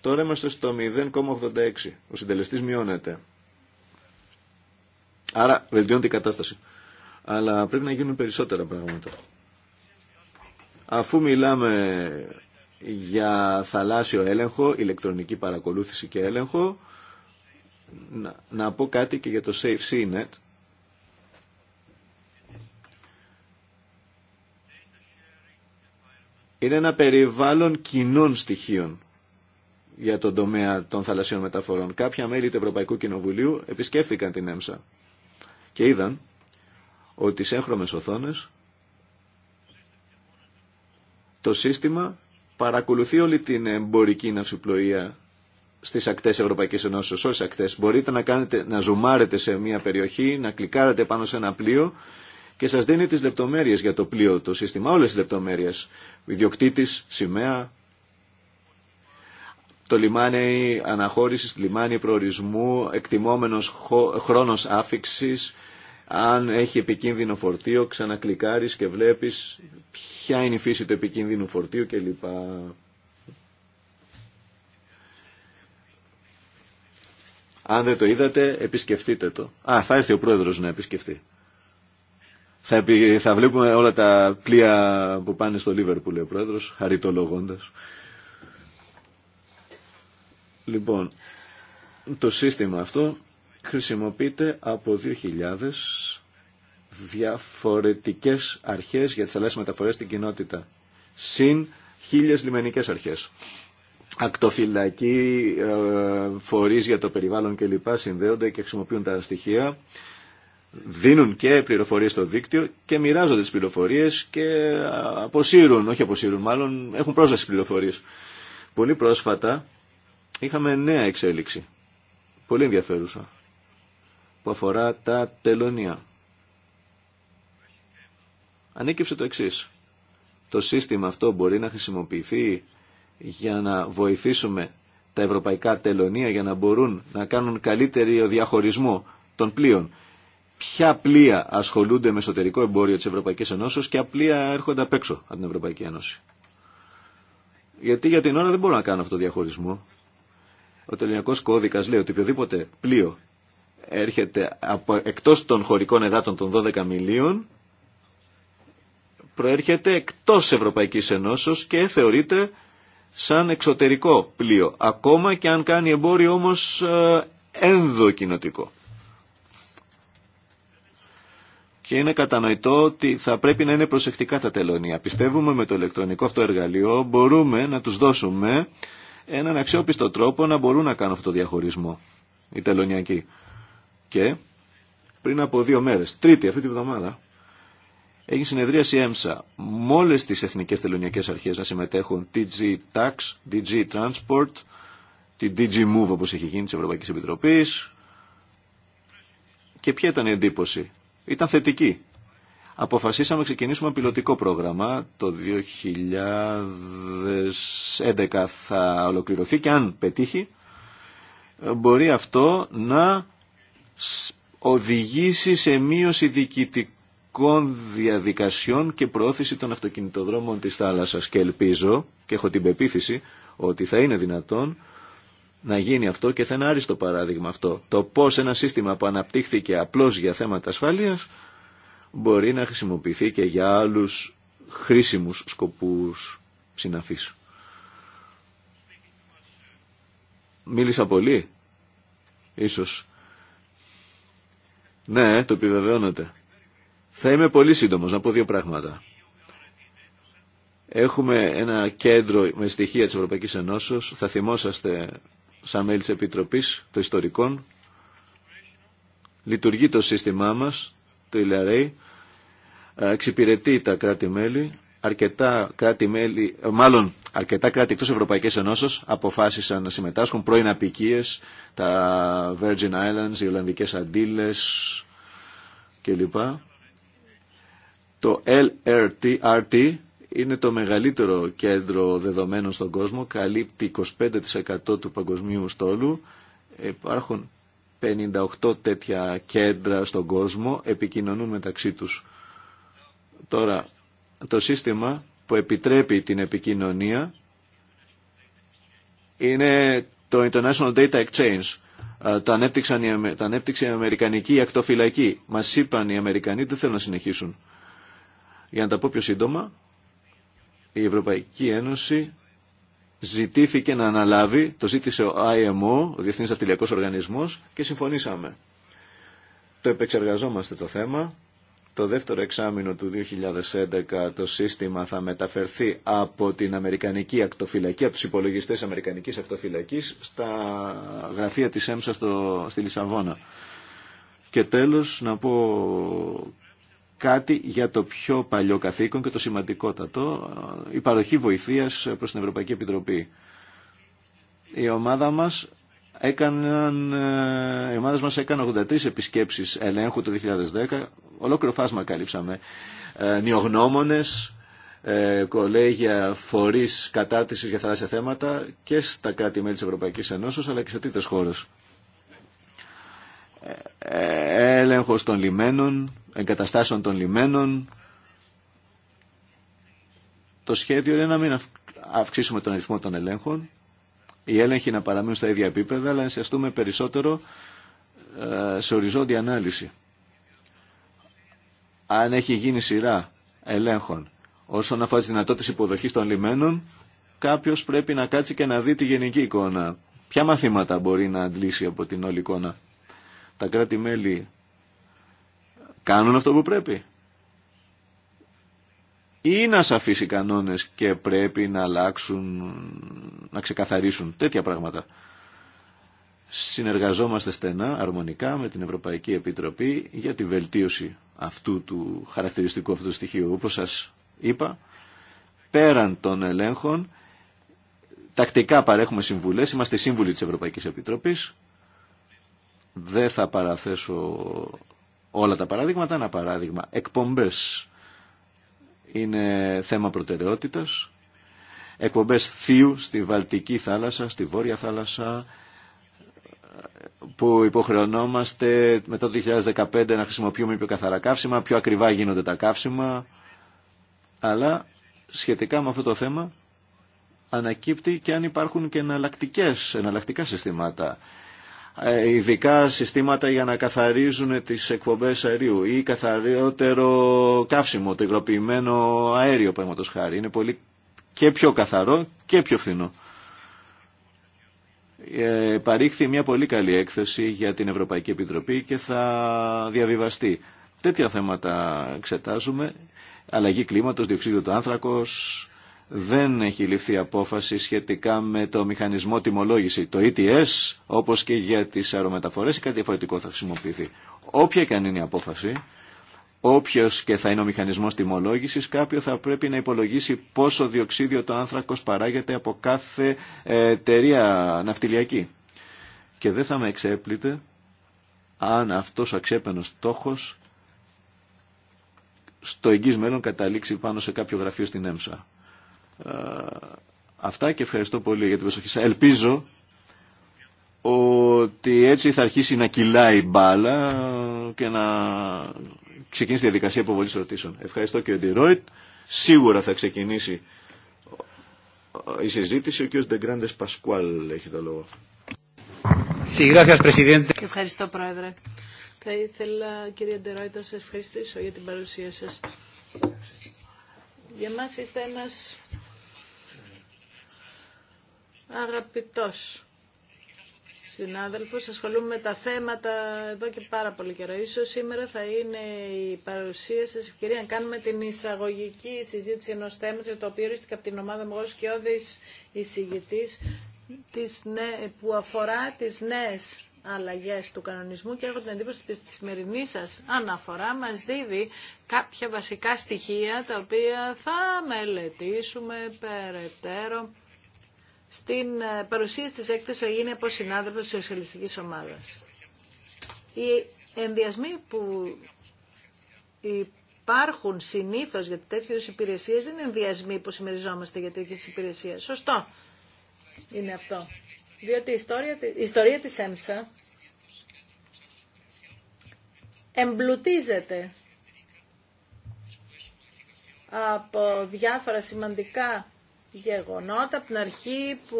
Τώρα είμαστε στο 0,86. Ο συντελεστής μειώνεται. Άρα βελτιώνεται η κατάσταση. Αλλά πρέπει να γίνουν περισσότερα πράγματα. Αφού μιλάμε για θαλάσσιο έλεγχο, ηλεκτρονική παρακολούθηση και έλεγχο, να, πω κάτι και για το Safe CNET. Είναι ένα περιβάλλον κοινών στοιχείων για τον τομέα των θαλασσιών μεταφορών. Κάποια μέλη του Ευρωπαϊκού Κοινοβουλίου επισκέφθηκαν την ΕΜΣΑ και είδαν ότι σε έγχρωμες οθόνες το σύστημα παρακολουθεί όλη την εμπορική ναυσιπλοεία στις ακτές Ευρωπαϊκής σε όλες τις ακτές. Μπορείτε να, κάνετε, να ζουμάρετε σε μια περιοχή, να κλικάρετε πάνω σε ένα πλοίο και σας δίνει τις λεπτομέρειες για το πλοίο, το σύστημα, όλες τις λεπτομέρειες. Ιδιοκτήτης, σημαία, το λιμάνι αναχώρησης, λιμάνι προορισμού, εκτιμόμενος χρόνος άφηξης, αν έχει επικίνδυνο φορτίο, ξανακλικάρεις και βλέπεις ποια είναι η φύση του επικίνδυνου φορτίου κλπ. Αν δεν το είδατε, επισκεφτείτε το. Α, θα έρθει ο πρόεδρος να επισκεφτεί. Θα, θα βλέπουμε όλα τα πλοία που πάνε στο Λίβερπουλ, ο πρόεδρος, χαριτολογώντας. Λοιπόν, το σύστημα αυτό χρησιμοποιείται από 2.000 διαφορετικές αρχές για τις αλλαγές μεταφορές στην κοινότητα. Συν χίλιες λιμενικές αρχές ακτοφυλακοί, ε, φορείς για το περιβάλλον κλπ. συνδέονται και χρησιμοποιούν τα στοιχεία, δίνουν και πληροφορίες στο δίκτυο και μοιράζονται τις πληροφορίες και αποσύρουν, όχι αποσύρουν μάλλον, έχουν πρόσβαση στις πληροφορίες. Πολύ πρόσφατα είχαμε νέα εξέλιξη, πολύ ενδιαφέρουσα, που αφορά τα τελωνία. Ανέκυψε το εξής. Το σύστημα αυτό μπορεί να χρησιμοποιηθεί για να βοηθήσουμε τα ευρωπαϊκά τελωνία για να μπορούν να κάνουν ο διαχωρισμό των πλοίων. Ποια πλοία ασχολούνται με εσωτερικό εμπόριο της Ευρωπαϊκής Ενώσης και ποια πλοία έρχονται απ' έξω από την Ευρωπαϊκή Ένωση. Γιατί για την ώρα δεν μπορώ να κάνω αυτό το διαχωρισμό. Ο τελωνιακός κώδικας λέει ότι οποιοδήποτε πλοίο έρχεται από, εκτός των χωρικών εδάτων των 12 μιλίων προέρχεται εκτός Ευρωπαϊκής Ενώσης και θεωρείται σαν εξωτερικό πλοίο, ακόμα και αν κάνει εμπόριο όμως ενδοκινοτικό. Και είναι κατανοητό ότι θα πρέπει να είναι προσεκτικά τα τελωνία. Πιστεύουμε με το ηλεκτρονικό αυτό εργαλείο μπορούμε να τους δώσουμε έναν αξιόπιστο τρόπο να μπορούν να κάνουν αυτό το διαχωρισμό, οι τελωνιακοί. Και πριν από δύο μέρες, τρίτη αυτή τη βδομάδα, Έγινε συνεδρίαση ΕΜΣΑ με τι εθνικέ τελωνιακέ αρχέ να συμμετέχουν TG Tax, DG Transport, τη DG Move όπω έχει γίνει τη Ευρωπαϊκή Επιτροπή. Και ποια ήταν η εντύπωση. Ήταν θετική. Αποφασίσαμε να ξεκινήσουμε ένα πιλωτικό πρόγραμμα. Το 2011 θα ολοκληρωθεί και αν πετύχει μπορεί αυτό να οδηγήσει σε μείωση διοικητικών διαδικασιών και προώθηση των αυτοκινητοδρόμων της θάλασσας και ελπίζω και έχω την πεποίθηση ότι θα είναι δυνατόν να γίνει αυτό και θα είναι άριστο παράδειγμα αυτό. Το πώς ένα σύστημα που αναπτύχθηκε απλώς για θέματα ασφαλείας μπορεί να χρησιμοποιηθεί και για άλλους χρήσιμους σκοπούς συναφής. Μίλησα πολύ, ίσως. Ναι, το επιβεβαιώνεται. Θα είμαι πολύ σύντομος να πω δύο πράγματα. Έχουμε ένα κέντρο με στοιχεία της Ευρωπαϊκής Ενώσεως. Θα θυμόσαστε σαν μέλη της Επιτροπής των Ιστορικών. Λειτουργεί το σύστημά μας, το ΙΛΑΡΕΙ. Ε, εξυπηρετεί τα κράτη-μέλη. Αρκετά κράτη-μέλη, ε, μάλλον αρκετά κράτη εκτός Ευρωπαϊκής Ενώσεως αποφάσισαν να συμμετάσχουν πρώην απικίες, τα Virgin Islands, οι Ολλανδικές Αντίλες κλπ. Το LRTRT είναι το μεγαλύτερο κέντρο δεδομένων στον κόσμο, καλύπτει 25% του παγκοσμίου στόλου. Υπάρχουν 58 τέτοια κέντρα στον κόσμο, επικοινωνούν μεταξύ τους. Τώρα, το σύστημα που επιτρέπει την επικοινωνία είναι το International Data Exchange. Το, ανέπτυξαν, ανέπτυξε η Αμερικανική ακτοφυλακή. Μας είπαν οι Αμερικανοί ότι δεν θέλουν να συνεχίσουν. Για να τα πω πιο σύντομα, η Ευρωπαϊκή Ένωση ζητήθηκε να αναλάβει, το ζήτησε ο IMO, ο Διεθνής Αυτιλιακός Οργανισμός και συμφωνήσαμε. Το επεξεργαζόμαστε το θέμα. Το δεύτερο εξάμεινο του 2011 το σύστημα θα μεταφερθεί από την Αμερικανική Ακτοφυλακή, από τους υπολογιστές Αμερικανικής Ακτοφυλακής, στα γραφεία της ΕΜΣΑ στο, στη Λισαβόνα. Και τέλος να πω κάτι για το πιο παλιό καθήκον και το σημαντικότατο, η παροχή βοηθείας προς την Ευρωπαϊκή Επιτροπή. Η ομάδα μας ε, έκανε οι ομάδες μας έκαναν 83 επισκέψεις ελέγχου το 2010, ολόκληρο φάσμα καλύψαμε, ε, νιογνώμονες, ε, κολέγια, φορείς κατάρτισης για θαλάσσια θέματα και στα κράτη-μέλη της Ευρωπαϊκής Ενώσεως αλλά και σε τρίτες χώρες. Ε, έλεγχος των λιμένων, εγκαταστάσεων των λιμένων. Το σχέδιο είναι να μην αυξήσουμε τον αριθμό των ελέγχων, οι έλεγχοι να παραμείνουν στα ίδια επίπεδα, αλλά να εστιαστούμε περισσότερο ε, σε οριζόντια ανάλυση. Αν έχει γίνει σειρά ελέγχων όσον αφορά τι δυνατότητε υποδοχή των λιμένων, κάποιο πρέπει να κάτσει και να δει τη γενική εικόνα. Ποια μαθήματα μπορεί να αντλήσει από την όλη εικόνα. Τα κράτη-μέλη κάνουν αυτό που πρέπει. Είναι ασαφείς οι κανόνες και πρέπει να αλλάξουν, να ξεκαθαρίσουν τέτοια πράγματα. Συνεργαζόμαστε στενά, αρμονικά με την Ευρωπαϊκή Επιτροπή για τη βελτίωση αυτού του χαρακτηριστικού αυτού του στοιχείου. Όπως σας είπα, πέραν των ελέγχων, τακτικά παρέχουμε συμβουλές, είμαστε σύμβουλοι της Ευρωπαϊκής Επιτροπής. Δεν θα παραθέσω όλα τα παράδειγματα. Ένα παράδειγμα, εκπομπές είναι θέμα προτεραιότητας. Εκπομπές θείου στη Βαλτική θάλασσα, στη Βόρεια θάλασσα, που υποχρεωνόμαστε μετά το 2015 να χρησιμοποιούμε πιο καθαρά καύσιμα, πιο ακριβά γίνονται τα καύσιμα, αλλά σχετικά με αυτό το θέμα ανακύπτει και αν υπάρχουν και εναλλακτικές, εναλλακτικά συστήματα. Ε, ειδικά συστήματα για να καθαρίζουν τις εκπομπές αερίου ή καθαριότερο καύσιμο, το υγροποιημένο αέριο πράγματος χάρη. Είναι πολύ και πιο καθαρό και πιο φθηνό. Ε, παρήχθη μια πολύ καλή έκθεση για την Ευρωπαϊκή Επιτροπή και θα διαβιβαστεί. Τέτοια θέματα εξετάζουμε. Αλλαγή κλίματος, διοξείδιο του άνθρακος, δεν έχει ληφθεί απόφαση σχετικά με το μηχανισμό τιμολόγηση, το ETS, όπως και για τις αερομεταφορές ή κάτι διαφορετικό θα χρησιμοποιηθεί. Όποια και αν είναι η απόφαση, οποιο και θα είναι ο μηχανισμός τιμολόγηση, κάποιο θα πρέπει να υπολογίσει πόσο διοξίδιο το άνθρακο παράγεται από κάθε ε, εταιρεία ναυτιλιακή. Και δεν θα με εξέπλητε αν αυτό ο αξέπαινο στόχο στο εγγύς μέλλον καταλήξει πάνω σε κάποιο γραφείο στην ΕΜΣΑ. Ε, αυτά και ευχαριστώ πολύ για την προσοχή σας. Ελπίζω ότι έτσι θα αρχίσει να κυλάει η μπάλα και να ξεκινήσει η διαδικασία αποβολής ερωτήσεων. Ευχαριστώ και ο Ντιρόιτ. Σίγουρα θα ξεκινήσει η συζήτηση. Ο κύριος Ντεγκράντες Πασκουάλ έχει το λόγο. Ευχαριστώ πρόεδρε. Θα ήθελα κύριε Ντερόιτ να σας ευχαριστήσω για την παρουσία σας. Για μας είστε ένας αγαπητός συνάδελφος. Ασχολούμαι με τα θέματα εδώ και πάρα πολύ καιρό. Ίσως σήμερα θα είναι η παρουσία σας ευκαιρία να κάνουμε την εισαγωγική συζήτηση ενός θέματος για το οποίο ορίστηκα από την ομάδα μου ως Κιώδης εισηγητής που αφορά τις νέες αλλαγές του κανονισμού και έχω την εντύπωση ότι στη σημερινή σας αναφορά μας δίδει κάποια βασικά στοιχεία τα οποία θα μελετήσουμε περαιτέρω στην ε, παρουσίαση της έκθεσης έγινε από συνάδελφο της Σοσιαλιστικής Ομάδας. Οι ενδιασμοί που υπάρχουν συνήθως για τέτοιες υπηρεσίες δεν είναι ενδιασμοί που συμμεριζόμαστε για τέτοιες υπηρεσίες. Σωστό είναι αυτό. Διότι η ιστορία, η ιστορία της ΕΜΣΑ εμπλουτίζεται από διάφορα σημαντικά γεγονότα από την αρχή που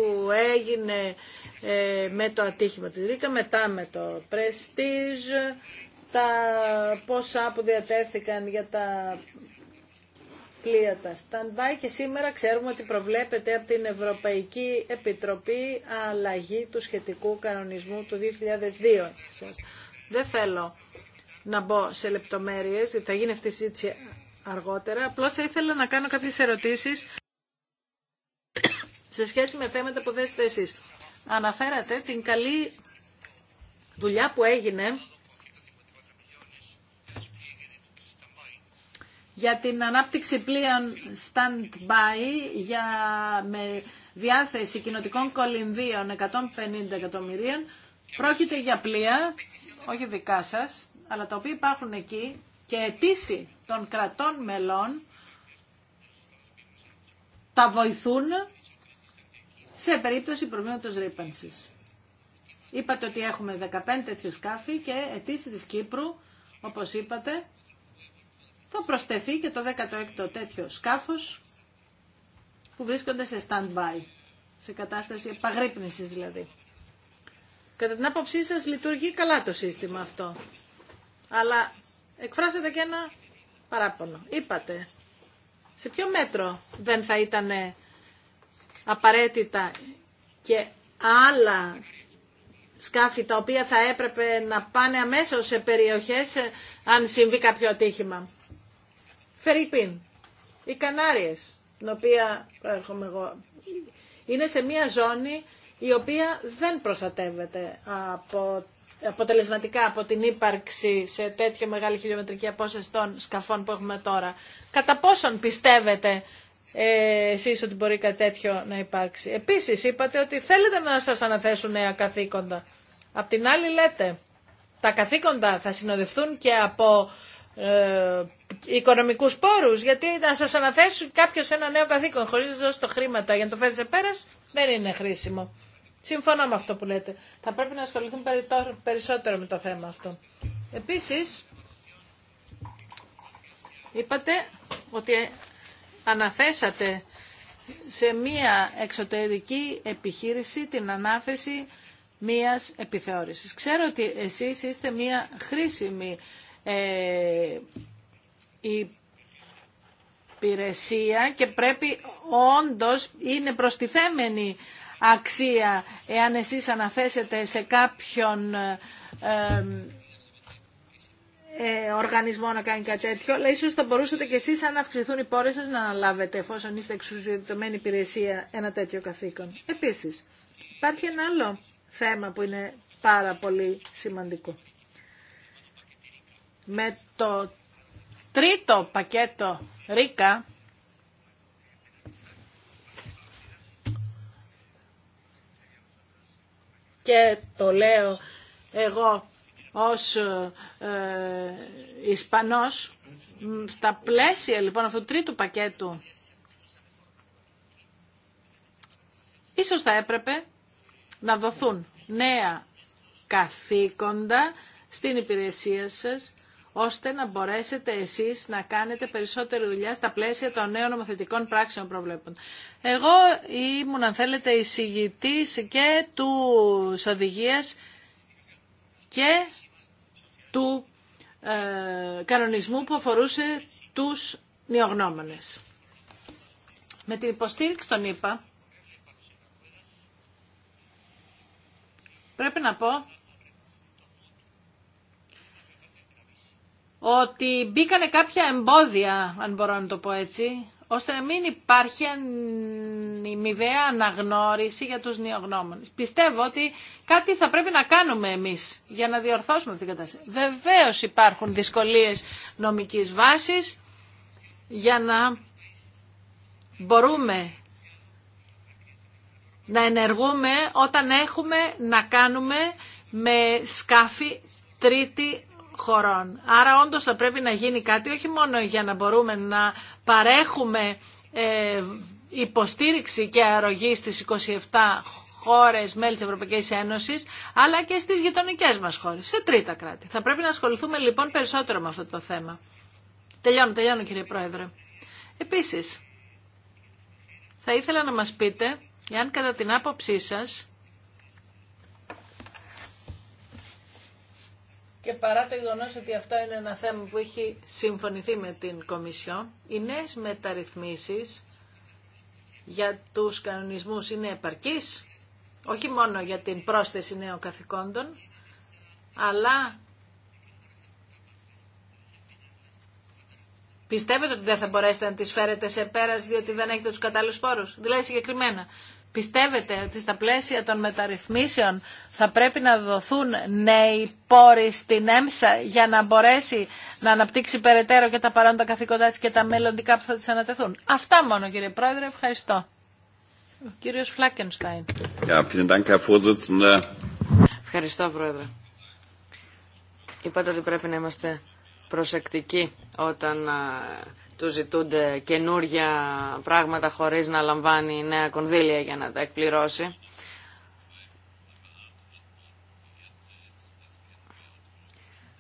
έγινε ε, με το ατύχημα της Ρίκα, μετά με το Prestige, τα πόσα που διατέθηκαν για τα πλοία τα stand-by και σήμερα ξέρουμε ότι προβλέπεται από την Ευρωπαϊκή Επιτροπή αλλαγή του σχετικού κανονισμού του 2002. Δεν θέλω να μπω σε λεπτομέρειες, θα γίνει αυτή η συζήτηση αργότερα. Απλώς θα ήθελα να κάνω κάποιες ερωτήσεις σε σχέση με θέματα που θέσετε εσεί. Αναφέρατε την καλή δουλειά που έγινε για την ανάπτυξη πλοίων stand-by για, με διάθεση κοινοτικών κολυνδίων 150 εκατομμυρίων. Πρόκειται για πλοία, όχι δικά σας, αλλά τα οποία υπάρχουν εκεί και αιτήσει των κρατών μελών τα βοηθούν σε περίπτωση προβλήματος ρήπανσης. Είπατε ότι έχουμε 15 τέτοιου σκάφη και ετήσι της Κύπρου, όπως είπατε, θα προσθεθεί και το 16ο τέτοιο σκάφος που βρίσκονται σε stand-by, σε κατάσταση επαγρύπνησης δηλαδή. Κατά την άποψή σας λειτουργεί καλά το σύστημα αυτό, αλλά εκφράσατε και ένα παράπονο. Είπατε, σε ποιο μέτρο δεν θα ήταν απαραίτητα και άλλα σκάφη τα οποία θα έπρεπε να πάνε αμέσως σε περιοχές ε, αν συμβεί κάποιο ατύχημα. Φερρυπίν, οι Κανάριες, την οποία έρχομαι εγώ, είναι σε μια ζώνη η οποία δεν προστατεύεται από, αποτελεσματικά από την ύπαρξη σε τέτοια μεγάλη χιλιομετρική απόσταση των σκαφών που έχουμε τώρα. Κατά πόσον πιστεύετε ε, εσείς ότι μπορεί κάτι τέτοιο να υπάρξει. Επίσης είπατε ότι θέλετε να σας αναθέσουν νέα καθήκοντα. Απ' την άλλη λέτε, τα καθήκοντα θα συνοδευτούν και από ε, οικονομικούς πόρους, γιατί να σας αναθέσουν κάποιος ένα νέο καθήκον χωρίς να σας δώσει το χρήματα για να το φέρει σε πέρας, δεν είναι χρήσιμο. Συμφωνώ με αυτό που λέτε. Θα πρέπει να ασχοληθούν περισσότερο με το θέμα αυτό. Επίσης, είπατε ότι αναθέσατε σε μία εξωτερική επιχείρηση την ανάθεση μίας επιθεώρησης. Ξέρω ότι εσείς είστε μία χρήσιμη ε, υπηρεσία και πρέπει όντως είναι προστιθέμενη αξία εάν εσείς αναθέσετε σε κάποιον ε, ε, οργανισμό να κάνει κάτι τέτοιο, αλλά ίσως θα μπορούσατε κι εσείς αν αυξηθούν οι πόρες σας να αναλάβετε εφόσον είστε εξουσιοδοτημένη υπηρεσία ένα τέτοιο καθήκον. Επίσης, υπάρχει ένα άλλο θέμα που είναι πάρα πολύ σημαντικό. Με το τρίτο πακέτο ρίκα και το λέω εγώ ως ε, ε, Ισπανός στα πλαίσια λοιπόν αυτού του τρίτου πακέτου ίσως θα έπρεπε να δοθούν νέα καθήκοντα στην υπηρεσία σας ώστε να μπορέσετε εσείς να κάνετε περισσότερη δουλειά στα πλαίσια των νέων νομοθετικών πράξεων προβλέπων. Εγώ ήμουν, αν θέλετε, εισηγητής και του οδηγία και του ε, κανονισμού που αφορούσε τους νεογνώμονες. Με την υποστήριξη των ΙΠΑ πρέπει να πω ότι μπήκανε κάποια εμπόδια, αν μπορώ να το πω έτσι, ώστε να μην υπάρχει μηδέα αναγνώριση για τους νεογνώμονες. Πιστεύω ότι κάτι θα πρέπει να κάνουμε εμείς για να διορθώσουμε αυτή την κατάσταση. Βεβαίως υπάρχουν δυσκολίες νομικής βάσης για να μπορούμε να ενεργούμε όταν έχουμε να κάνουμε με σκάφη τρίτη χωρών. Άρα όντως θα πρέπει να γίνει κάτι όχι μόνο για να μπορούμε να παρέχουμε ε, υποστήριξη και αρρωγή στις 27 χώρες μέλη της Ευρωπαϊκής Ένωσης, αλλά και στις γειτονικές μας χώρες, σε τρίτα κράτη. Θα πρέπει να ασχοληθούμε λοιπόν περισσότερο με αυτό το θέμα. Τελειώνω, τελειώνω κύριε Πρόεδρε. Επίσης, θα ήθελα να μας πείτε, εάν κατά την άποψή σας, και παρά το γεγονό ότι αυτό είναι ένα θέμα που έχει συμφωνηθεί με την Κομισιόν, οι νέε μεταρρυθμίσει για τους κανονισμούς είναι επαρκής, όχι μόνο για την πρόσθεση νέων καθηκόντων, αλλά πιστεύετε ότι δεν θα μπορέσετε να τις φέρετε σε πέρας διότι δεν έχετε τους κατάλληλους πόρους. Δηλαδή συγκεκριμένα, Πιστεύετε ότι στα πλαίσια των μεταρρυθμίσεων θα πρέπει να δοθούν νέοι πόροι στην ΕΜΣΑ για να μπορέσει να αναπτύξει περαιτέρω και τα παρόντα καθήκοντά της και τα μελλοντικά που θα της ανατεθούν. Αυτά μόνο κύριε Πρόεδρε, ευχαριστώ. Ο κύριος Φλάκενστάιν. Ευχαριστώ Πρόεδρε. Είπατε ότι πρέπει να είμαστε προσεκτικοί όταν ε, του ζητούνται καινούργια πράγματα χωρίς να λαμβάνει νέα κονδύλια για να τα εκπληρώσει.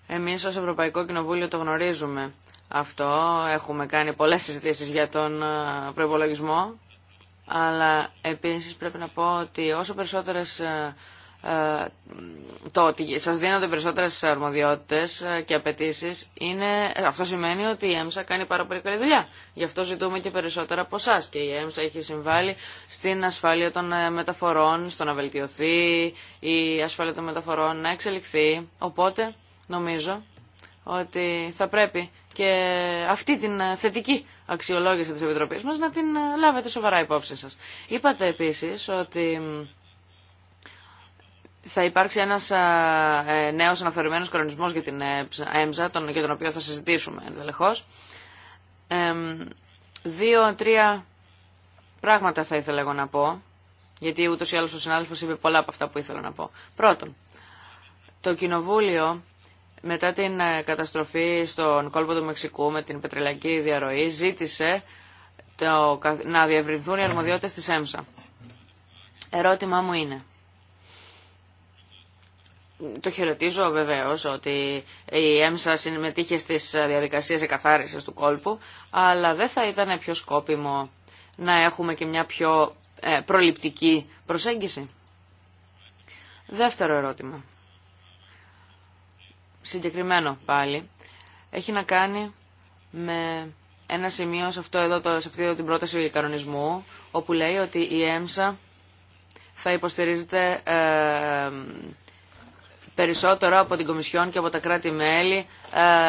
Εμείς ως Ευρωπαϊκό Κοινοβούλιο το γνωρίζουμε αυτό. Έχουμε κάνει πολλές συζητήσεις για τον ε, προπολογισμό, αλλά επίσης πρέπει να πω ότι όσο περισσότερες ε, ε, το ότι σας δίνονται περισσότερες αρμοδιότητες και απαιτήσει είναι, αυτό σημαίνει ότι η ΕΜΣΑ κάνει πάρα πολύ καλή δουλειά. Γι' αυτό ζητούμε και περισσότερα από εσά. Και η ΕΜΣΑ έχει συμβάλει στην ασφάλεια των ε, μεταφορών, στο να βελτιωθεί η ασφάλεια των μεταφορών, να εξελιχθεί. Οπότε νομίζω ότι θα πρέπει και αυτή την ε, θετική αξιολόγηση της Επιτροπής μας να την λάβετε σοβαρά υπόψη σας. Είπατε επίσης ότι θα υπάρξει ένας ε, νέος αναθεωρημένος κορονισμός για την ε, ΕΜΖΑ, τον, για τον οποίο θα συζητήσουμε ενδελεχώς. Δύο-τρία πράγματα θα ήθελα εγώ να πω, γιατί ούτως ή άλλως ο συνάδελφος είπε πολλά από αυτά που ήθελα να πω. Πρώτον, το Κοινοβούλιο μετά την ε, καταστροφή στον κόλπο του Μεξικού με την πετρελαϊκή διαρροή ζήτησε το, να διευρυνθούν οι αρμοδιότητες της ΕΜΣΑ. Ερώτημά μου είναι, το χαιρετίζω βεβαίω ότι η ΕΜΣΑ συμμετείχε στις διαδικασίες εκαθάρισης του κόλπου, αλλά δεν θα ήταν πιο σκόπιμο να έχουμε και μια πιο ε, προληπτική προσέγγιση. Δεύτερο ερώτημα. Συγκεκριμένο πάλι. Έχει να κάνει με ένα σημείο σε, αυτό εδώ, σε αυτή εδώ την πρόταση κανονισμού, όπου λέει ότι η ΕΜΣΑ θα υποστηρίζεται ε, περισσότερο από την Κομισιόν και από τα κράτη-μέλη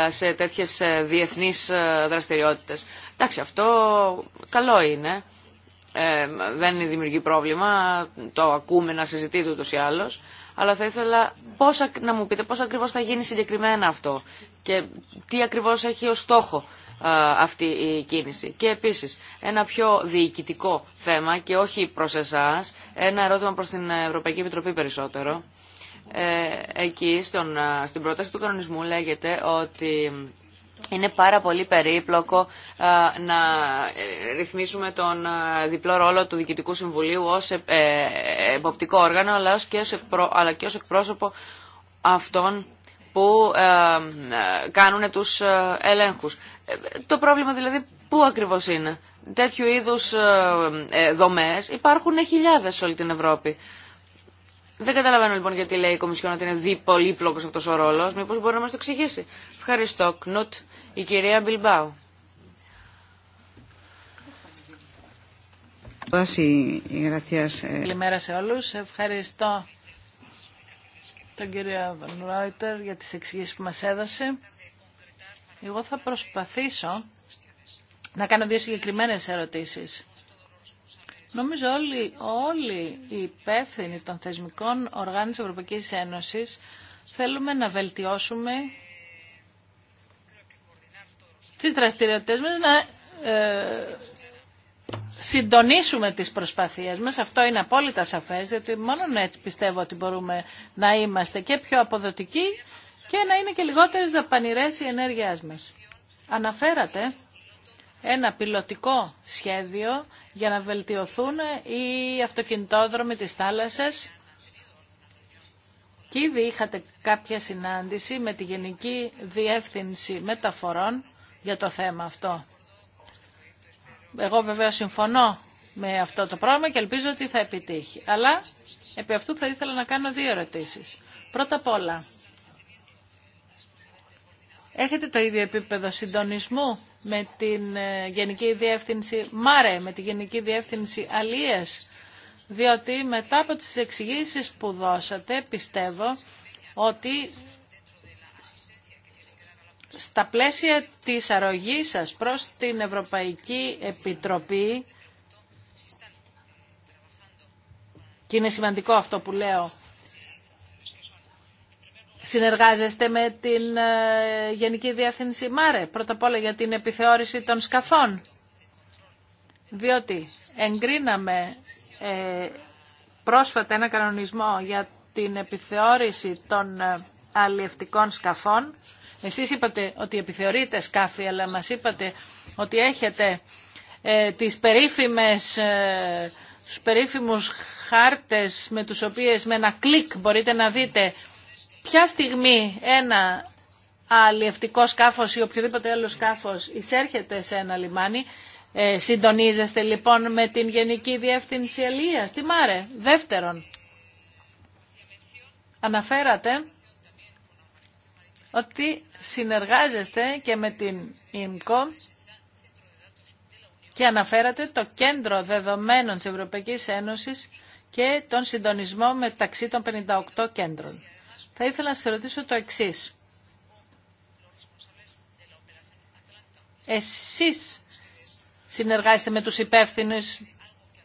ε, σε τέτοιες ε, διεθνείς ε, δραστηριότητες. Εντάξει, αυτό καλό είναι. Ε, δεν δημιουργεί πρόβλημα, το ακούμε να συζητείται ούτως ή άλλως, αλλά θα ήθελα πώς, να μου πείτε πώς ακριβώς θα γίνει συγκεκριμένα αυτό και τι ακριβώς έχει ως στόχο αυτή η κίνηση. Και επίσης ένα πιο διοικητικό θέμα και όχι προς εσάς, ένα ερώτημα προς την Ευρωπαϊκή Επιτροπή περισσότερο. Ε, εκεί στον, ε, στην πρόταση του κανονισμού λέγεται ότι είναι πάρα πολύ περίπλοκο ε, να ρυθμίσουμε τον διπλό ρόλο του Διοικητικού Συμβουλίου ως εποπτικό όργανο αλλά και ως εκπρόσωπο αυτών που κάνουν τους ελέγχους. Το πρόβλημα δηλαδή πού ακριβώς είναι. Τέτοιου είδους δομές υπάρχουν χιλιάδες σε όλη την Ευρώπη. Δεν καταλαβαίνω λοιπόν γιατί λέει η Κομισιόν ότι είναι διπολύπλοκος αυτό ο ρόλο, μήπω μπορεί να μα το εξηγήσει. Ευχαριστώ. Κνούτ, η κυρία Μπιλμπάου. Ε. Καλημέρα σε όλου, Ευχαριστώ τον κύριο Ρόιτερ για τι εξηγήσει που μα έδωσε. Εγώ θα προσπαθήσω να κάνω δύο συγκεκριμένε ερωτήσει. Νομίζω όλοι, όλοι οι υπεύθυνοι των θεσμικών οργάνων της Ευρωπαϊκής Ένωσης θέλουμε να βελτιώσουμε τις δραστηριότητες μας, να ε, συντονίσουμε τις προσπαθίες μας. Αυτό είναι απόλυτα σαφές, γιατί μόνο έτσι πιστεύω ότι μπορούμε να είμαστε και πιο αποδοτικοί και να είναι και λιγότερες δαπανηρές οι ενέργειάς μας. Αναφέρατε ένα πιλωτικό σχέδιο για να βελτιωθούν οι αυτοκινητόδρομοι της θάλασσας. Και ήδη είχατε κάποια συνάντηση με τη Γενική Διεύθυνση Μεταφορών για το θέμα αυτό. Εγώ βέβαια συμφωνώ με αυτό το πρόγραμμα και ελπίζω ότι θα επιτύχει. Αλλά επί αυτού θα ήθελα να κάνω δύο ερωτήσεις. Πρώτα απ' όλα, έχετε το ίδιο επίπεδο συντονισμού με την ε, Γενική Διεύθυνση ΜΑΡΕ, με τη Γενική Διεύθυνση Αλίας, διότι μετά από τις εξηγήσεις που δώσατε πιστεύω ότι στα πλαίσια της αρρωγής σας προς την Ευρωπαϊκή Επιτροπή και είναι σημαντικό αυτό που λέω Συνεργάζεστε με την ε, Γενική Διεύθυνση ΜΑΡΕ, πρώτα απ' όλα για την επιθεώρηση των σκαφών. Διότι εγκρίναμε ε, πρόσφατα ένα κανονισμό για την επιθεώρηση των ε, αλλιευτικών σκαφών. Εσείς είπατε ότι επιθεωρείτε σκάφη, αλλά μας είπατε ότι έχετε ε, τις περίφημες... τους περίφημους χάρτες με τους οποίες με ένα κλικ μπορείτε να δείτε ποια στιγμή ένα αλλιευτικό σκάφος ή οποιοδήποτε άλλο σκάφος εισέρχεται σε ένα λιμάνι, ε, συντονίζεστε λοιπόν με την Γενική Διεύθυνση Ελίας, τι μάρε. Δεύτερον, αναφέρατε ότι συνεργάζεστε και με την ΙΜΚΟ και αναφέρατε το Κέντρο Δεδομένων της Ευρωπαϊκής Ένωσης και τον συντονισμό μεταξύ των 58 κέντρων. Θα ήθελα να σα ρωτήσω το εξή. Εσείς συνεργάζεστε με τους υπεύθυνους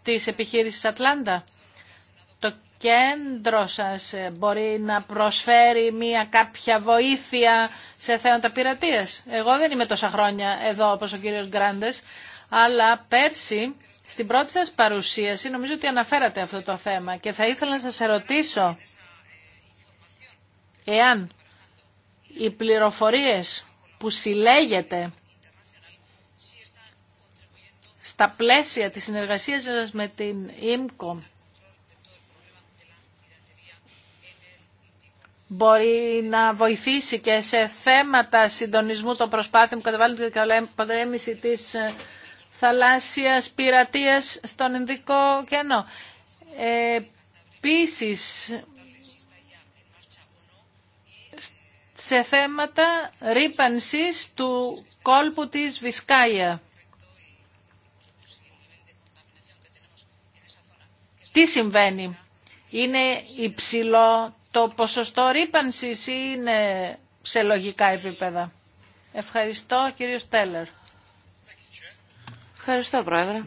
της επιχείρησης Ατλάντα. Το κέντρο σας μπορεί να προσφέρει μία κάποια βοήθεια σε θέματα πειρατείας. Εγώ δεν είμαι τόσα χρόνια εδώ όπως ο κύριος Γκράντες, αλλά πέρσι στην πρώτη σας παρουσίαση νομίζω ότι αναφέρατε αυτό το θέμα και θα ήθελα να σας ερωτήσω εάν οι πληροφορίες που συλλέγεται στα πλαίσια της συνεργασίας μας με την ΙΜΚΟ μπορεί να βοηθήσει και σε θέματα συντονισμού των προσπάθειων που καταβάλουν την καταπολέμηση της ε, θαλάσσιας πειρατείας στον Ινδικό κενό. Ε, επίσης, σε θέματα ρήπανσης του κόλπου της Βισκάια. Τι συμβαίνει. Είναι υψηλό το ποσοστό ρήπανσης ή είναι σε λογικά επίπεδα. Ευχαριστώ κύριο Στέλλερ. Ευχαριστώ πρόεδρε.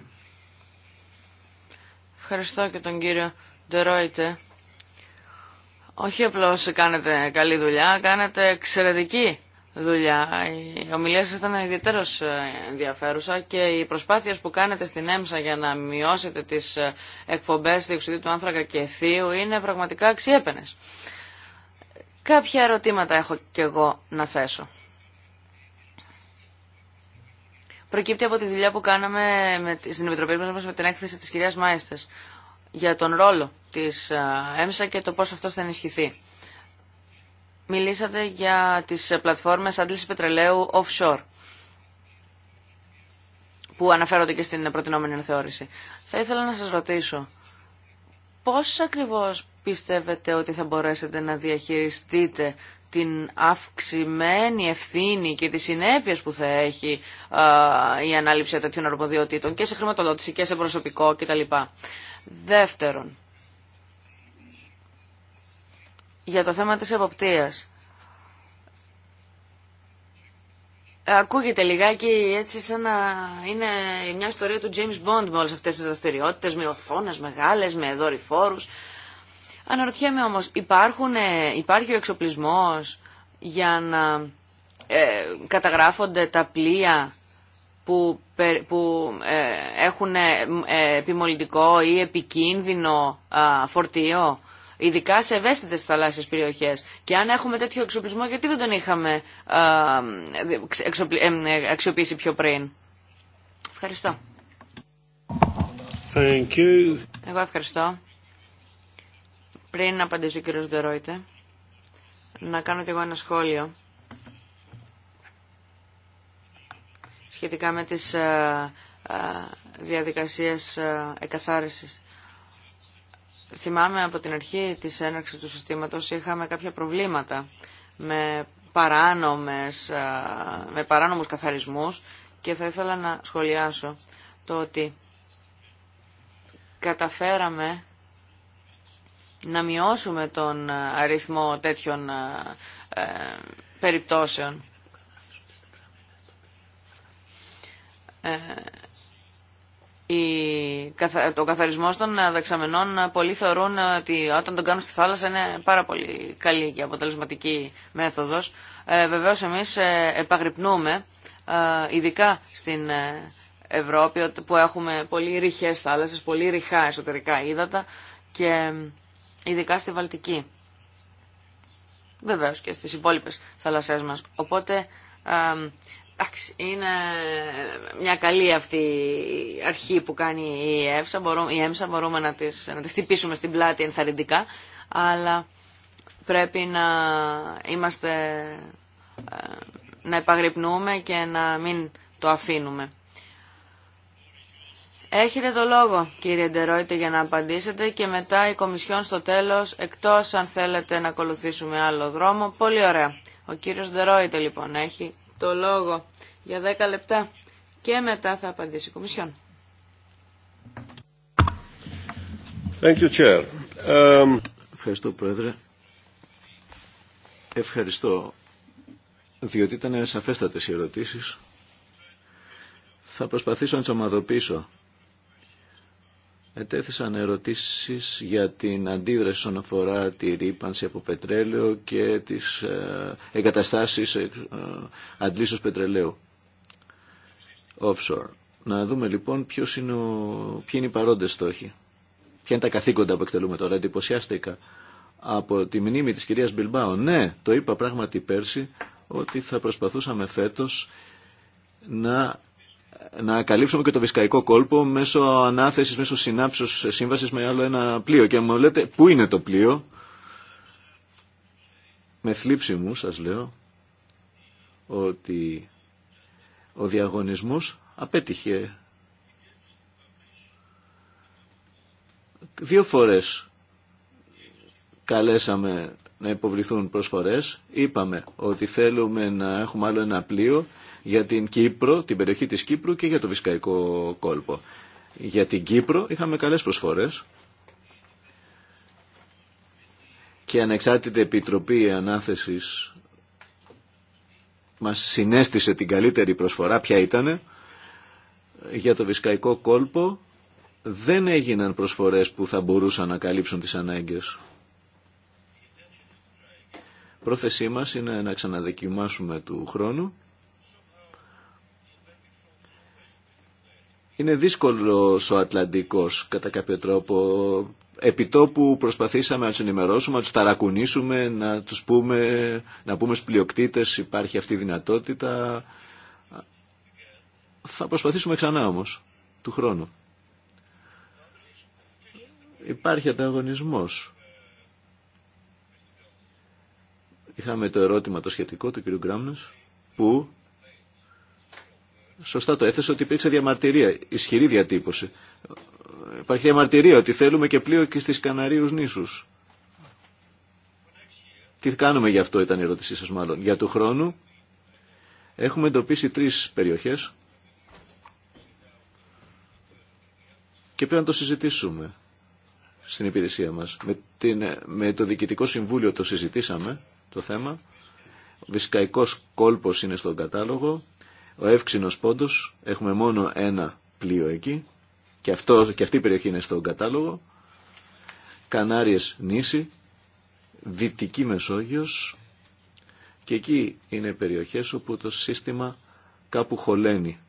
Ευχαριστώ και τον κύριο Ντερόιτε όχι απλώς κάνετε καλή δουλειά, κάνετε εξαιρετική δουλειά. Οι ομιλία σας ήταν ιδιαίτερως ε, ενδιαφέρουσα και οι προσπάθειες που κάνετε στην ΕΜΣΑ για να μειώσετε τις ε, εκπομπές διοξιδίου του άνθρακα και θείου είναι πραγματικά αξιέπαινες. Κάποια ερωτήματα έχω κι εγώ να θέσω. Προκύπτει από τη δουλειά που κάναμε με, στην Επιτροπή μας με την έκθεση της κυρίας Μάιστες για τον ρόλο της ΕΜΣΑ και το πώς αυτός θα ενισχυθεί. Μιλήσατε για τις ε, πλατφόρμες αντλήσης πετρελαίου offshore που αναφέρονται και στην προτινόμενη θεώρηση. Θα ήθελα να σας ρωτήσω, πώς ακριβώς πιστεύετε ότι θα μπορέσετε να διαχειριστείτε την αυξημένη ευθύνη και τις συνέπειες που θα έχει ε, η ανάληψη τέτοιων αρμοδιοτήτων και σε χρηματοδότηση και σε προσωπικό κτλ. Δεύτερον, για το θέμα της εποπτείας. Ακούγεται λιγάκι έτσι σαν να είναι μια ιστορία του James Bond με όλες αυτές τις δραστηριότητε, με οθόνες μεγάλες, με δορυφόρους. Αναρωτιέμαι όμως, υπάρχουν, ε, υπάρχει ο εξοπλισμός για να ε, καταγράφονται τα πλοία που που ε, έχουν ε, ε, επιμολυντικό ή επικίνδυνο φορτίο, ειδικά σε ευαίσθητες θαλάσσιες περιοχές. Και αν έχουμε τέτοιο εξοπλισμό, γιατί δεν τον είχαμε αξιοποιήσει πιο πριν. Ευχαριστώ. Thank you. Εγώ ευχαριστώ. Πριν να απαντήσω ο κύριος Ντερόιτε, να κάνω και εγώ ένα σχόλιο σχετικά με τις ε, ε, διαδικασίες ε, εκαθάρισης. Θυμάμαι από την αρχή της έναρξης του συστήματος είχαμε κάποια προβλήματα με, παράνομες, με παράνομους καθαρισμούς και θα ήθελα να σχολιάσω το ότι καταφέραμε να μειώσουμε τον αριθμό τέτοιων περιπτώσεων. Ε, το καθαρισμό των ε, δεξαμενών ε, πολλοί θεωρούν ότι όταν τον κάνουν στη θάλασσα είναι πάρα πολύ καλή και αποτελεσματική μέθοδος. Ε, βεβαίως εμείς επαγρυπνούμε, ειδικά στην Ευρώπη που έχουμε πολύ ρηχές θάλασσες, πολύ ρηχά εσωτερικά ύδατα και ειδικά στη Βαλτική. Βεβαίως και στις υπόλοιπες θάλασσές μας. Οπότε Εντάξει, είναι μια καλή αυτή αρχή που κάνει η ΕΜΣΑ, μπορούμε, μπορούμε να, να τη χτυπήσουμε στην πλάτη ενθαρρυντικά, αλλά πρέπει να είμαστε, ε, να επαγρυπνούμε και να μην το αφήνουμε. Έχετε το λόγο, κύριε Ντερόιτε, για να απαντήσετε και μετά η Κομισιόν στο τέλος, εκτός αν θέλετε να ακολουθήσουμε άλλο δρόμο. Πολύ ωραία. Ο κύριος Ντερόιτε, λοιπόν, έχει το λόγο για 10 λεπτά και μετά θα απαντήσει η Κομισιόν. Thank you, Chair. Um... Ευχαριστώ, Πρόεδρε. Ευχαριστώ, διότι ήταν σαφέστατες οι ερωτήσεις. Θα προσπαθήσω να τις ομαδοποιήσω Ετέθησαν ερωτήσεις για την αντίδραση όσον αφορά τη ρήπανση από πετρέλαιο και τις ε, εγκαταστάσεις ε, ε, αντλήσεως πετρελαίου offshore. Να δούμε λοιπόν ποιος είναι ο... ποιοι είναι οι παρόντες στόχοι. Ποια είναι τα καθήκοντα που εκτελούμε τώρα. Εντυπωσιάστηκα από τη μνήμη της κυρίας Μπιλμπάου. Ναι, το είπα πράγματι πέρσι ότι θα προσπαθούσαμε φέτος να να καλύψουμε και το βυσκαϊκό κόλπο μέσω ανάθεσης, μέσω συνάψεως σύμβασης με άλλο ένα πλοίο. Και μου λέτε πού είναι το πλοίο. Με θλίψη μου σας λέω ότι ο διαγωνισμός απέτυχε δύο φορές καλέσαμε να υποβληθούν προσφορές. Είπαμε ότι θέλουμε να έχουμε άλλο ένα πλοίο για την Κύπρο, την περιοχή της Κύπρου και για το Βυσκαϊκό κόλπο. Για την Κύπρο είχαμε καλές προσφορές και Ανεξάρτητη Επιτροπή Ανάθεσης μας συνέστησε την καλύτερη προσφορά, ποια ήτανε, για το Βυσκαϊκό κόλπο δεν έγιναν προσφορές που θα μπορούσαν να καλύψουν τις ανάγκες. Πρόθεσή μας είναι να ξαναδοκιμάσουμε του χρόνου Είναι δύσκολο ο Ατλαντικό κατά κάποιο τρόπο. που προσπαθήσαμε να του ενημερώσουμε, να του ταρακουνήσουμε, να του, πούμε, να πούμε στους υπάρχει αυτή η δυνατότητα. Θα προσπαθήσουμε ξανά όμως, του χρόνου. Υπάρχει ανταγωνισμός. Είχαμε το ερώτημα το σχετικό του κ. Γκράμνες, που σωστά το έθεσε, ότι υπήρξε διαμαρτυρία, ισχυρή διατύπωση. Υπάρχει διαμαρτυρία ότι θέλουμε και πλοίο και στις Καναρίους νήσους. Τι κάνουμε γι' αυτό ήταν η ερώτησή σας μάλλον. Για του χρόνου έχουμε εντοπίσει τρεις περιοχές και πρέπει να το συζητήσουμε στην υπηρεσία μας. Με, την, με το Διοικητικό Συμβούλιο το συζητήσαμε το θέμα. Ο Βυσκαϊκός κόλπος είναι στον κατάλογο ο εύξηνος πόντος, έχουμε μόνο ένα πλοίο εκεί και, αυτό, και αυτή η περιοχή είναι στον κατάλογο. Κανάριες νήσι, Δυτική Μεσόγειος και εκεί είναι περιοχές όπου το σύστημα κάπου χωλαίνει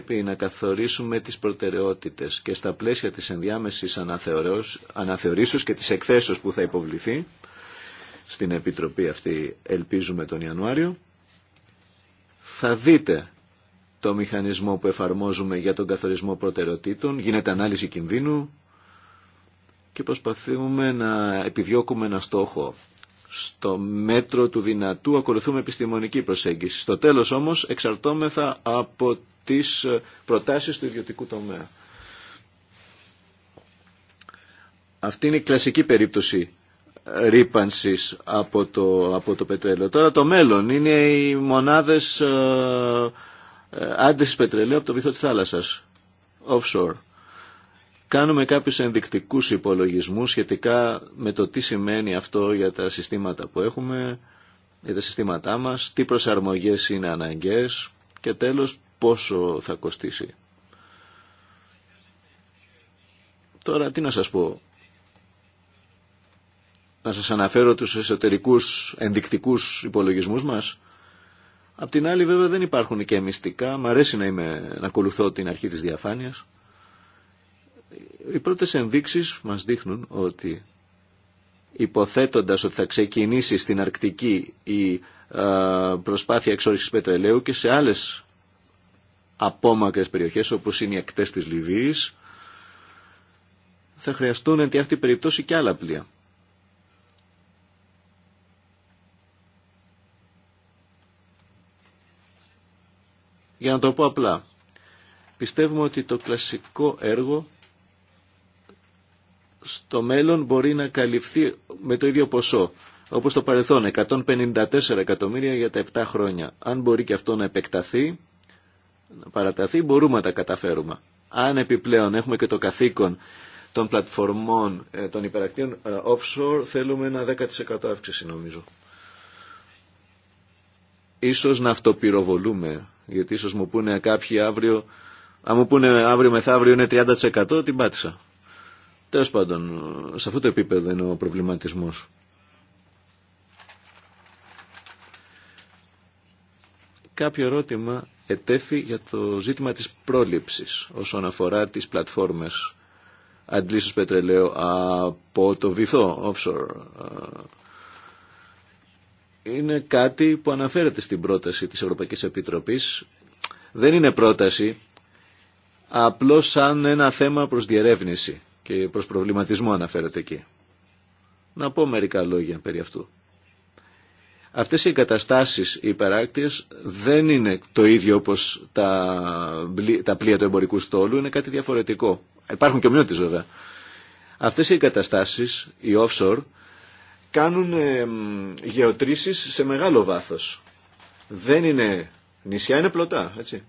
πρέπει να καθορίσουμε τις προτεραιότητες και στα πλαίσια της ενδιάμεσης αναθεωρήσεως και της εκθέσεως που θα υποβληθεί στην Επιτροπή αυτή ελπίζουμε τον Ιανουάριο θα δείτε το μηχανισμό που εφαρμόζουμε για τον καθορισμό προτεραιοτήτων, γίνεται ανάλυση κινδύνου και προσπαθούμε να επιδιώκουμε ένα στόχο. Στο μέτρο του δυνατού ακολουθούμε επιστημονική προσέγγιση. Στο τέλος όμως εξαρτώμεθα από τις ε, προτάσεις του ιδιωτικού τομέα. Αυτή είναι η κλασική περίπτωση ε, ρήπανσης από το, από το πετρέλαιο. Τώρα το μέλλον είναι οι μονάδες ε, ε πετρελαίου από το βυθό της θάλασσας, offshore. Κάνουμε κάποιους ενδεικτικούς υπολογισμούς σχετικά με το τι σημαίνει αυτό για τα συστήματα που έχουμε, για τα συστήματά μας, τι προσαρμογές είναι αναγκαίες και τέλος πόσο θα κοστίσει. Τώρα τι να σας πω. Να σας αναφέρω τους εσωτερικούς ενδεικτικούς υπολογισμούς μας. Απ' την άλλη βέβαια δεν υπάρχουν και μυστικά. Μ' αρέσει να, είμαι, ακολουθώ την αρχή της διαφάνειας. Οι πρώτες ενδείξεις μας δείχνουν ότι υποθέτοντας ότι θα ξεκινήσει στην Αρκτική η ε, προσπάθεια εξόρυξης πετρελαίου και σε άλλες απόμακρες περιοχές όπως είναι οι ακτές της Λιβύης, θα χρειαστούν εν τη αυτή περιπτώσει και άλλα πλοία. Για να το πω απλά, πιστεύουμε ότι το κλασικό έργο στο μέλλον μπορεί να καλυφθεί με το ίδιο ποσό, όπως το παρελθόν, 154 εκατομμύρια για τα 7 χρόνια. Αν μπορεί και αυτό να επεκταθεί, παραταθεί, μπορούμε να τα καταφέρουμε. Αν επιπλέον έχουμε και το καθήκον των πλατφορμών ε, των υπερακτήων ε, offshore, θέλουμε ένα 10% αύξηση νομίζω. Ίσως να αυτοπυροβολούμε, γιατί ίσως μου πούνε κάποιοι αύριο, αν μου πούνε αύριο μεθαύριο είναι 30% την πάτησα. Τέλος πάντων, σε αυτό το επίπεδο είναι ο προβληματισμός. Κάποιο ερώτημα ετέθη για το ζήτημα της πρόληψης όσον αφορά τις πλατφόρμες αντλήσεως πετρελαίου από το βυθό offshore. Ε, είναι κάτι που αναφέρεται στην πρόταση της Ευρωπαϊκής Επιτροπής. Δεν είναι πρόταση, απλώς σαν ένα θέμα προς διερεύνηση και προς προβληματισμό αναφέρεται εκεί. Να πω μερικά λόγια περί αυτού. Αυτές οι εγκαταστάσεις υπεράκτειες δεν είναι το ίδιο όπως τα, τα πλοία του εμπορικού στόλου, είναι κάτι διαφορετικό. Υπάρχουν και ομοιότητες βέβαια. Αυτές οι εγκαταστάσεις, οι offshore, κάνουν γεωτρήσεις σε μεγάλο βάθος. Δεν είναι νησιά, είναι πλωτά, έτσι.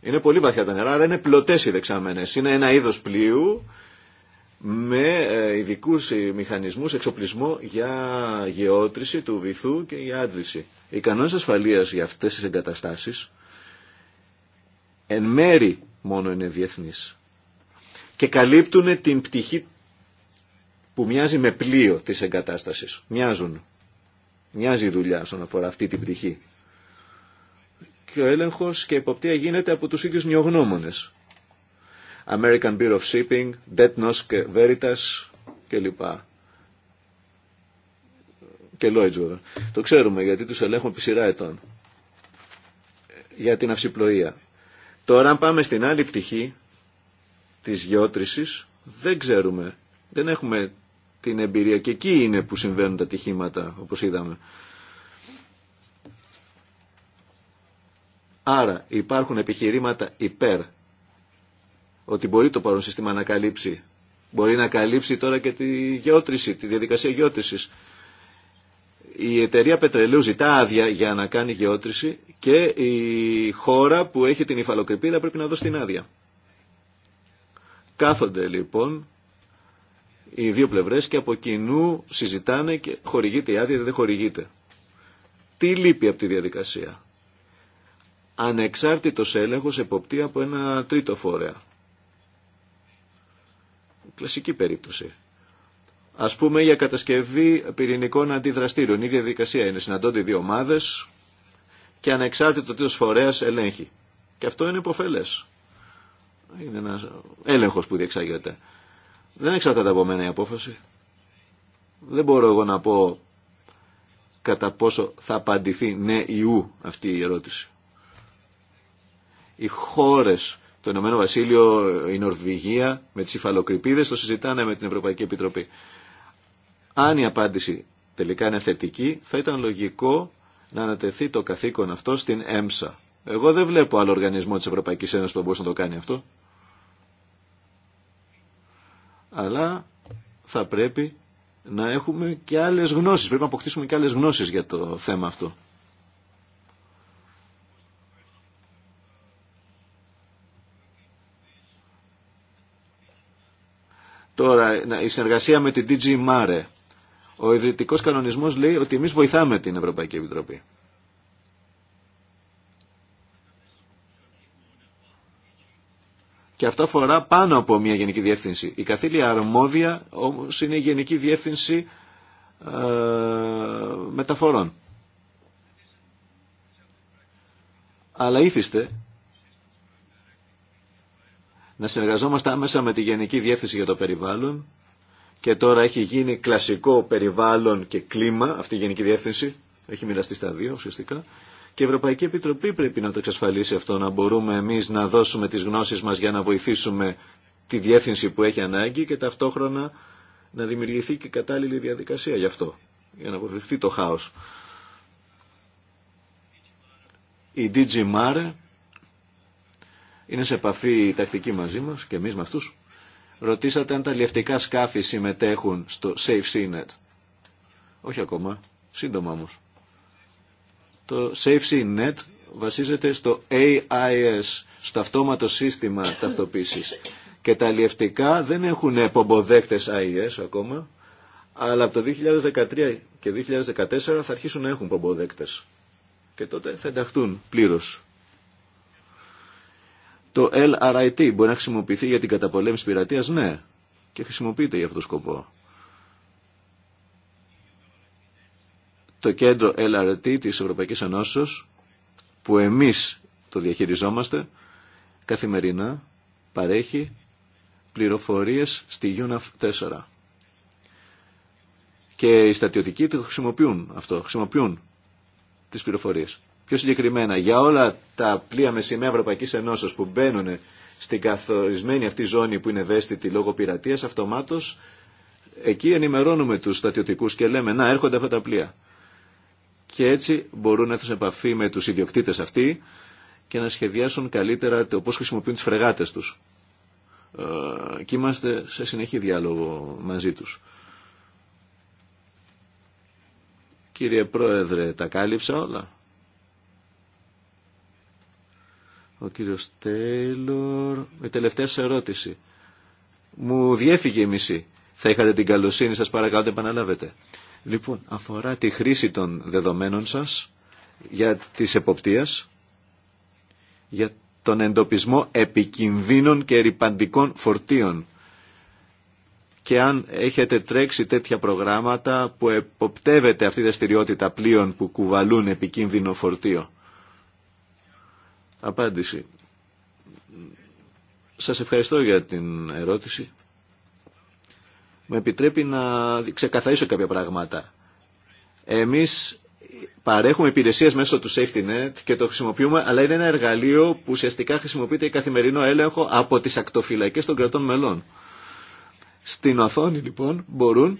Είναι πολύ βαθιά τα νερά, αλλά είναι πλωτές οι δεξάμενες. Είναι ένα είδος πλοίου με ε, ειδικού μηχανισμούς εξοπλισμό για γεώτρηση του βυθού και για άντληση. Οι κανόνες ασφαλείας για αυτές τις εγκαταστάσεις εν μέρη μόνο είναι διεθνείς και καλύπτουν την πτυχή που μοιάζει με πλοίο της εγκατάστασης. Μοιάζουν. Μοιάζει η δουλειά όσον αφορά αυτή την πτυχή. Και ο έλεγχος και η υποπτία γίνεται από τους ίδιους νιογνώμονες. American Bureau of Shipping, Detnos και Veritas κλπ. Και Lloyds βέβαια. Το ξέρουμε γιατί τους ελέγχουμε επί σειρά ετών. Για την αυσιπλοεία. Τώρα αν πάμε στην άλλη πτυχή της γεώτρησης δεν ξέρουμε. Δεν έχουμε την εμπειρία και εκεί είναι που συμβαίνουν τα τυχήματα όπως είδαμε. Άρα υπάρχουν επιχειρήματα υπέρ ότι μπορεί το παρόν σύστημα να καλύψει. Μπορεί να καλύψει τώρα και τη γεώτρηση, τη διαδικασία γεώτρησης. Η εταιρεία πετρελαίου ζητά άδεια για να κάνει γεώτρηση και η χώρα που έχει την υφαλοκρηπίδα πρέπει να δώσει την άδεια. Κάθονται λοιπόν οι δύο πλευρές και από κοινού συζητάνε και χορηγείται η άδεια ή δεν χορηγείται. Τι λείπει από τη διαδικασία. Ανεξάρτητος έλεγχος εποπτεί από ένα τρίτο φορέα. Κλασική περίπτωση. Α πούμε για κατασκευή πυρηνικών αντιδραστήρων, Η διαδικασία είναι συναντώνται δύο ομάδε και ανεξάρτητο τέτοιο φορέα ελέγχει. Και αυτό είναι υποφελέ. Είναι ένα έλεγχο που διεξάγεται. Δεν εξαρτάται από μένα η απόφαση. Δεν μπορώ εγώ να πω κατά πόσο θα απαντηθεί ναι ή ου αυτή η ερώτηση. Οι χώρες το Ηνωμένο Βασίλειο, η Νορβηγία με τι υφαλοκρηπίδε, το συζητάνε με την Ευρωπαϊκή Επιτροπή. Αν η απάντηση τελικά είναι θετική, θα ήταν λογικό να ανατεθεί το καθήκον αυτό στην ΕΜΣΑ. Εγώ δεν βλέπω άλλο οργανισμό της Ευρωπαϊκής Ένωσης που θα μπορούσε να το κάνει αυτό. Αλλά θα πρέπει να έχουμε και άλλες γνώσεις. Πρέπει να αποκτήσουμε και άλλες γνώσεις για το θέμα αυτό. Τώρα, η συνεργασία με την DG Mare. Ο ιδρυτικός κανονισμός λέει ότι εμεί βοηθάμε την Ευρωπαϊκή Επιτροπή. Και αυτό αφορά πάνω από μια γενική διεύθυνση. Η καθήλια αρμόδια όμω είναι η γενική διεύθυνση ε, μεταφορών. Αλλά ήθιστε να συνεργαζόμαστε άμεσα με τη Γενική Διεύθυνση για το Περιβάλλον και τώρα έχει γίνει κλασικό περιβάλλον και κλίμα αυτή η Γενική Διεύθυνση, έχει μοιραστεί στα δύο ουσιαστικά και η Ευρωπαϊκή Επιτροπή πρέπει να το εξασφαλίσει αυτό, να μπορούμε εμείς να δώσουμε τις γνώσεις μας για να βοηθήσουμε τη διεύθυνση που έχει ανάγκη και ταυτόχρονα να δημιουργηθεί και κατάλληλη διαδικασία γι' αυτό, για να αποφευχθεί το χάος. Η είναι σε επαφή η τακτική μαζί μας και εμείς με αυτούς. Ρωτήσατε αν τα λιευτικά σκάφη συμμετέχουν στο Safe Net; Όχι ακόμα, σύντομα όμως. Το Safe Net βασίζεται στο AIS, στο αυτόματο σύστημα ταυτοποίησης. Και τα λιευτικά δεν έχουν πομποδέκτες AIS ακόμα, αλλά από το 2013 και 2014 θα αρχίσουν να έχουν πομποδέκτες. Και τότε θα ενταχθούν πλήρως το LRIT μπορεί να χρησιμοποιηθεί για την καταπολέμηση πειρατεία, ναι. Και χρησιμοποιείται για αυτόν τον σκοπό. Το κέντρο LRT της Ευρωπαϊκής Ενώσεω, που εμείς το διαχειριζόμαστε, καθημερινά παρέχει πληροφορίες στη UNAF 4. Και οι στατιωτικοί το χρησιμοποιούν αυτό, χρησιμοποιούν τις πληροφορίε. Πιο συγκεκριμένα, για όλα τα πλοία με σημαία Ευρωπαϊκή Ενώσεω που μπαίνουν στην καθορισμένη αυτή ζώνη που είναι ευαίσθητη λόγω πειρατεία, αυτομάτω εκεί ενημερώνουμε του στατιωτικού και λέμε να έρχονται αυτά τα πλοία. Και έτσι μπορούν να έρθουν σε επαφή με του ιδιοκτήτε αυτοί και να σχεδιάσουν καλύτερα το πώ χρησιμοποιούν τι φρεγάτε του. Ε, και είμαστε σε συνεχή διάλογο μαζί του. Κύριε Πρόεδρε, τα κάλυψα όλα. Ο κύριος Τέιλορ. Η τελευταία σας ερώτηση. Μου διέφυγε η μισή. Θα είχατε την καλοσύνη σας παρακαλώ να επαναλάβετε. Λοιπόν, αφορά τη χρήση των δεδομένων σας για τις εποπτείας, για τον εντοπισμό επικινδύνων και ρηπαντικών φορτίων. Και αν έχετε τρέξει τέτοια προγράμματα που εποπτεύεται αυτή η δραστηριότητα πλοίων που κουβαλούν επικίνδυνο φορτίο. Απάντηση. Σας ευχαριστώ για την ερώτηση. Με επιτρέπει να ξεκαθαρίσω κάποια πράγματα. Εμείς παρέχουμε υπηρεσίες μέσω του Safety Net και το χρησιμοποιούμε, αλλά είναι ένα εργαλείο που ουσιαστικά χρησιμοποιείται για καθημερινό έλεγχο από τις ακτοφυλακές των κρατών μελών. Στην οθόνη λοιπόν μπορούν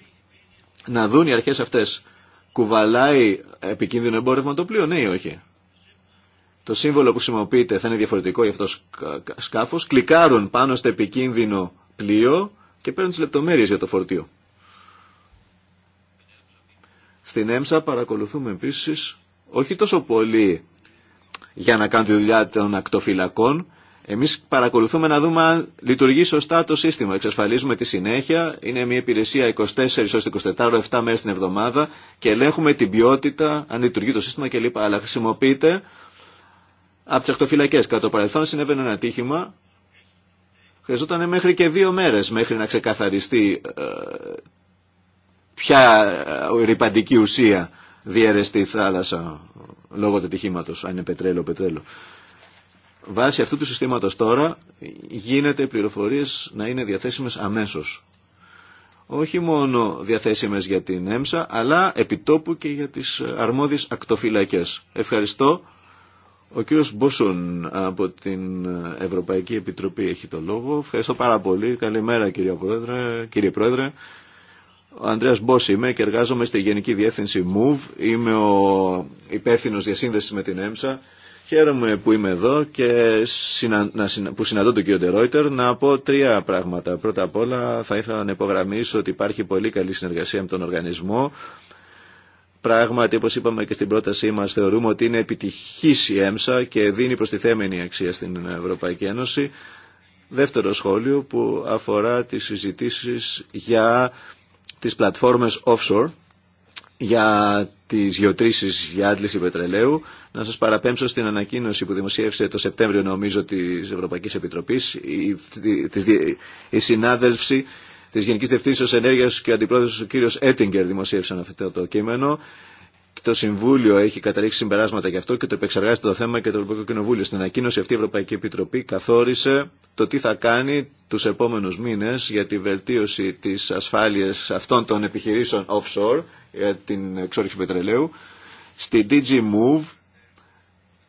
να δουν οι αρχές αυτές. Κουβαλάει επικίνδυνο εμπόρευμα το πλοίο, ναι ή όχι το σύμβολο που χρησιμοποιείται θα είναι διαφορετικό για αυτό το σκάφος, κλικάρουν πάνω στο επικίνδυνο πλοίο και παίρνουν τι λεπτομέρειε για το φορτίο. Στην ΕΜΣΑ παρακολουθούμε επίση όχι τόσο πολύ για να κάνουν τη δουλειά των ακτοφυλακών, Εμεί παρακολουθούμε να δούμε αν λειτουργεί σωστά το σύστημα. Εξασφαλίζουμε τη συνέχεια, είναι μια υπηρεσία 24 έως 24, 7 μέρε την εβδομάδα και ελέγχουμε την ποιότητα, αν λειτουργεί το σύστημα κλπ. Αλλά χρησιμοποιείται από τι ακτοφυλακέ. Κατά το παρελθόν συνέβαινε ένα τύχημα. Χρειαζόταν μέχρι και δύο μέρε μέχρι να ξεκαθαριστεί ε, ποια ε, ρηπαντική ουσία διαιρεστεί η θάλασσα λόγω του τυχήματο, αν είναι πετρέλαιο, πετρέλαιο. Βάσει αυτού του συστήματος τώρα γίνεται οι πληροφορίες να είναι διαθέσιμες αμέσως. Όχι μόνο διαθέσιμες για την ΕΜΣΑ, αλλά επιτόπου και για τις αρμόδιες ακτοφυλακές. Ευχαριστώ. Ο κύριος Μπόσον από την Ευρωπαϊκή Επιτροπή έχει το λόγο. Ευχαριστώ πάρα πολύ. Καλημέρα κύριε Πρόεδρε. Κύριε Πρόεδρε. Ο Ανδρέας Μπόσ είμαι και εργάζομαι στη Γενική Διεύθυνση MOVE. Είμαι ο υπεύθυνος διασύνδεσης με την ΕΜΣΑ. Χαίρομαι που είμαι εδώ και που συναντώ τον κύριο Ντερόιτερ να πω τρία πράγματα. Πρώτα απ' όλα θα ήθελα να υπογραμμίσω ότι υπάρχει πολύ καλή συνεργασία με τον οργανισμό Πράγματι, όπως είπαμε και στην πρότασή μας, θεωρούμε ότι είναι επιτυχής η ΕΜΣΑ και δίνει προστιθέμενη αξία στην Ευρωπαϊκή Ένωση. Δεύτερο σχόλιο που αφορά τις συζητήσεις για τις πλατφόρμες offshore, για τις γεωτρήσεις για άντληση πετρελαίου. Να σας παραπέμψω στην ανακοίνωση που δημοσίευσε το Σεπτέμβριο, νομίζω, της Ευρωπαϊκής Επιτροπής, η, τη, η Τη Γενική Διευθύνσεως ενέργεια και Αντιπρόεδρο ο κύριος Έτιγκερ δημοσίευσαν αυτό το κείμενο. Το Συμβούλιο έχει καταλήξει συμπεράσματα γι' αυτό και το επεξεργάζεται το θέμα και το Ευρωπαϊκό Κοινοβούλιο. Στην ανακοίνωση αυτή η Ευρωπαϊκή Επιτροπή καθόρισε το τι θα κάνει του επόμενου μήνε για τη βελτίωση τη ασφάλεια αυτών των επιχειρήσεων offshore για την εξόριξη πετρελαίου. Στη DG Move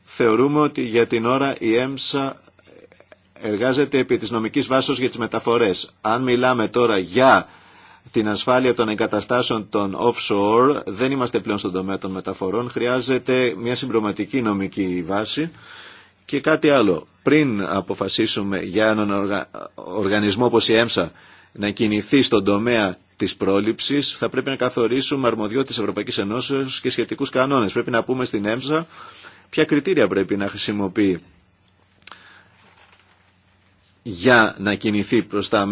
θεωρούμε ότι για την ώρα η ΕΜΣΑ εργάζεται επί της νομικής βάσης για τις μεταφορές. Αν μιλάμε τώρα για την ασφάλεια των εγκαταστάσεων των offshore, δεν είμαστε πλέον στον τομέα των μεταφορών, χρειάζεται μια συμπροματική νομική βάση και κάτι άλλο. Πριν αποφασίσουμε για έναν οργανισμό όπως η ΕΜΣΑ να κινηθεί στον τομέα τη πρόληψη, θα πρέπει να καθορίσουμε αρμοδιότητε Ευρωπαϊκή Ενώσεω και σχετικού κανόνε. Πρέπει να πούμε στην ΕΜΣΑ ποια κριτήρια πρέπει να χρησιμοποιεί για να κινηθεί προς τα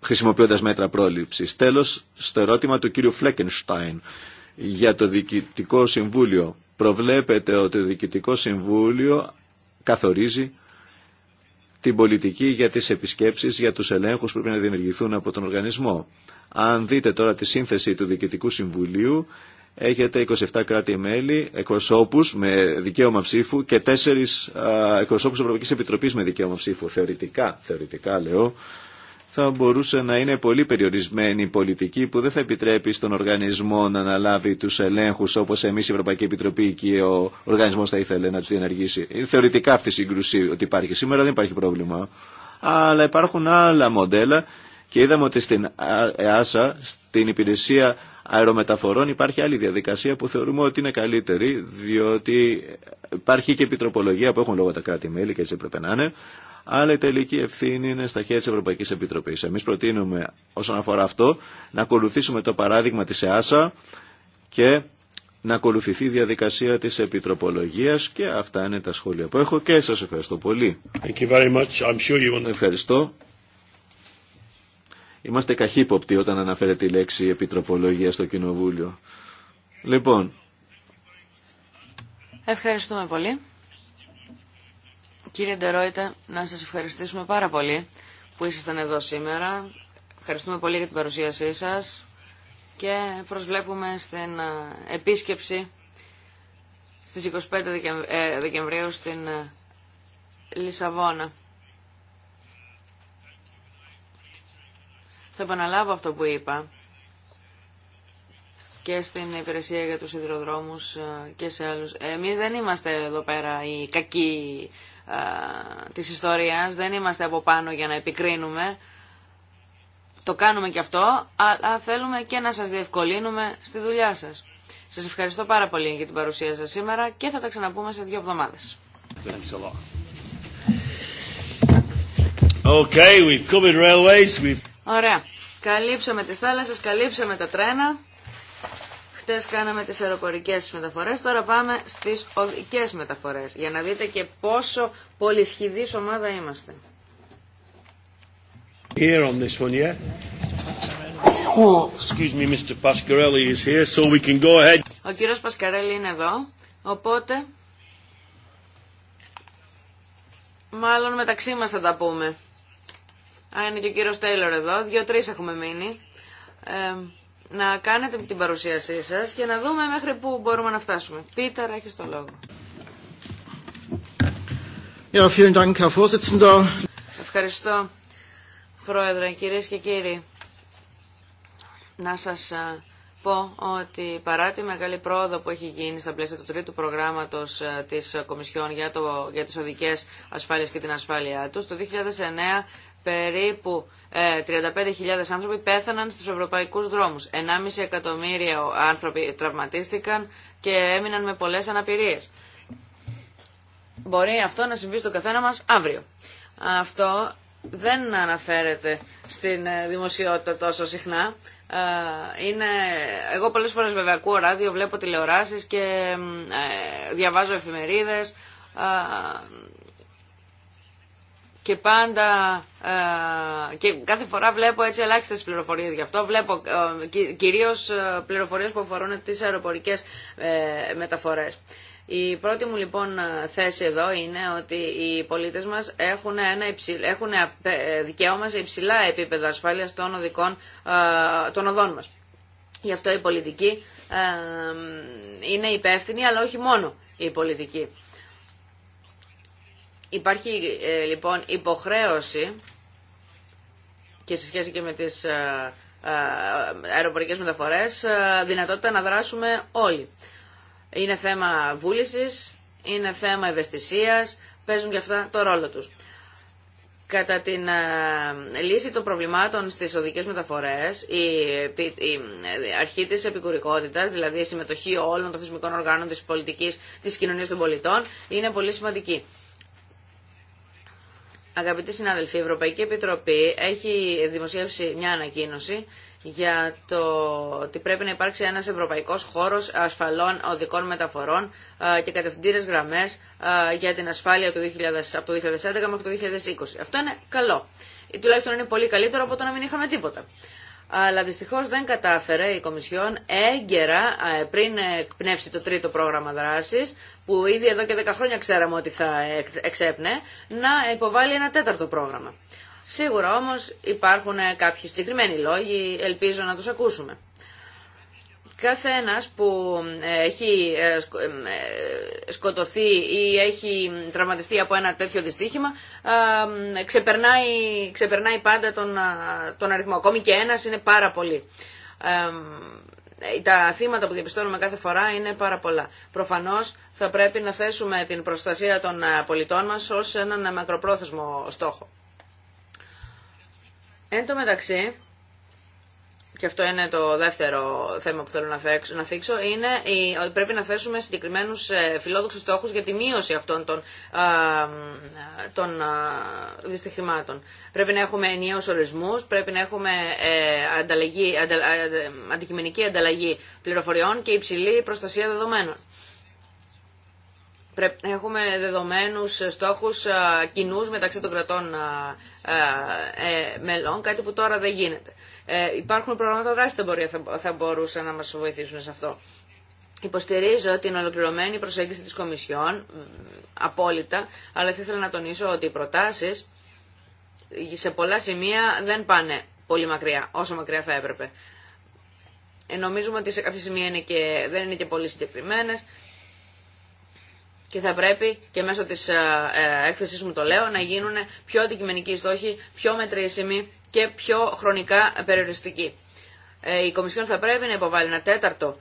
χρησιμοποιώντας μέτρα πρόληψης. Τέλος, στο ερώτημα του κύριου Φλέκενστάιν για το Διοικητικό Συμβούλιο. Προβλέπεται ότι το Διοικητικό Συμβούλιο καθορίζει την πολιτική για τις επισκέψεις, για τους ελέγχους που πρέπει να δημιουργηθούν από τον οργανισμό. Αν δείτε τώρα τη σύνθεση του Διοικητικού Συμβουλίου, έχετε 27 κράτη-μέλη, εκπροσώπου με δικαίωμα ψήφου και 4 εκπροσώπους Ευρωπαϊκή Επιτροπή με δικαίωμα ψήφου. Θεωρητικά, θεωρητικά λέω, θα μπορούσε να είναι πολύ περιορισμένη η πολιτική που δεν θα επιτρέπει στον οργανισμό να αναλάβει του ελέγχου όπω εμεί η Ευρωπαϊκή Επιτροπή και ο Οργανισμό θα ήθελε να του διενεργήσει. Ε, θεωρητικά αυτή η σύγκρουση ότι υπάρχει σήμερα δεν υπάρχει πρόβλημα. Αλλά υπάρχουν άλλα μοντέλα και είδαμε ότι στην ΕΑΣΑ, στην υπηρεσία αερομεταφορών υπάρχει άλλη διαδικασία που θεωρούμε ότι είναι καλύτερη, διότι υπάρχει και επιτροπολογία που έχουν λόγω τα κράτη-μέλη και έτσι έπρεπε να είναι, αλλά η τελική ευθύνη είναι στα χέρια τη Ευρωπαϊκή Επιτροπή. Εμεί προτείνουμε όσον αφορά αυτό να ακολουθήσουμε το παράδειγμα τη ΕΑΣΑ και να ακολουθηθεί η διαδικασία της επιτροπολογίας και αυτά είναι τα σχόλια που έχω και σας ευχαριστώ πολύ. Ευχαριστώ. Είμαστε καχύποπτοι όταν αναφέρεται η λέξη επιτροπολογία στο Κοινοβούλιο. Λοιπόν. Ευχαριστούμε πολύ. Κύριε Ντερόιτε, να σας ευχαριστήσουμε πάρα πολύ που ήσασταν εδώ σήμερα. Ευχαριστούμε πολύ για την παρουσίασή σας και προσβλέπουμε στην ε, επίσκεψη στις 25 ε, Δεκεμβρίου στην ε, Λισαβόνα. Θα επαναλάβω αυτό που είπα και στην υπηρεσία για τους υδροδρόμους ε, και σε άλλους. Εμείς δεν είμαστε εδώ πέρα οι κακοί α, ε, της ιστορίας, δεν είμαστε από πάνω για να επικρίνουμε. Το κάνουμε και αυτό, αλλά θέλουμε και να σας διευκολύνουμε στη δουλειά σας. Σας ευχαριστώ πάρα πολύ για την παρουσία σας σήμερα και θα τα ξαναπούμε σε δύο εβδομάδες. Okay, we've covered railways. We've... Ωραία. Καλύψαμε τις θάλασσες, καλύψαμε τα τρένα. Χτες κάναμε τις αεροπορικές μεταφορές, τώρα πάμε στις οδικές μεταφορές, για να δείτε και πόσο πολυσχηδής ομάδα είμαστε. Ο κύριος Πασκαρέλη είναι εδώ, οπότε μάλλον μεταξύ μας θα τα πούμε. Α, είναι και ο κύριος Τέιλορ εδώ. Δύο-τρεις έχουμε μείνει. Ε, να κάνετε την παρουσίασή σας και να δούμε μέχρι πού μπορούμε να φτάσουμε. Πίτερ, έχει το λόγο. Ja, vielen Dank, Herr Vorsitzender. Ευχαριστώ, Πρόεδρε, κυρίες και κύριοι. Να σας ε, πω ότι παρά τη μεγάλη πρόοδο που έχει γίνει στα πλαίσια του τρίτου προγράμματος ε, της Κομισιόν για, το, για τις οδικές ασφάλειες και την ασφάλειά τους, το 2009 περίπου 35.000 ε, άνθρωποι πέθαναν στους ευρωπαϊκούς δρόμους. 1,5 εκατομμύρια άνθρωποι τραυματίστηκαν και έμειναν με πολλές αναπηρίες. Μπορεί αυτό να συμβεί στο καθένα μας αύριο. Αυτό δεν αναφέρεται στην ε, δημοσιότητα τόσο συχνά. Ε, είναι, εγώ πολλές φορές βέβαια ακούω ράδιο, βλέπω τηλεοράσεις και διαβάζω εφημερίδες και πάντα ε, και κάθε φορά βλέπω έτσι ελάχιστες πληροφορίες γι' αυτό. Βλέπω ε, κυρίως ε, πληροφορίες που αφορούν τις αεροπορικές μεταφορές. Η πρώτη μου λοιπόν θέση εδώ είναι ότι οι πολίτες μας έχουν, ένα έχουν δικαίωμα σε υψηλά επίπεδα ασφάλειας των, οδικών, των οδών μας. Γι' αυτό η πολιτική είναι υπεύθυνη, αλλά όχι μόνο η πολιτική. Υπάρχει ε, λοιπόν υποχρέωση και σε σχέση και με τις ε, ε, αεροπορικές μεταφορές ε, δυνατότητα να δράσουμε όλοι. Είναι θέμα βούλησης, είναι θέμα ευαισθησίας, παίζουν και αυτά το ρόλο τους. Κατά την ε, λύση των προβλημάτων στις οδικές μεταφορές, η αρχή της επικουρικότητας, δηλαδή η συμμετοχή όλων των θεσμικών οργάνων της πολιτικής της κοινωνίας των πολιτών, είναι πολύ σημαντική. Αγαπητοί συνάδελφοι, η Ευρωπαϊκή Επιτροπή έχει δημοσιεύσει μια ανακοίνωση για το ότι πρέπει να υπάρξει ένας ευρωπαϊκός χώρος ασφαλών οδικών μεταφορών ε, και κατευθυντήρες γραμμές ε, για την ασφάλεια του 2000, από το 2011 μέχρι το 2020. Αυτό είναι καλό. Τουλάχιστον είναι πολύ καλύτερο από το να μην είχαμε τίποτα αλλά δυστυχώς δεν κατάφερε η Κομισιόν έγκαιρα πριν εκπνεύσει το τρίτο πρόγραμμα δράσης, που ήδη εδώ και 10 χρόνια ξέραμε ότι θα εξέπνε, να υποβάλει ένα τέταρτο πρόγραμμα. Σίγουρα όμως υπάρχουν κάποιοι συγκεκριμένοι λόγοι, ελπίζω να τους ακούσουμε. Κάθε Καθένας που ε, έχει ε, ε, σκοτωθεί ή έχει τραυματιστεί από ένα τέτοιο δυστύχημα ξεπερνάει, πάντα τον, τον αριθμό. Ακόμη και ένας είναι πάρα πολύ. Τα θύματα που διαπιστώνουμε κάθε φορά είναι πάρα πολλά. Προφανώς θα πρέπει να θέσουμε την προστασία των πολιτών μας ως έναν μακροπρόθεσμο στόχο. Εν τω μεταξύ, και αυτό είναι το δεύτερο θέμα που θέλω να θίξω, είναι ότι πρέπει να θέσουμε συγκεκριμένου, ε, φιλόδοξους στόχους για τη μείωση αυτών των, των δυστυχημάτων. Πρέπει να έχουμε ενιαίους ορισμού, πρέπει να έχουμε ε, ανταλλαγή, αντικειμενική ανταλλαγή πληροφοριών και υψηλή προστασία δεδομένων. Πρέπει να έχουμε δεδομένους ε, στόχους κοινού μεταξύ των κρατών μελών, κάτι που τώρα δεν γίνεται ε, υπάρχουν προγράμματα δράση που θα, θα μπορούσαν να μας βοηθήσουν σε αυτό. Υποστηρίζω την ολοκληρωμένη προσέγγιση της Κομισιόν, απόλυτα, αλλά θα ήθελα να τονίσω ότι οι προτάσεις σε πολλά σημεία δεν πάνε πολύ μακριά, όσο μακριά θα έπρεπε. Ε, νομίζουμε ότι σε κάποια σημεία είναι και, δεν είναι και πολύ συγκεκριμένε και θα πρέπει και μέσω της ε, ε, έκθεσης μου το λέω να γίνουν πιο αντικειμενικοί στόχοι, πιο μετρήσιμοι και πιο χρονικά περιοριστικοί. Ε, η Κομισιόν θα πρέπει να υποβάλει ένα τέταρτο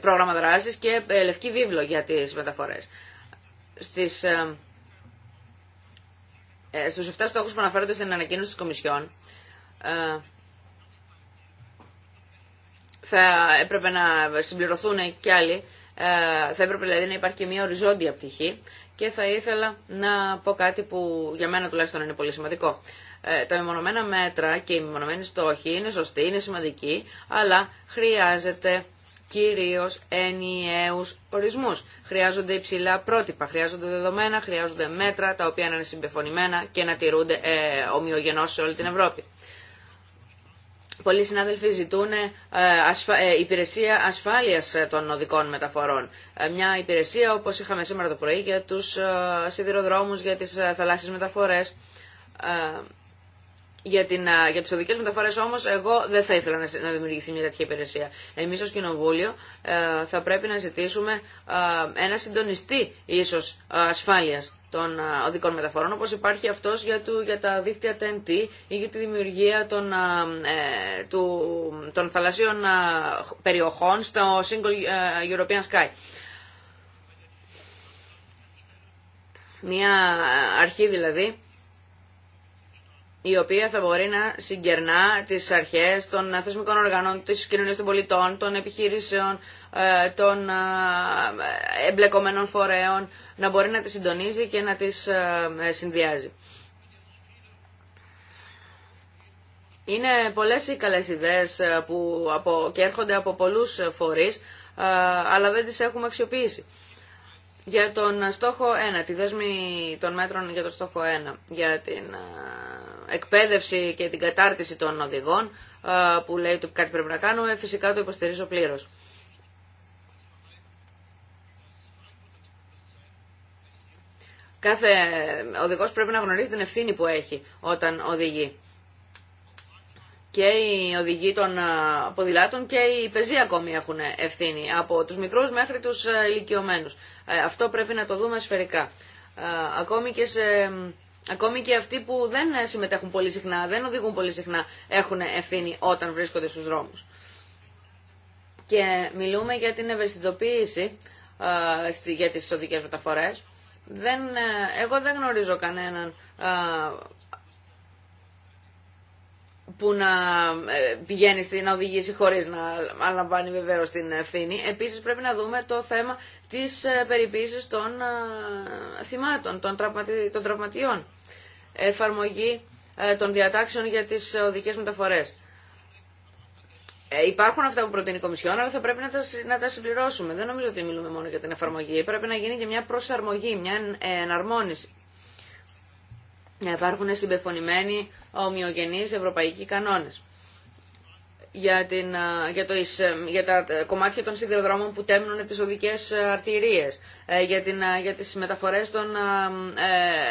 πρόγραμμα δράσης και λευκή βίβλο για τις μεταφορές. Στις, στους 7 στόχους που αναφέρονται στην ανακοίνωση της Κομισιόν θα έπρεπε να συμπληρωθούν και άλλοι ε, θα έπρεπε δηλαδή να υπάρχει και μια οριζόντια πτυχή και θα ήθελα να πω κάτι που για μένα τουλάχιστον είναι πολύ σημαντικό. Ε, τα μεμονωμένα μέτρα και οι μεμονωμένοι στόχοι είναι σωστοί, είναι σημαντικοί, αλλά χρειάζεται κυρίως ενιαίου ορισμού. Χρειάζονται υψηλά πρότυπα, χρειάζονται δεδομένα, χρειάζονται μέτρα τα οποία να είναι συμπεφωνημένα και να τηρούνται ε, σε όλη την Ευρώπη. Πολλοί συνάδελφοι ζητούν ε, ε, υπηρεσία ασφάλειας ε, των οδικών μεταφορών. Μια υπηρεσία όπως είχαμε σήμερα το πρωί για τους σιδηροδρόμους, για τις θαλάσσιες μεταφορές. Για, την, για τις οδικές μεταφορές όμως εγώ δεν θα ήθελα να, να δημιουργηθεί μια τέτοια υπηρεσία. Εμείς ως Κοινοβούλιο θα πρέπει να ζητήσουμε ένα συντονιστή ίσως ασφάλειας των οδικών μεταφορών, όπως υπάρχει αυτός για, του, για τα δίκτυα TNT ή για τη δημιουργία των, ε, των θαλασσίων περιοχών στο Single ε, European Sky. Μία αρχή δηλαδή η οποία θα μπορεί να συγκερνά τις αρχές των θεσμικών οργανών, τη Κοινωνία των πολιτών, των επιχειρήσεων, ε, των ε, εμπλεκομένων φορέων, να μπορεί να τις συντονίζει και να τις ε, συνδυάζει. Είναι πολλές οι καλές ιδέες που από, και έρχονται από πολλούς φορείς, αλλά δεν τις έχουμε αξιοποιήσει. Για τον στόχο 1, τη δέσμη των μέτρων για τον στόχο 1, για την εκπαίδευση και την κατάρτιση των οδηγών ε, που λέει ότι κάτι πρέπει να κάνουμε, φυσικά το υποστηρίζω πλήρως. Κάθε οδηγός πρέπει να γνωρίζει την ευθύνη που έχει όταν οδηγεί. Και οι οδηγοί των ε, ποδηλάτων και οι πεζοί ακόμη έχουν ευθύνη, από τους μικρούς μέχρι τους ε, ηλικιωμένους. Αυτό πρέπει να το δούμε σφαιρικά. Ακόμη και σε Ακόμη και αυτοί που δεν συμμετέχουν πολύ συχνά, δεν οδηγούν πολύ συχνά, έχουν ευθύνη όταν βρίσκονται στους δρόμους. Και μιλούμε για την ευαισθητοποίηση ε, για τις οδικές μεταφορές. Δεν, ε, εγώ δεν γνωρίζω κανέναν ε, που να πηγαίνει στην να οδηγήσει χωρί να αναλαμβάνει βεβαίω την ευθύνη. Επίσης πρέπει να δούμε το θέμα τη περιποίηση των θυμάτων, των, τραυματιών εφαρμογή ε, των διατάξεων για τις οδικές μεταφορές. Ε, υπάρχουν αυτά που προτείνει η Κομισιόν, αλλά θα πρέπει να τα, να τα συμπληρώσουμε. Δεν νομίζω ότι μιλούμε μόνο για την εφαρμογή. Πρέπει να γίνει και μια προσαρμογή, μια ε, εναρμόνιση. Να υπάρχουν συμπεφωνημένοι ομοιογενείς ευρωπαϊκοί κανόνες για, την, για, το, για τα ε, κομμάτια των σιδηροδρόμων που τέμνουν τις οδικές ε, αρτηρίες, ε, για, την, για τις μεταφορές των ε,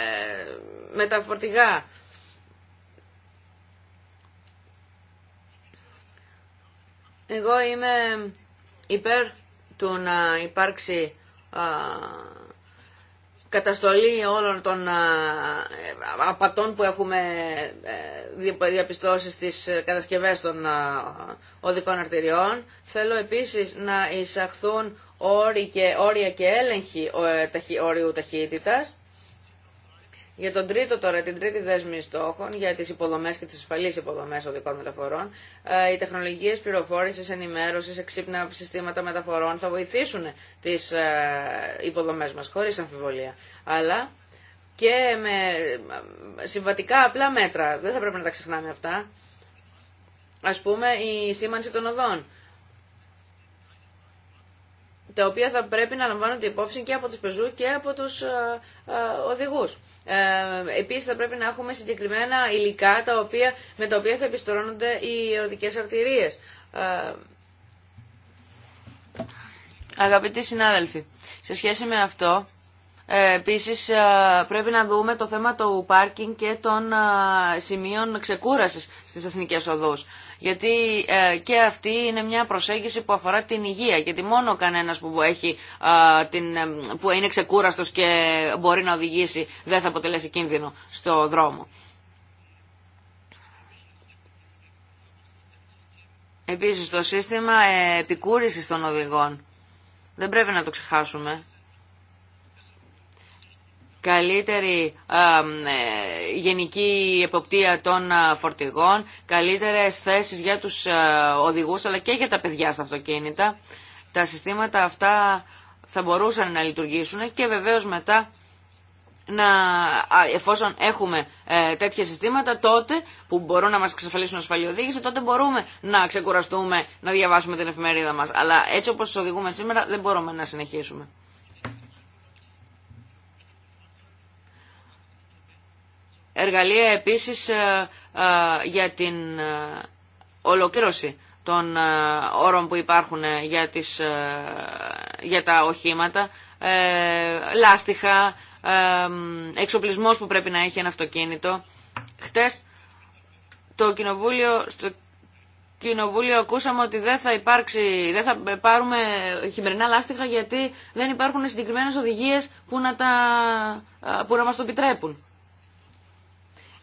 μεταφορτηγά. Εγώ είμαι υπέρ του να υπάρξει καταστολή όλων των ε, απατών που έχουμε ε, διαπιστώσει στις κατασκευές των οδικών αρτηριών. Θέλω επίσης να εισαχθούν όρια και έλεγχοι ε, όριου ταχύτητας για τον τρίτο τώρα, την τρίτη δέσμη στόχων για τις υποδομές και τις ασφαλείς υποδομές οδικών μεταφορών, ε, οι τεχνολογίες πληροφόρησης, ενημέρωσης, εξύπνα συστήματα μεταφορών θα βοηθήσουν τις ε, υποδομές μας, χωρίς αμφιβολία. Αλλά και με ε, συμβατικά απλά μέτρα, δεν θα πρέπει να τα ξεχνάμε αυτά, ας πούμε η σήμανση των οδών τα οποία θα πρέπει να λαμβάνονται υπόψη και από τους πεζού και από τους ε, ε, οδηγούς. Ε, επίσης θα πρέπει να έχουμε συγκεκριμένα υλικά τα οποία, με τα οποία θα επιστρώνονται οι οδικές αρτηρίες. Αγαπητοί συνάδελφοι, σε σχέση με αυτό, επίσης πρέπει να δούμε το θέμα του πάρκινγκ και των σημείων ξεκούρασης στις εθνικές οδούς γιατί ε, και αυτή είναι μια προσέγγιση που αφορά την υγεία, γιατί μόνο κανένας που, έχει, ε, την, ε, που είναι ξεκούραστο και μπορεί να οδηγήσει δεν θα αποτελέσει κίνδυνο στο δρόμο. Επίσης το σύστημα επικούρησης των οδηγών δεν πρέπει να το ξεχάσουμε καλύτερη ε, γενική εποπτεία των φορτηγών, καλύτερες θέσεις για τους οδηγούς αλλά και για τα παιδιά στα αυτοκίνητα. Τα συστήματα αυτά θα μπορούσαν να λειτουργήσουν και βεβαίως μετά να, εφόσον έχουμε ε, τέτοια συστήματα τότε που μπορούν να μας εξασφαλίσουν ασφαλή οδήγηση τότε μπορούμε να ξεκουραστούμε να διαβάσουμε την εφημερίδα μας αλλά έτσι όπως οδηγούμε σήμερα δεν μπορούμε να συνεχίσουμε εργαλεία επίσης ε, ε, για την ε, ολοκλήρωση των όρων που υπάρχουν για, τις, για τα οχήματα, λάστιχα, εξοπλισμός που πρέπει να έχει ένα αυτοκίνητο. Χτες το κοινοβούλιο, στο κοινοβούλιο ακούσαμε ότι δεν θα, υπάρξει, δεν θα πάρουμε χειμερινά λάστιχα γιατί δεν υπάρχουν συγκεκριμένες οδηγίες που να, τα, που να μας το επιτρέπουν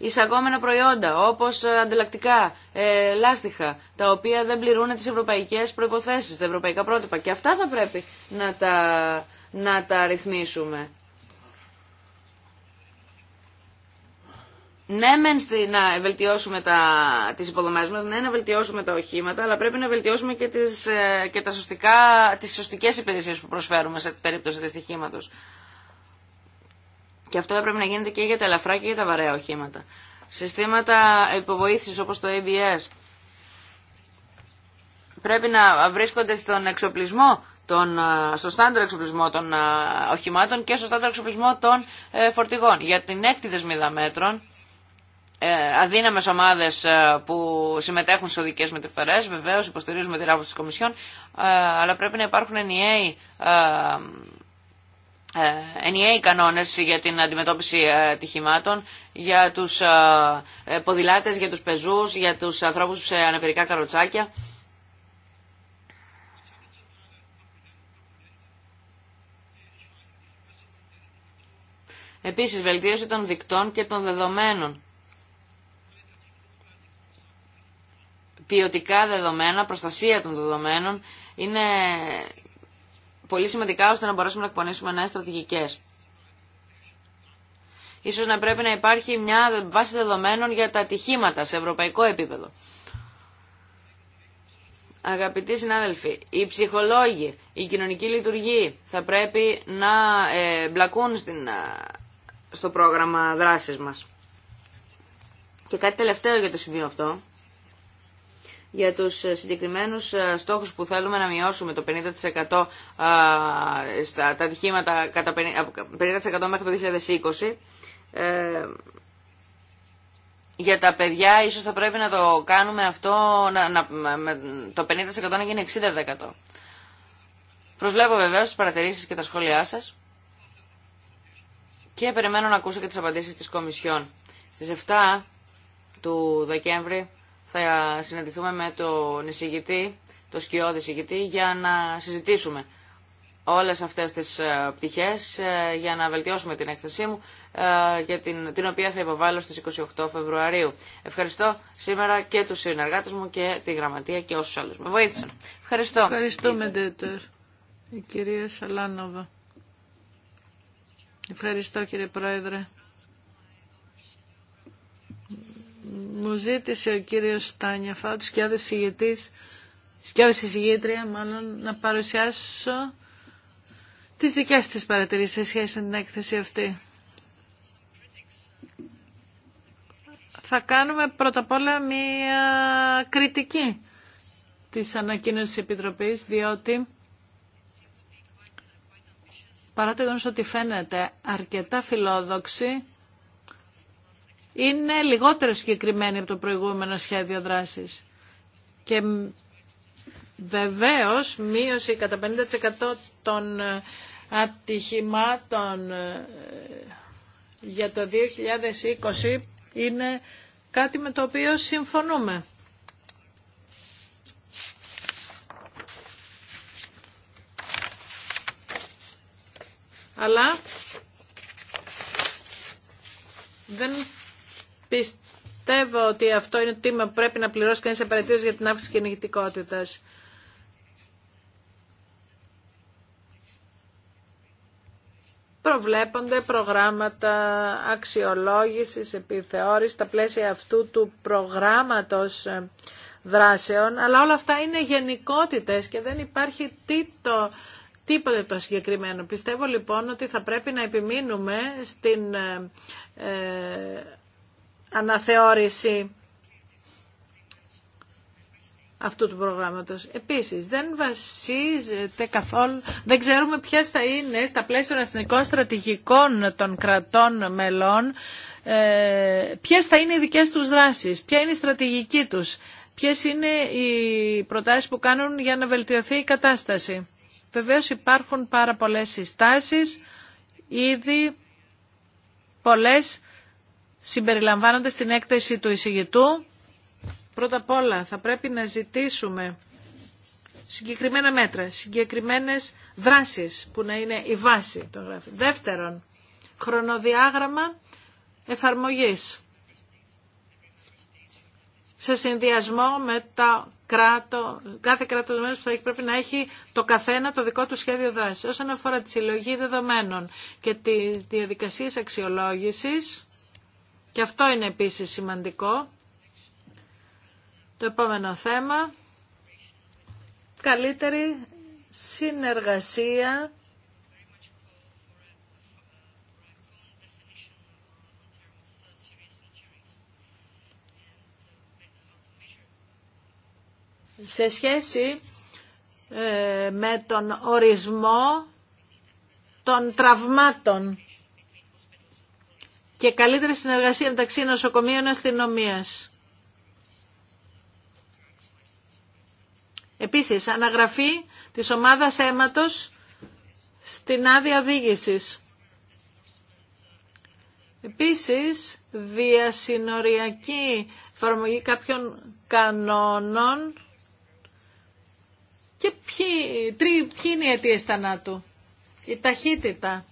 εισαγόμενα προϊόντα όπως ε, αντιλακτικά, ε, λάστιχα, τα οποία δεν πληρούν τις ευρωπαϊκές προϋποθέσεις, τα ευρωπαϊκά πρότυπα. Και αυτά θα πρέπει να τα, να τα ρυθμίσουμε. Ναι, μεν στη, να βελτιώσουμε τα, τις υποδομές μας, ναι, να βελτιώσουμε τα οχήματα, αλλά πρέπει να βελτιώσουμε και τις, ε, και τα τις σωστικές υπηρεσίες που προσφέρουμε σε περίπτωση δυστυχήματος. Και αυτό πρέπει να γίνεται και για τα ελαφρά και για τα βαρέα οχήματα. Συστήματα υποβοήθησης όπως το ABS πρέπει να βρίσκονται στον εξοπλισμό, τον, ε, στο στάνταρ εξοπλισμό των ε, οχημάτων και στο στάνταρ εξοπλισμό των ε, φορτηγών. Για την έκτη δεσμίδα μέτρων, αδύναμες ομάδες που συμμετέχουν σε οδικές μεταφορές, βεβαίως υποστηρίζουμε τη ράβωση της Κομισιόν, αλλά πρέπει να υπάρχουν ενιαίοι ε, ενιαίοι κανόνες για την αντιμετώπιση ε, ατυχημάτων, για τους ε, ποδηλάτες, για τους πεζούς, για τους ανθρώπους σε αναπηρικά καροτσάκια. Επίσης, βελτίωση των δικτών και των δεδομένων. Ποιοτικά δεδομένα, προστασία των δεδομένων είναι πολύ σημαντικά ώστε να μπορέσουμε να εκπονήσουμε νέε στρατηγικέ. Ίσως να πρέπει να υπάρχει μια βάση δεδομένων για τα ατυχήματα σε ευρωπαϊκό επίπεδο. Αγαπητοί συνάδελφοι, οι ψυχολόγοι, η κοινωνική λειτουργοί θα πρέπει να ε, μπλακούν στην, στο πρόγραμμα δράσης μας. Και κάτι τελευταίο για το σημείο αυτό για τους ε, συγκεκριμένους ε, στόχους που θέλουμε να μειώσουμε το 50% ε, στα τα ατυχήματα κατά 50% μέχρι το 2020. Για τα παιδιά ίσως θα πρέπει να το κάνουμε αυτό, να, να, το 50% να γίνει 60%. Προσβλέπω βεβαίως τις παρατηρήσεις και τα σχόλιά σας και περιμένω να ακούσω και τις απαντήσεις της Κομισιόν. Στις 7 του Δεκέμβρη θα συναντηθούμε με τον εισηγητή, τον σκιώδη εισηγητή, για να συζητήσουμε όλες αυτές τις ε, πτυχές ε, για να βελτιώσουμε την έκθεσή μου ε, για την, την οποία θα υποβάλω στις 28 Φεβρουαρίου. Ευχαριστώ σήμερα και τους συνεργάτες μου και τη γραμματεία και όσους άλλους με βοήθησαν. Ευχαριστώ. Ευχαριστούμε, Ντέτερ. Η κυρία Σαλάνοβα. Ευχαριστώ, κύριε Πρόεδρε μου ζήτησε ο κύριος Τάνια Φάτου, σκιάδες συγγετής, σκιάδες μάλλον, να παρουσιάσω τις δικές της παρατηρήσεις σε σχέση με την έκθεση αυτή. Θα κάνουμε πρώτα απ' όλα μία κριτική της ανακοίνωσης της Επιτροπής, διότι παρά το ότι φαίνεται αρκετά φιλόδοξη, είναι λιγότερο συγκεκριμένη από το προηγούμενο σχέδιο δράσης. Και βεβαίως μείωση κατά 50% των ε, ατυχημάτων ε, για το 2020 είναι κάτι με το οποίο συμφωνούμε. Αλλά δεν Πιστεύω ότι αυτό είναι το τίμα που πρέπει να πληρώσει κανείς απαραίτητος για την αύξηση κυνηγητικότητας. προβλέπονται προγράμματα αξιολόγησης, επιθεώρησης, τα πλαίσια αυτού του προγράμματος ε, δράσεων, αλλά όλα αυτά είναι γενικότητες και δεν υπάρχει τίτο, τίποτε το συγκεκριμένο. Πιστεύω λοιπόν ότι θα πρέπει να επιμείνουμε στην ε, ε αναθεώρηση αυτού του προγράμματος. Επίσης, δεν βασίζεται καθόλου, δεν ξέρουμε ποιες θα είναι στα πλαίσια των εθνικών στρατηγικών των κρατών μελών, ε, ποιες θα είναι οι δικές τους δράσεις, ποια είναι η στρατηγική τους, ποιες είναι οι προτάσεις που κάνουν για να βελτιωθεί η κατάσταση. Βεβαίως υπάρχουν πάρα πολλές συστάσεις, ήδη πολλές συμπεριλαμβάνονται στην έκθεση του εισηγητού. Πρώτα απ' όλα θα πρέπει να ζητήσουμε συγκεκριμένα μέτρα, συγκεκριμένες δράσεις που να είναι η βάση των γράφων. Δεύτερον, χρονοδιάγραμμα εφαρμογής σε συνδυασμό με τα κάθε κράτος μέλος που θα έχει, πρέπει να έχει το καθένα το δικό του σχέδιο δράσης. Όσον αφορά τη συλλογή δεδομένων και τη διαδικασία αξιολόγησης, και αυτό είναι επίσης σημαντικό. Το επόμενο θέμα, καλύτερη συνεργασία σε σχέση ε, με τον ορισμό των τραυμάτων και καλύτερη συνεργασία μεταξύ νοσοκομείων αστυνομία. Επίσης, αναγραφή της ομάδας αίματος στην άδεια οδήγησης. Επίσης, διασυνοριακή εφαρμογή κάποιων κανόνων και ποιοι, τρί, ποιοι είναι οι αιτίες θανάτου. Η ταχύτητα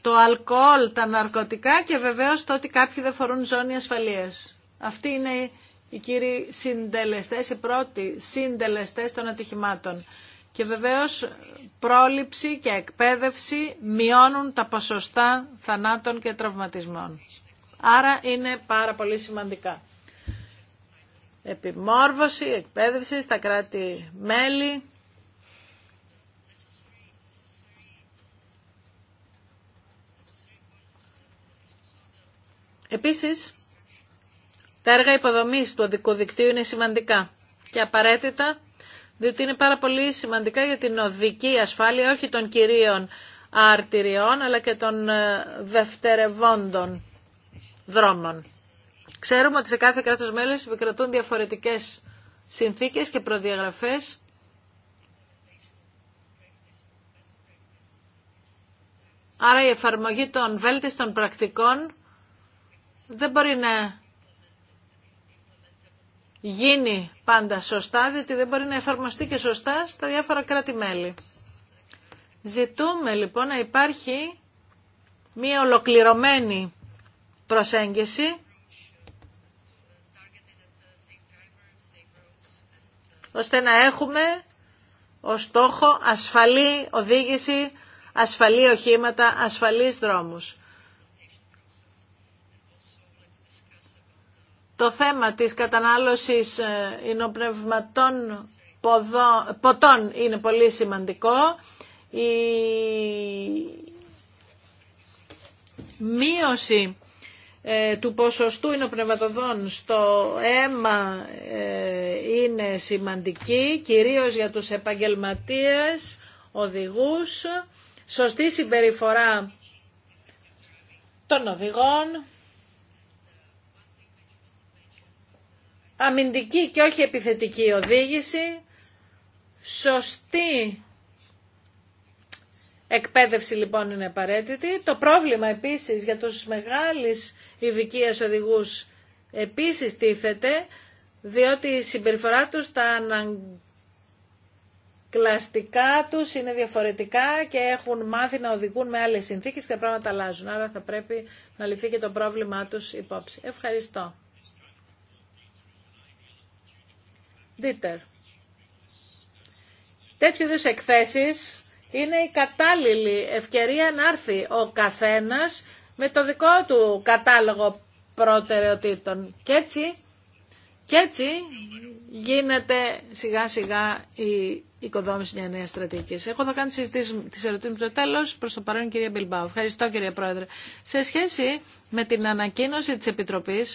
το αλκοόλ, τα ναρκωτικά και βεβαίως το ότι κάποιοι δεν φορούν ζώνη ασφαλείας. Αυτοί είναι οι κύριοι συντελεστές, οι πρώτοι συντελεστές των ατυχημάτων. Και βεβαίως πρόληψη και εκπαίδευση μειώνουν τα ποσοστά θανάτων και τραυματισμών. Άρα είναι πάρα πολύ σημαντικά. Επιμόρβωση, εκπαίδευση στα κράτη-μέλη, Επίσης, τα έργα υποδομής του οδικού δικτύου είναι σημαντικά και απαραίτητα, διότι είναι πάρα πολύ σημαντικά για την οδική ασφάλεια όχι των κυρίων αρτηριών, αλλά και των ε, δευτερευόντων δρόμων. Ξέρουμε ότι σε κάθε κράτος μέλος επικρατούν διαφορετικές συνθήκες και προδιαγραφές Άρα η εφαρμογή των βέλτιστων πρακτικών δεν μπορεί να γίνει πάντα σωστά, διότι δεν μπορεί να εφαρμοστεί και σωστά στα διάφορα κράτη-μέλη. Ζητούμε λοιπόν να υπάρχει μία ολοκληρωμένη προσέγγιση ώστε να έχουμε ως στόχο ασφαλή οδήγηση, ασφαλή οχήματα, ασφαλείς δρόμους. το θέμα της κατανάλωσης ε, υνοπνευματών ποτών είναι πολύ σημαντικό. Η μείωση ε, του ποσοστού υνοπνευματοδών στο αίμα ε, είναι σημαντική, κυρίως για τους επαγγελματίες, οδηγούς, σωστή συμπεριφορά των οδηγών, αμυντική και όχι επιθετική οδήγηση, σωστή εκπαίδευση λοιπόν είναι απαραίτητη. Το πρόβλημα επίσης για τους μεγάλους ειδικίες οδηγούς επίσης τίθεται, διότι η συμπεριφορά τους τα αναγκλαστικά τους είναι διαφορετικά και έχουν μάθει να οδηγούν με άλλες συνθήκες και τα πράγματα αλλάζουν. Άρα θα πρέπει να λυθεί και το πρόβλημά τους υπόψη. Ευχαριστώ. Δίτερ. Τέτοιου είδου εκθέσεις είναι η κατάλληλη ευκαιρία να έρθει ο καθένας με το δικό του κατάλογο προτεραιοτήτων. Και έτσι, και έτσι γίνεται σιγά σιγά η οικοδόμηση μια νέα στρατηγική. Έχω εδώ κάνει τι ερωτήσει στο τέλο προ το παρόν, κυρία Μπιλμπάου. Ευχαριστώ, κύριε Πρόεδρε. Σε σχέση με την ανακοίνωση τη Επιτροπή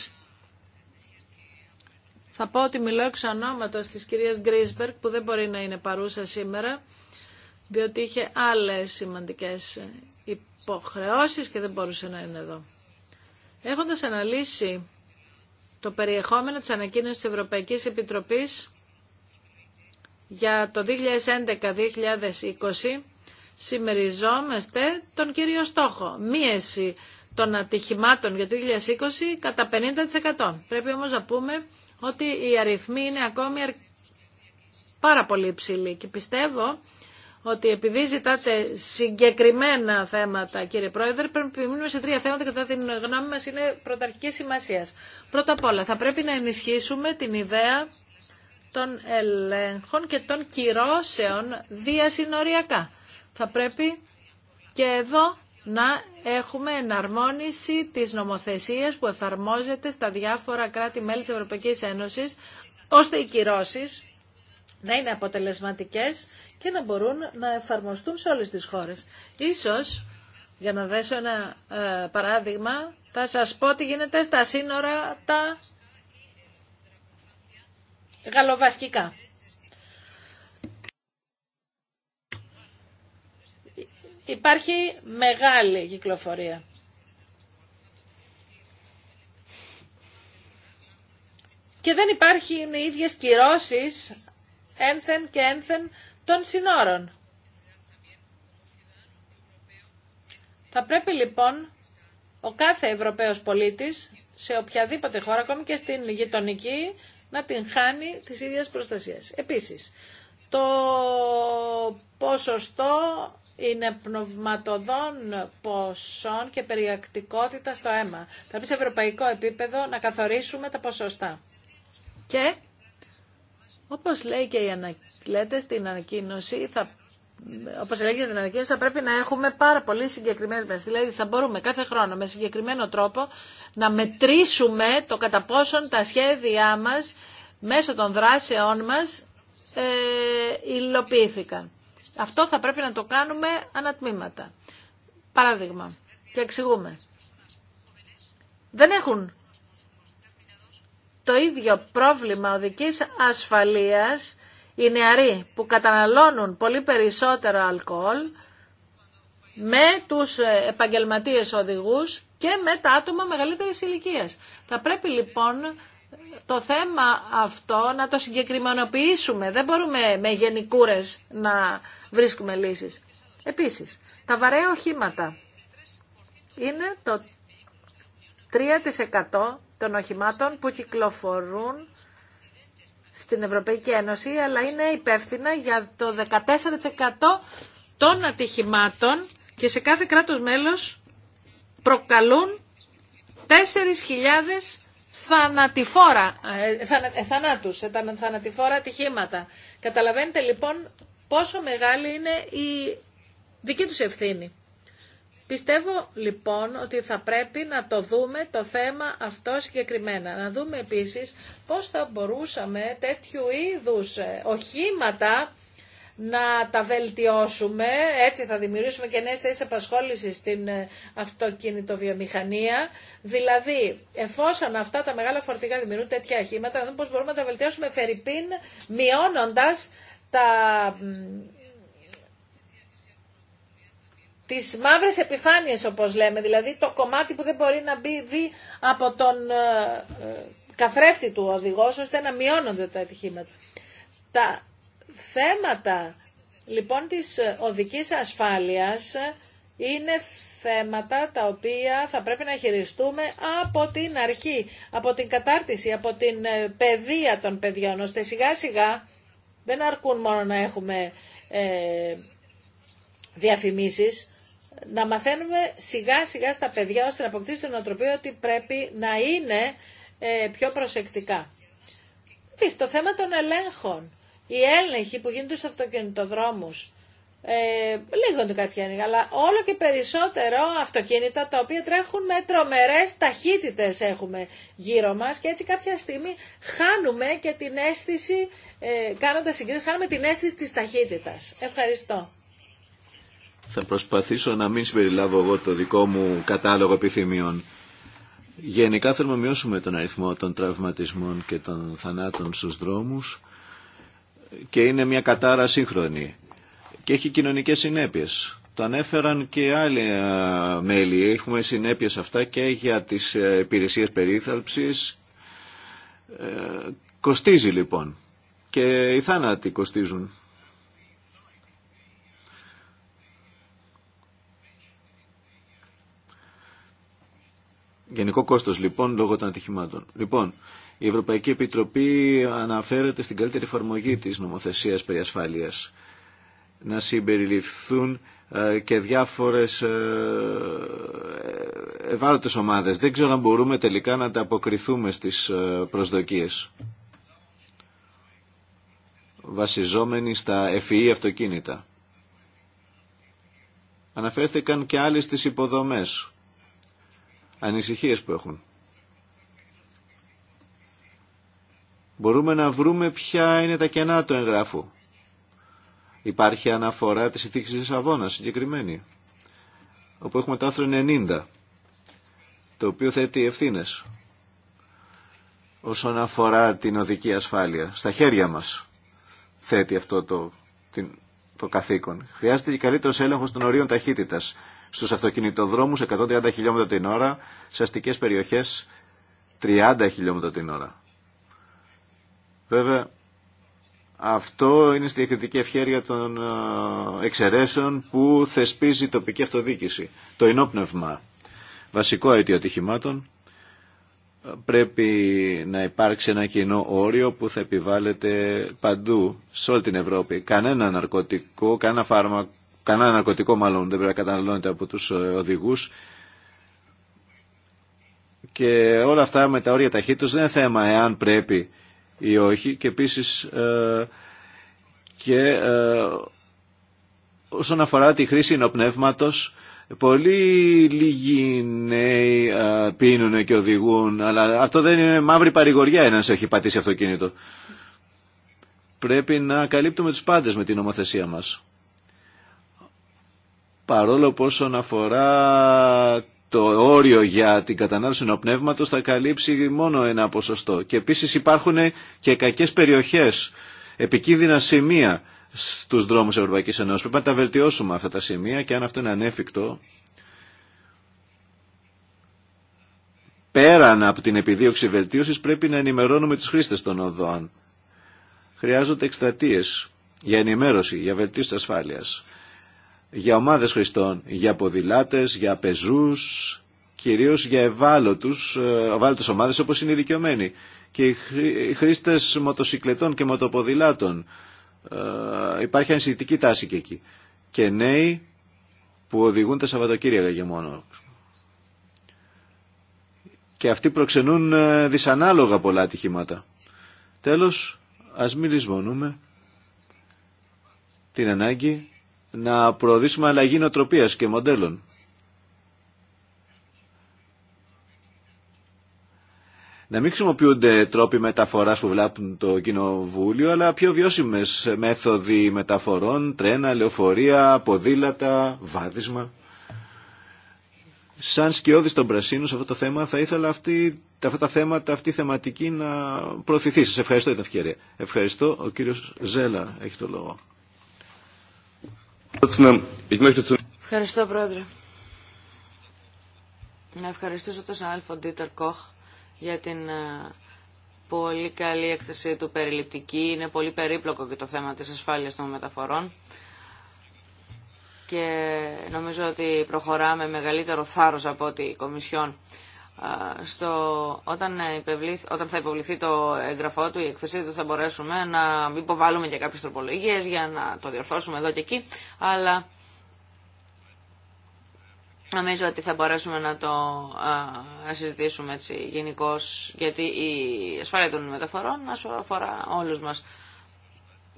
θα πω ότι μιλώ εξ ονόματος της κυρίας Γκρίσμπερκ που δεν μπορεί να είναι παρούσα σήμερα διότι είχε άλλες σημαντικές υποχρεώσεις και δεν μπορούσε να είναι εδώ. Έχοντας αναλύσει το περιεχόμενο της ανακοίνωσης της Ευρωπαϊκής Επιτροπής για το 2011-2020 σημεριζόμαστε τον κύριο στόχο, μίεση των ατυχημάτων για το 2020 κατά 50%. Πρέπει όμως να πούμε ότι οι αριθμοί είναι ακόμη πάρα πολύ υψηλοί και πιστεύω ότι επειδή ζητάτε συγκεκριμένα θέματα, κύριε Πρόεδρε, πρέπει να επιμείνουμε σε τρία θέματα και θα την γνώμη μας είναι πρωταρχική σημασία. Πρώτα απ' όλα, θα πρέπει να ενισχύσουμε την ιδέα των ελέγχων και των κυρώσεων διασυνοριακά. Θα πρέπει και εδώ να έχουμε εναρμόνιση της νομοθεσίας που εφαρμόζεται στα διάφορα κράτη-μέλη της Ευρωπαϊκής Ένωσης, ώστε οι κυρώσεις να είναι αποτελεσματικές και να μπορούν να εφαρμοστούν σε όλες τις χώρες. Ίσως, για να δέσω ένα ε, παράδειγμα, θα σας πω τι γίνεται στα σύνορα τα γαλοβασκικά. υπάρχει μεγάλη κυκλοφορία. Και δεν υπάρχει οι ίδιες κυρώσεις ένθεν και ένθεν των συνόρων. Θα πρέπει λοιπόν ο κάθε Ευρωπαίος πολίτης σε οποιαδήποτε χώρα, ακόμη και στην γειτονική, να την χάνει τις ίδιες προστασίες. Επίσης, το ποσοστό είναι πνευματοδόν ποσών και περιεκτικότητα στο αίμα. Θα πει σε ευρωπαϊκό επίπεδο να καθορίσουμε τα ποσοστά. Και, όπως λέει και η ανακλέτες στην ανακοίνωση, θα όπως λέγεται την ανακοίνωση, θα πρέπει να έχουμε πάρα πολύ συγκεκριμένες μέρες. Δηλαδή θα μπορούμε κάθε χρόνο με συγκεκριμένο τρόπο να μετρήσουμε το κατά πόσον τα σχέδιά μας μέσω των δράσεών μας ε, υλοποιήθηκαν. Αυτό θα πρέπει να το κάνουμε ανατμήματα. Παράδειγμα, και εξηγούμε. Δεν έχουν το ίδιο πρόβλημα οδικής ασφαλείας οι νεαροί που καταναλώνουν πολύ περισσότερο αλκοόλ με τους επαγγελματίες οδηγούς και με τα άτομα μεγαλύτερης ηλικίας. Θα πρέπει λοιπόν το θέμα αυτό να το συγκεκριμενοποιήσουμε. Δεν μπορούμε με γενικούρες να βρίσκουμε λύσεις. Επίσης, τα βαρέα οχήματα είναι το 3% των οχημάτων που κυκλοφορούν στην Ευρωπαϊκή Ένωση, αλλά είναι υπεύθυνα για το 14% των ατυχημάτων και σε κάθε κράτος μέλος προκαλούν 4.000 θανατηφόρα, ε, ε, θανάτους, ε, θανατηφόρα ατυχήματα. Καταλαβαίνετε λοιπόν πόσο μεγάλη είναι η δική τους ευθύνη. Πιστεύω λοιπόν ότι θα πρέπει να το δούμε το θέμα αυτό συγκεκριμένα. Να δούμε επίσης πώς θα μπορούσαμε τέτοιου είδους ε, οχήματα να τα βελτιώσουμε, έτσι θα δημιουργήσουμε και νέες θέσεις απασχόλησης στην ε, αυτοκινητοβιομηχανία. Δηλαδή, εφόσον αυτά τα μεγάλα φορτηγά δημιουργούν τέτοια οχήματα, να δούμε πώς μπορούμε να τα βελτιώσουμε φερρυπίν, μειώνοντας τα τις μαύρες επιφάνειες όπως λέμε, δηλαδή το κομμάτι που δεν μπορεί να μπει δει από τον ε, ε, καθρέφτη του οδηγός ώστε να μειώνονται τα ατυχήματα. Τα θέματα λοιπόν της οδικής ασφάλειας είναι θέματα τα οποία θα πρέπει να χειριστούμε από την αρχή, από την κατάρτιση, από την ε, παιδεία των παιδιών, ώστε σιγά σιγά δεν αρκούν μόνο να έχουμε ε, διαφημίσεις, να μαθαίνουμε σιγά σιγά στα παιδιά ώστε να αποκτήσουν την οτροπία ότι πρέπει να είναι ε, πιο προσεκτικά. Στο το θέμα των ελέγχων, η έλεγχοι που γίνεται στους αυτοκινητοδρόμους, ε, λέγονται κάποια αλλά όλο και περισσότερο αυτοκίνητα τα οποία τρέχουν με τρομερές ταχύτητες έχουμε γύρω μας και έτσι κάποια στιγμή χάνουμε και την αίσθηση, ε, κάνοντας συγκρίσεις, χάνουμε την αίσθηση της ταχύτητας. Ευχαριστώ. Θα προσπαθήσω να μην συμπεριλάβω εγώ το δικό μου κατάλογο επιθυμιών. Γενικά θέλουμε να μειώσουμε τον αριθμό των τραυματισμών και των θανάτων στους δρόμους και είναι μια κατάρα σύγχρονη και έχει κοινωνικές συνέπειες. Το ανέφεραν και άλλοι ε, μέλη. Έχουμε συνέπειες αυτά και για τις ε, υπηρεσίες περίθαλψης. Ε, κοστίζει λοιπόν και οι θάνατοι κοστίζουν. Γενικό κόστος λοιπόν λόγω των ατυχημάτων. Λοιπόν, η Ευρωπαϊκή Επιτροπή αναφέρεται στην καλύτερη εφαρμογή της νομοθεσίας περί ασφάλειας να συμπεριληφθούν ε, και διάφορες ε, ευάλωτες ομάδες. Δεν ξέρω αν μπορούμε τελικά να τα αποκριθούμε στις ε, προσδοκίες βασιζόμενοι στα FEE e αυτοκίνητα. Αναφέρθηκαν και άλλοι στις υποδομές, ανησυχίες που έχουν. Μπορούμε να βρούμε ποια είναι τα κενά του εγγράφου Υπάρχει αναφορά της συνθήκης της Αβώνας συγκεκριμένη, όπου έχουμε το άρθρο 90, το οποίο θέτει ευθύνε όσον αφορά την οδική ασφάλεια. Στα χέρια μας θέτει αυτό το, το καθήκον. Χρειάζεται και καλύτερος έλεγχος των ορίων ταχύτητας στους αυτοκινητοδρόμους 130 χιλιόμετρα την ώρα, σε αστικές περιοχές 30 χιλιόμετρα την ώρα. Βέβαια, αυτό είναι στη διακριτική ευχέρεια των ε, εξαιρέσεων που θεσπίζει η τοπική αυτοδίκηση. Το ενόπνευμα, βασικό αίτιο ατυχημάτων, ε, πρέπει να υπάρξει ένα κοινό όριο που θα επιβάλλεται παντού, σε όλη την Ευρώπη. Κανένα ναρκωτικό, κανένα φάρμα, κανένα ναρκωτικό μάλλον δεν πρέπει να καταναλώνεται από τους ε, οδηγούς και όλα αυτά με τα όρια ταχύτητας δεν είναι θέμα εάν πρέπει ή όχι και επίσης ε, και ε, όσον αφορά τη χρήση νοπνεύματος Πολύ λίγοι νέοι ε, πίνουν και οδηγούν, αλλά αυτό δεν είναι μαύρη παρηγοριά ένας έχει πατήσει αυτοκίνητο. Πρέπει να καλύπτουμε τους πάντες με την νομοθεσία μας. Παρόλο που όσον αφορά το όριο για την κατανάλωση νοπνεύματος θα καλύψει μόνο ένα ποσοστό. Και επίσης υπάρχουν και κακές περιοχές, επικίνδυνα σημεία στους δρόμους Ευρωπαϊκής Ενώσης. Πρέπει να τα βελτιώσουμε αυτά τα σημεία και αν αυτό είναι ανέφικτο, πέραν από την επιδίωξη βελτίωσης πρέπει να ενημερώνουμε τους χρήστες των οδών. Χρειάζονται εκστρατείες για ενημέρωση, για βελτίωση ασφάλειας για ομάδες χρηστών, για ποδηλάτες, για πεζούς, κυρίως για ευάλωτους, ε, ευάλωτες ομάδες όπως είναι οι και οι χρήστες μοτοσυκλετών και μοτοποδηλάτων. Ε, υπάρχει ανησυχητική τάση και εκεί. Και νέοι που οδηγούν τα Σαββατοκύριακα και μόνο. Και αυτοί προξενούν ε, δυσανάλογα πολλά ατυχήματα. Τέλος, ας μην λησμονούμε την ανάγκη να προωθήσουμε αλλαγή νοοτροπίας και μοντέλων. Να μην χρησιμοποιούνται τρόποι μεταφοράς που βλάπτουν το κοινοβούλιο, αλλά πιο βιώσιμες μέθοδοι μεταφορών, τρένα, λεωφορεία, ποδήλατα, βάδισμα. Σαν σκιώδης των Πρασίνων σε αυτό το θέμα θα ήθελα αυτή, αυτά τα θέματα, αυτή η θεματική να προωθηθεί. Σας ευχαριστώ για την ευκαιρία. Ευχαριστώ. Ο κύριος Ζέλα έχει το λόγο. Ευχαριστώ, Πρόεδρε. Να ευχαριστήσω τον συνάδελφο Ντίτερ Κοχ για την ε, πολύ καλή έκθεση του περιληπτική. Είναι πολύ περίπλοκο και το θέμα της ασφάλειας των μεταφορών και νομίζω ότι προχωράμε μεγαλύτερο θάρρος από ό,τι η Κομισιόν στο, όταν, θα υποβληθεί το εγγραφό του, η εκθεσή του θα μπορέσουμε να υποβάλουμε και κάποιες τροπολογίες για να το διορθώσουμε εδώ και εκεί, αλλά νομίζω ότι θα μπορέσουμε να το α, συζητήσουμε γενικώ, γιατί η ασφάλεια των μεταφορών αφορά όλους μας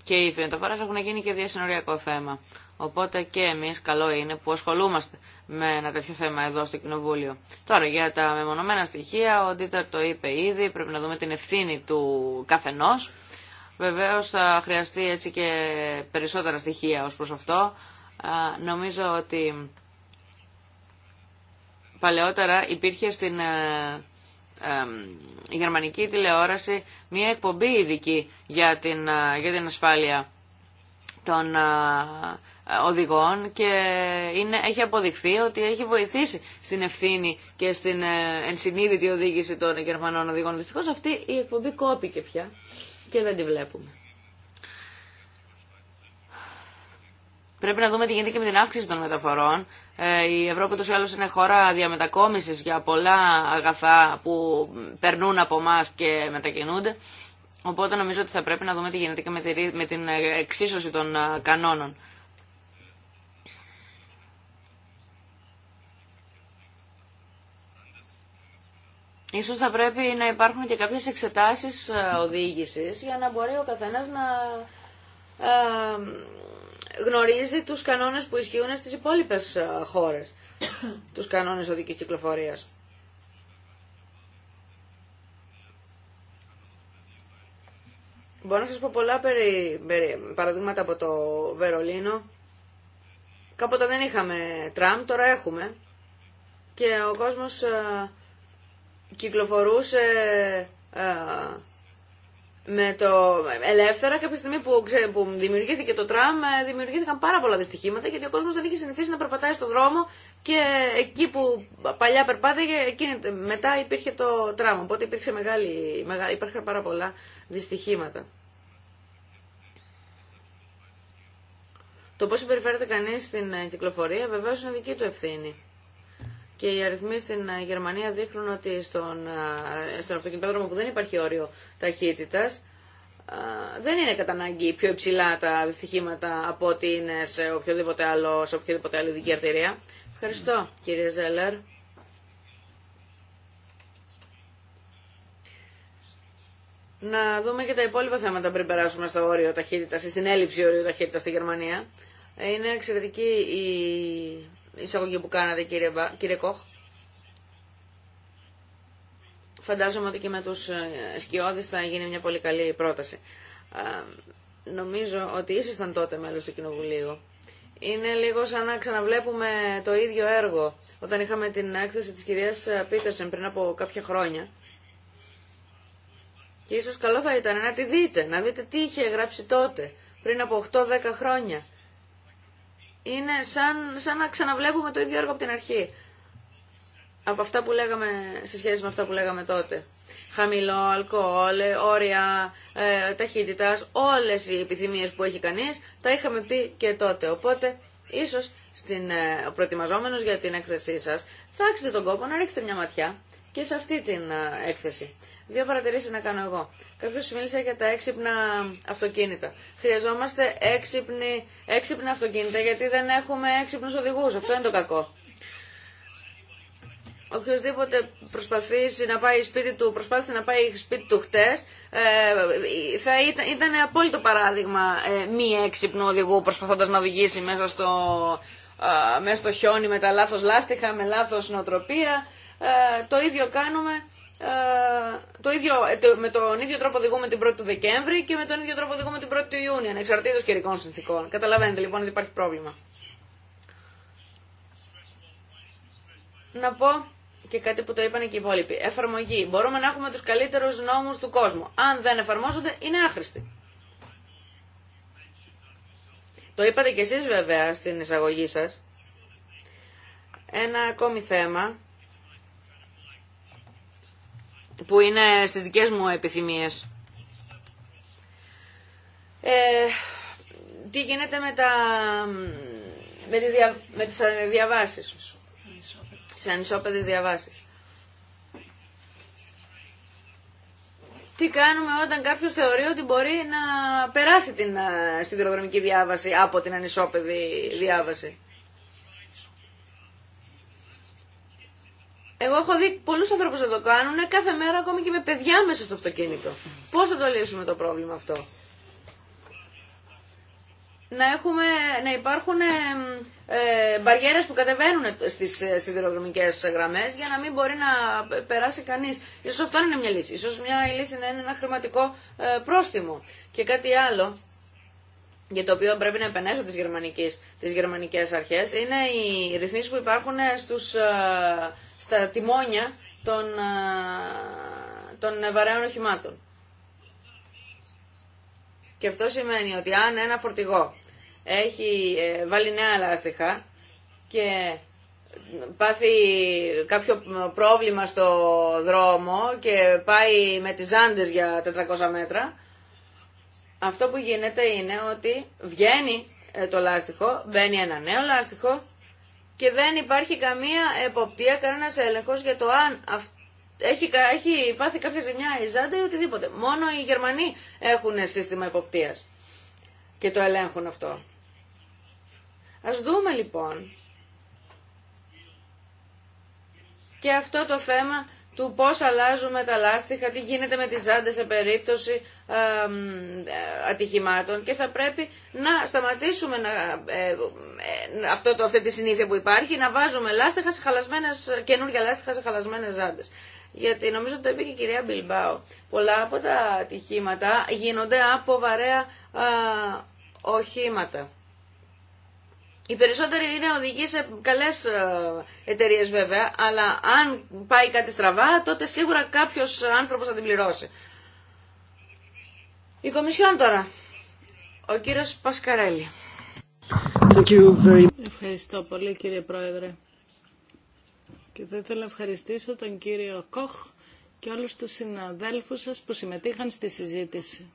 και οι φιοντοφορές έχουν γίνει και διασυνοριακό θέμα. Οπότε και εμείς καλό είναι που ασχολούμαστε με ένα τέτοιο θέμα εδώ στο Κοινοβούλιο. Τώρα για τα μεμονωμένα στοιχεία, ο Ντίτα το είπε ήδη, πρέπει να δούμε την ευθύνη του κάθενό. Βεβαίω θα χρειαστεί έτσι και περισσότερα στοιχεία ως προς αυτό. Νομίζω ότι παλαιότερα υπήρχε στην ε, η γερμανική τηλεόραση μια εκπομπή ειδική για την, ε, για την ασφάλεια των ε, οδηγών και είναι, έχει αποδειχθεί ότι έχει βοηθήσει στην ευθύνη και στην ε, ενσυνείδητη οδήγηση των γερμανών οδηγών. Δυστυχώ αυτή η εκπομπή κόπηκε πια και δεν τη βλέπουμε. Πρέπει να δούμε τι γίνεται και με την αύξηση των μεταφορών. Ε, η Ευρώπη τόσο άλλως είναι χώρα διαμετακόμισης για πολλά αγαθά που περνούν από εμά και μετακινούνται. Οπότε νομίζω ότι θα πρέπει να δούμε τι γίνεται και με την εξίσωση των ε, κανόνων. Ίσως θα πρέπει να υπάρχουν και κάποιες εξετάσεις ε, οδήγησης για να μπορεί ο καθένας να γνωρίζει τους κανόνες που ισχύουν στις υπόλοιπες ε, χώρες, τους κανόνες οδικής κυκλοφορίας. Μπορώ να σας πω πολλά περί, παραδείγματα από το Βερολίνο. Κάποτε δεν είχαμε τραμ, τώρα έχουμε. Και ο κόσμος ε, κυκλοφορούσε ε, με το ελεύθερα κάποια στιγμή που, ξέ, που δημιουργήθηκε το τραμ ε, δημιουργήθηκαν πάρα πολλά δυστυχήματα γιατί ο κόσμος δεν είχε συνηθίσει να περπατάει στο δρόμο και εκεί που παλιά περπάταγε εκείνη, μετά υπήρχε το τραμ οπότε υπήρξε μεγάλη, μεγάλη, υπήρχαν πάρα πολλά δυστυχήματα. Το πώς συμπεριφέρεται κανείς στην ε, κυκλοφορία βεβαίως είναι δική του ευθύνη. Και οι αριθμοί στην ε, Γερμανία δείχνουν ότι στον, ε, στον αυτοκινητόδρομο που δεν υπάρχει όριο ταχύτητα ε, δεν είναι κατά ανάγκη πιο υψηλά τα δυστυχήματα από ότι είναι σε οποιοδήποτε άλλο, σε οποιοδήποτε άλλη ειδική αρτηρία. Ευχαριστώ κύριε Ζέλερ. Να δούμε και τα υπόλοιπα θέματα πριν περάσουμε στο όριο ταχύτητας ή στην έλλειψη ταχύτητα η στην ελλειψη οριου ταχύτητα στη γερμανια ειναι εξαιρετικη η εισαγωγή που κάνατε κύριε, κύριε Κόχ. Φαντάζομαι ότι και με τους ε, σκιώδεις θα γίνει μια πολύ καλή πρόταση. Ε, νομίζω ότι ήσασταν τότε μέλος του Κοινοβουλίου. Είναι λίγο σαν να ξαναβλέπουμε το ίδιο έργο. Όταν είχαμε την έκθεση της κυρίας ε, Πίτερσεν πριν από κάποια χρόνια. Και ίσως καλό θα ήταν να τη δείτε, να δείτε τι είχε γράψει τότε, πριν από 8-10 χρόνια είναι σαν, σαν να ξαναβλέπουμε το ίδιο έργο από την αρχή. Από που λέγαμε, σε σχέση με αυτά που λέγαμε τότε. Χαμηλό αλκοόλ, όρια ε, ταχύτητας, όλες οι επιθυμίες που έχει κανείς, τα είχαμε πει και τότε. Οπότε, ίσως, στην, ε, για την έκθεσή σας, θα άξιζε τον κόπο να ρίξετε μια ματιά και σε αυτή την ε, έκθεση. Δύο παρατηρήσει να κάνω εγώ. Κάποιο μίλησε για τα έξυπνα αυτοκίνητα. Χρειαζόμαστε έξυπνη, έξυπνα αυτοκίνητα γιατί δεν έχουμε έξυπνου οδηγού. Αυτό είναι το κακό. Οποιοδήποτε προσπαθήσει να πάει σπίτι του, προσπάθησε να πάει σπίτι του χτες, ε, θα ήταν, ήταν απόλυτο παράδειγμα ε, μη έξυπνο οδηγού προσπαθώντα να οδηγήσει μέσα στο, ε, μέσα στο χιόνι με τα λάθο λάστιχα, με λάθο νοοτροπία. το ίδιο κάνουμε ε, το ίδιο, ε, με τον ίδιο τρόπο οδηγούμε την 1η του Δεκέμβρη και με τον ίδιο τρόπο οδηγούμε την 1η του Ιούνιου, ανεξαρτήτω καιρικών συνθήκων. Καταλαβαίνετε λοιπόν ότι υπάρχει πρόβλημα. Να πω και κάτι που το είπαν και οι υπόλοιποι. Εφαρμογή. Μπορούμε να έχουμε του καλύτερου νόμου του κόσμου. Αν δεν εφαρμόζονται, είναι άχρηστοι. Το είπατε κι εσείς βέβαια στην εισαγωγή σας. Ένα ακόμη θέμα που είναι στις δικές μου επιθυμίες. Ε, τι γίνεται με, τα, με, τις, δια, με τις διαβάσεις, ανισόπεδες διαβάσεις. Τι κάνουμε όταν κάποιος θεωρεί ότι μπορεί να περάσει την ε, σιδηροδρομική διάβαση από την ανισόπεδη διάβαση. Εγώ έχω δει πολλούς ανθρώπου να το κάνουν κάθε μέρα ακόμη και με παιδιά μέσα στο αυτοκίνητο. Πώς θα το λύσουμε το πρόβλημα αυτό. Να, έχουμε, να υπάρχουν ε, που κατεβαίνουν στις ε, γραμμέ για να μην μπορεί να περάσει κανείς. Ίσως αυτό είναι μια λύση. Ίσως μια λύση να είναι ένα χρηματικό ε, πρόστιμο. Και κάτι άλλο για το οποίο πρέπει να επενέσω τις, γερμανικές, τις γερμανικές αρχές είναι οι ρυθμίσεις που υπάρχουν ε, στους, ε, στα τιμόνια των, ε, των βαρέων οχημάτων. Και αυτό σημαίνει ότι αν ένα φορτηγό έχει βάλει νέα ελάστιχα και πάθει κάποιο πρόβλημα στο δρόμο και πάει με τις άντες για 400 μέτρα, αυτό που γίνεται είναι ότι βγαίνει ε, το λάστιχο, μπαίνει ένα νέο λάστιχο και δεν υπάρχει καμία εποπτεία, κανένα έλεγχο για το αν έχει, έχει πάθει κάποια ζημιά η Ζάντα ή οτιδήποτε. Μόνο οι Γερμανοί έχουν σύστημα εποπτείας και το ελέγχουν αυτό. Ας δούμε λοιπόν και αυτό το θέμα του πώς αλλάζουμε τα λάστιχα, τι γίνεται με τις ζάντες σε περίπτωση ε, ατυχημάτων και θα πρέπει να σταματήσουμε να, ε, ε, αυτό, το, αυτή τη συνήθεια που υπάρχει, να βάζουμε λάστιχα σε χαλασμένες, καινούργια λάστιχα σε χαλασμένες ζάντες. Γιατί νομίζω ότι το είπε και η κυρία Μπιλμπάου. Πολλά από τα ατυχήματα γίνονται από βαρέα οχήματα. Οι περισσότεροι είναι οδηγοί σε καλέ ε, εταιρείε βέβαια, αλλά αν πάει κάτι στραβά, τότε σίγουρα κάποιο άνθρωπο θα την πληρώσει. Η Κομισιόν τώρα. Ο κύριο Πασκαρέλη. Ευχαριστώ πολύ κύριε Πρόεδρε. Και θα ήθελα να ευχαριστήσω τον κύριο Κοχ και όλους τους συναδέλφους σας που συμμετείχαν στη συζήτηση.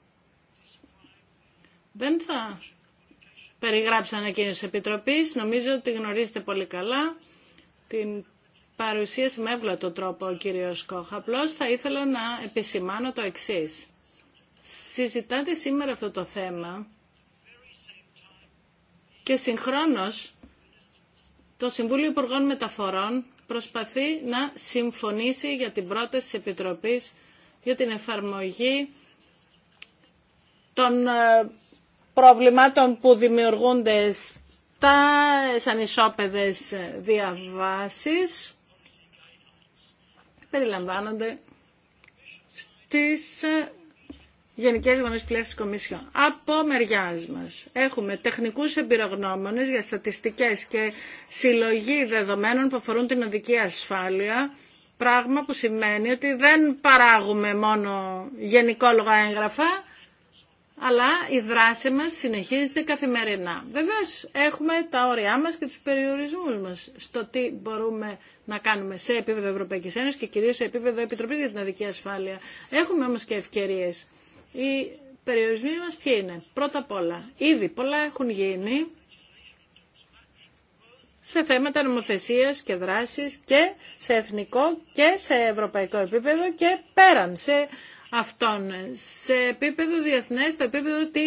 Δεν θα Περιγράψανε εκείνες της Επιτροπής. Νομίζω ότι γνωρίζετε πολύ καλά την παρουσίαση με εύλατο τρόπο ο κύριος Κόχ. θα ήθελα να επισημάνω το εξής. Συζητάτε σήμερα αυτό το θέμα και συγχρόνως το Συμβούλιο Υπουργών Μεταφορών προσπαθεί να συμφωνήσει για την πρόταση της για την εφαρμογή των ε, προβλημάτων που δημιουργούνται στα ανισόπεδες διαβάσεις περιλαμβάνονται στις ε, γενικές γραμμές πλαίσης Κομισιόν. Από μεριά μας έχουμε τεχνικούς εμπειρογνώμονες για στατιστικές και συλλογή δεδομένων που αφορούν την οδική ασφάλεια, πράγμα που σημαίνει ότι δεν παράγουμε μόνο γενικόλογα έγγραφα, αλλά η δράση μας συνεχίζεται καθημερινά. Βεβαίως έχουμε τα όρια μας και τους περιορισμούς μας στο τι μπορούμε να κάνουμε σε επίπεδο Ευρωπαϊκής Ένωσης και κυρίως σε επίπεδο Επιτροπής για την Αδική Ασφάλεια. Έχουμε όμως και ευκαιρίες. Οι περιορισμοί μας ποιοι είναι. Πρώτα απ' όλα, ήδη πολλά έχουν γίνει σε θέματα νομοθεσίας και δράσης και σε εθνικό και σε ευρωπαϊκό επίπεδο και πέραν σε αυτών. Σε επίπεδο διεθνέ στο επίπεδο τη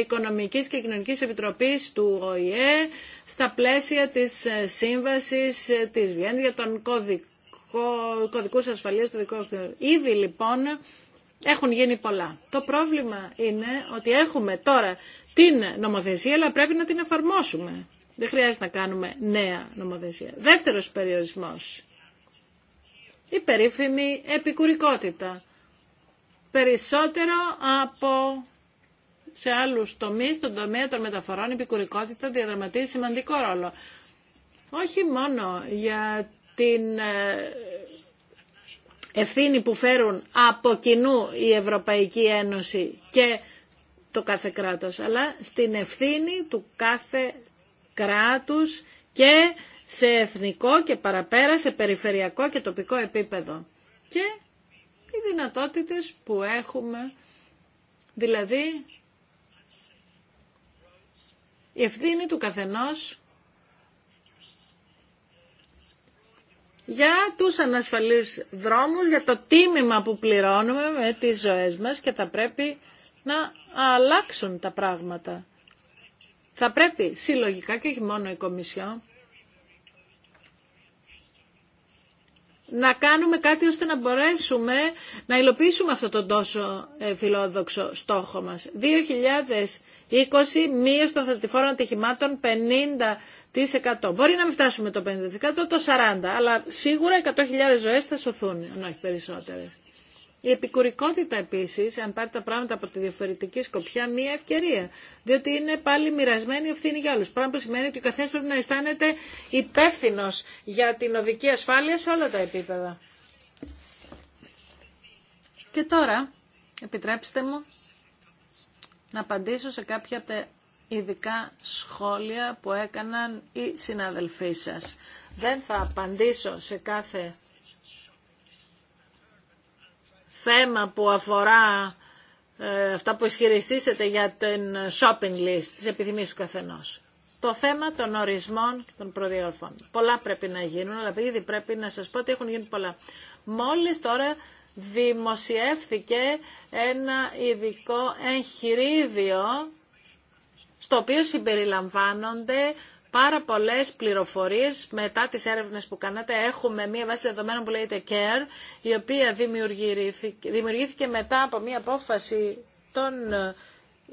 οικονομική και κοινωνική επιτροπή του ΟΗΕ, στα πλαίσια της Σύμβασης της Βιέννη για τον κωδικό, κωδικούς ασφαλείας του δικού Ήδη λοιπόν έχουν γίνει πολλά. Το πρόβλημα είναι ότι έχουμε τώρα την νομοθεσία, αλλά πρέπει να την εφαρμόσουμε. Δεν χρειάζεται να κάνουμε νέα νομοθεσία. Δεύτερος περιορισμός. Η περίφημη επικουρικότητα περισσότερο από σε άλλους τομείς, στον τομέα των μεταφορών, η επικουρικότητα διαδραματίζει σημαντικό ρόλο. Όχι μόνο για την ε, ευθύνη που φέρουν από κοινού η Ευρωπαϊκή Ένωση και το κάθε κράτος, αλλά στην ευθύνη του κάθε κράτους και σε εθνικό και παραπέρα, σε περιφερειακό και τοπικό επίπεδο. Και οι δυνατότητες που έχουμε, δηλαδή η ευθύνη του καθενός για τους ανασφαλείς δρόμους, για το τίμημα που πληρώνουμε με τις ζωές μας και θα πρέπει να αλλάξουν τα πράγματα. Θα πρέπει συλλογικά και όχι μόνο η Κομισιόν να κάνουμε κάτι ώστε να μπορέσουμε να υλοποιήσουμε αυτό το τόσο ε, φιλόδοξο στόχο μας. 2020 μείωση των θετηφόρων ατυχημάτων 50%. Μπορεί να μην φτάσουμε το 50%, το 40%, αλλά σίγουρα 100.000 ζωές θα σωθούν, αν όχι περισσότερες. Η επικουρικότητα επίσης, αν πάρει τα πράγματα από τη διαφορετική σκοπιά, μία ευκαιρία. Διότι είναι πάλι μοιρασμένη ευθύνη για όλου. Πράγμα που σημαίνει ότι ο καθένα πρέπει να αισθάνεται υπεύθυνο για την οδική ασφάλεια σε όλα τα επίπεδα. Και τώρα, επιτρέψτε μου να απαντήσω σε κάποια από τα ειδικά σχόλια που έκαναν οι συναδελφοί σας. Δεν θα απαντήσω σε κάθε θέμα που αφορά ε, αυτά που ισχυριστήσετε για την shopping list, τις επιθυμίες του καθενός. Το θέμα των ορισμών και των προδιορφών. Πολλά πρέπει να γίνουν, αλλά ήδη πρέπει να σας πω ότι έχουν γίνει πολλά. Μόλις τώρα δημοσιεύθηκε ένα ειδικό εγχειρίδιο στο οποίο συμπεριλαμβάνονται πάρα πολλές πληροφορίες μετά τις έρευνες που κάνατε. Έχουμε μία βάση δεδομένων που λέγεται CARE, η οποία δημιουργήθηκε, δημιουργήθηκε μετά από μία απόφαση των ε,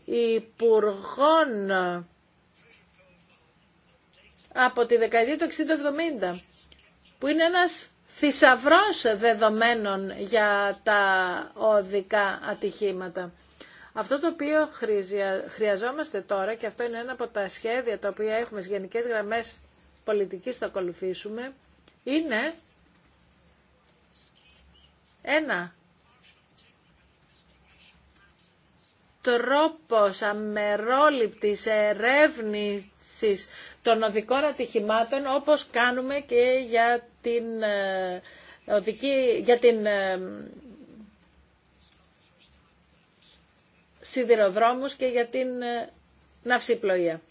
υπουργών ε, από τη δεκαετία του 60-70, που είναι ένας θησαυρός δεδομένων για τα οδικά ατυχήματα. Αυτό το οποίο χρειαζόμαστε τώρα, και αυτό είναι ένα από τα σχέδια τα οποία έχουμε στις γενικές γραμμές πολιτικής που ακολουθήσουμε, είναι ένα τρόπος αμερόληπτης ερεύνησης των οδικών ατυχημάτων όπως κάνουμε και για την, ε, οδική, για την ε, σιδηροδρόμους και για την ε, ναυσιπλοεία.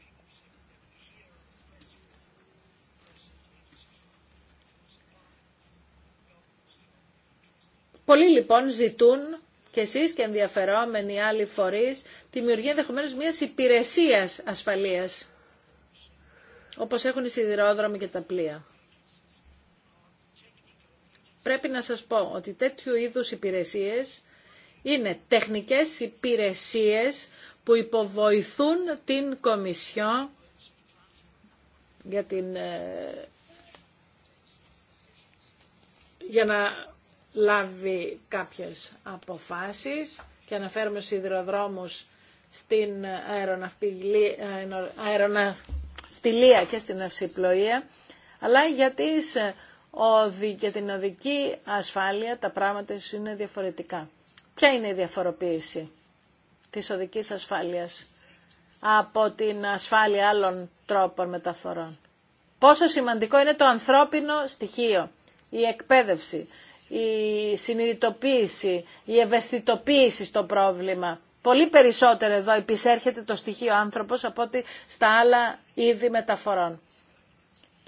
Πολλοί λοιπόν ζητούν και εσείς και ενδιαφερόμενοι άλλοι φορείς τη δημιουργία ενδεχομένω μιας υπηρεσίας ασφαλείας όπως έχουν οι σιδηρόδρομοι και τα πλοία. Πρέπει να σας πω ότι τέτοιου είδους υπηρεσίες είναι τεχνικές υπηρεσίες που υποβοηθούν την Κομισιό για, ε, για να λάβει κάποιες αποφάσεις και αναφέρουμε σιδηροδρόμους στην αεροναυτιλία και στην αυσιπλοεία, αλλά για, τις, για ε, την οδική ασφάλεια τα πράγματα είναι διαφορετικά. Ποια είναι η διαφοροποίηση της οδικής ασφάλειας από την ασφάλεια άλλων τρόπων μεταφορών. Πόσο σημαντικό είναι το ανθρώπινο στοιχείο, η εκπαίδευση, η συνειδητοποίηση, η ευαισθητοποίηση στο πρόβλημα. Πολύ περισσότερο εδώ επισέρχεται το στοιχείο άνθρωπος από ότι στα άλλα είδη μεταφορών.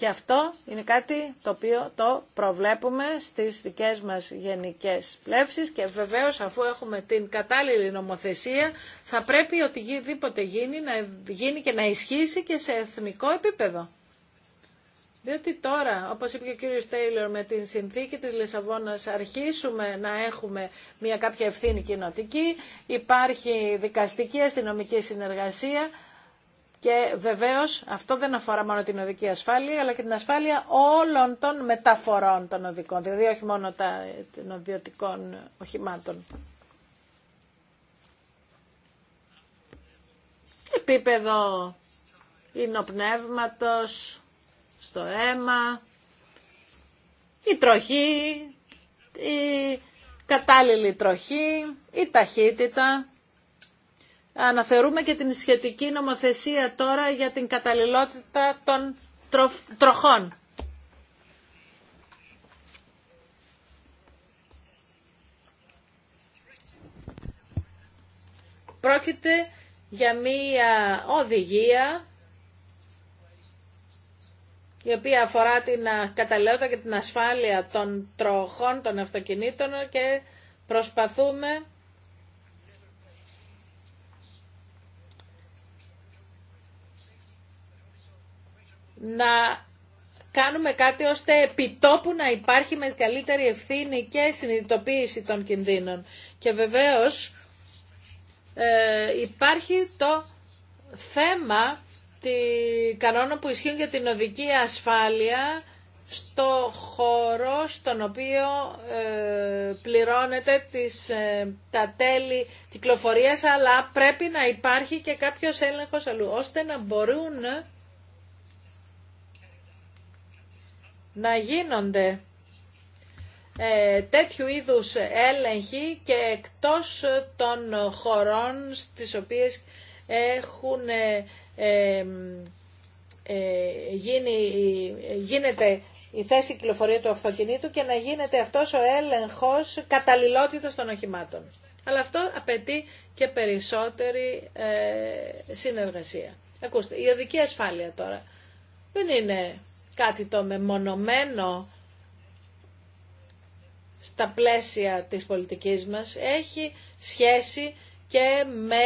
Και αυτό είναι κάτι το οποίο το προβλέπουμε στις δικές μας γενικές πλεύσεις και βεβαίως αφού έχουμε την κατάλληλη νομοθεσία θα πρέπει οτιδήποτε γίνει να γίνει και να ισχύσει και σε εθνικό επίπεδο. Διότι τώρα, όπως είπε και ο κύριος Τέιλορ, με την συνθήκη της Λισαβόνας αρχίσουμε να έχουμε μια κάποια ευθύνη κοινοτική, υπάρχει δικαστική αστυνομική συνεργασία, και βεβαίως αυτό δεν αφορά μόνο την οδική ασφάλεια, αλλά και την ασφάλεια όλων των μεταφορών των οδικών, δηλαδή όχι μόνο τα, των οδιωτικών οχημάτων. Επίπεδο πνεύματος, στο αίμα, η τροχή, η κατάλληλη τροχή, η ταχύτητα. Αναθερούμε και την σχετική νομοθεσία τώρα για την καταλληλότητα των τροχών. Πρόκειται για μία οδηγία η οποία αφορά την καταλληλότητα και την ασφάλεια των τροχών των αυτοκινήτων και προσπαθούμε να κάνουμε κάτι ώστε επιτόπου να υπάρχει με καλύτερη ευθύνη και συνειδητοποίηση των κινδύνων. Και βεβαίως ε, υπάρχει το θέμα τη κανόνα που ισχύουν για την οδική ασφάλεια στο χώρο στον οποίο ε, πληρώνεται τις, ε, τα τέλη κυκλοφορίας αλλά πρέπει να υπάρχει και κάποιος έλεγχος αλλού ώστε να μπορούν να γίνονται ε, τέτοιου είδους έλεγχοι και εκτός των χωρών στις οποίες έχουν ε, ε, γίνει, γίνεται η θέση κυκλοφορία του αυτοκινήτου και να γίνεται αυτός ο έλεγχος καταλληλότητας των οχημάτων. Αλλά αυτό απαιτεί και περισσότερη ε, συνεργασία. Ακούστε, η οδική ασφάλεια τώρα δεν είναι κάτι το μεμονωμένο στα πλαίσια της πολιτικής μας, έχει σχέση και με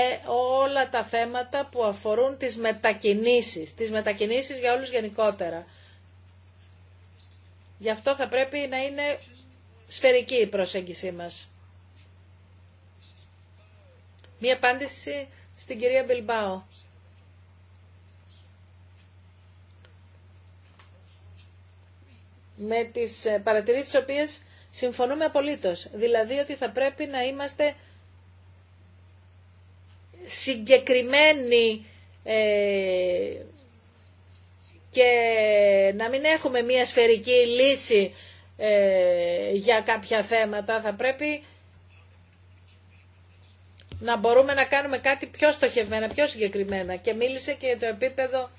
όλα τα θέματα που αφορούν τις μετακινήσεις, τις μετακινήσεις για όλους γενικότερα. Γι' αυτό θα πρέπει να είναι σφαιρική η προσέγγιση μας. Μία απάντηση στην κυρία Μπιλμπάο. με τις ε, παρατηρήσεις τις οποίες συμφωνούμε απολύτως. Δηλαδή ότι θα πρέπει να είμαστε συγκεκριμένοι ε, και να μην έχουμε μία σφαιρική λύση ε, για κάποια θέματα. Θα πρέπει να μπορούμε να κάνουμε κάτι πιο στοχευμένα, πιο συγκεκριμένα. Και μίλησε και το επίπεδο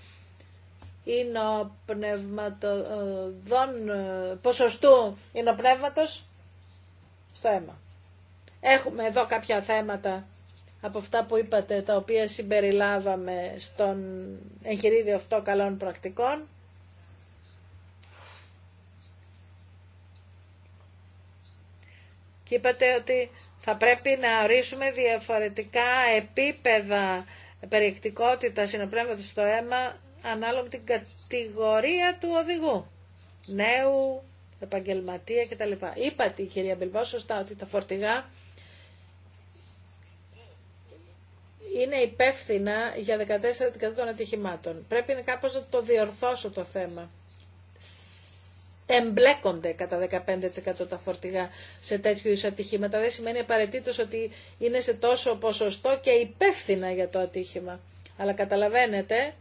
υνοπνευματοδών, ε, ποσοστού πνεύματος στο αίμα. Έχουμε εδώ κάποια θέματα από αυτά που είπατε, τα οποία συμπεριλάβαμε στον εγχειρίδιο αυτό καλών πρακτικών. Και είπατε ότι θα πρέπει να ορίσουμε διαφορετικά επίπεδα περιεκτικότητα συνοπνεύματος στο αίμα ανάλογα την κατηγορία του οδηγού. Νέου, επαγγελματία κτλ. Είπατε η κυρία Μπελμπά σωστά ότι τα φορτηγά είναι υπεύθυνα για 14% των ατυχημάτων. Πρέπει να κάπως να το διορθώσω το θέμα. Εμπλέκονται κατά 15% τα φορτηγά σε τέτοιου είδου ατυχήματα. Δεν σημαίνει απαραίτητο ότι είναι σε τόσο ποσοστό και υπεύθυνα για το ατύχημα. Αλλά καταλαβαίνετε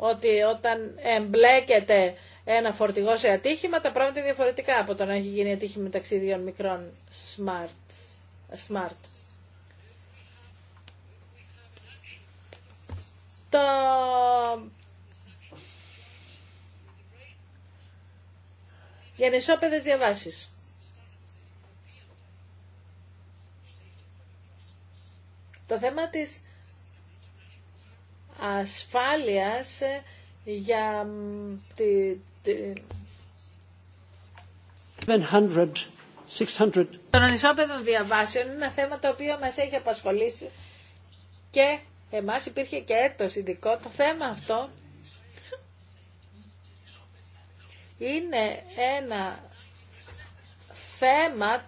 ότι όταν εμπλέκεται ένα φορτηγό σε ατύχημα, τα πράγματα είναι διαφορετικά από το να έχει γίνει ατύχημα μεταξύ δύο μικρών smart. smart. Το... Για νησόπαιδες διαβάσεις. Το θέμα της ασφάλειας ε, για τη... 700, 600. Των διαβάσεων είναι ένα θέμα το οποίο μας έχει απασχολήσει και εμάς υπήρχε και έτος ειδικό το θέμα αυτό είναι ένα θέμα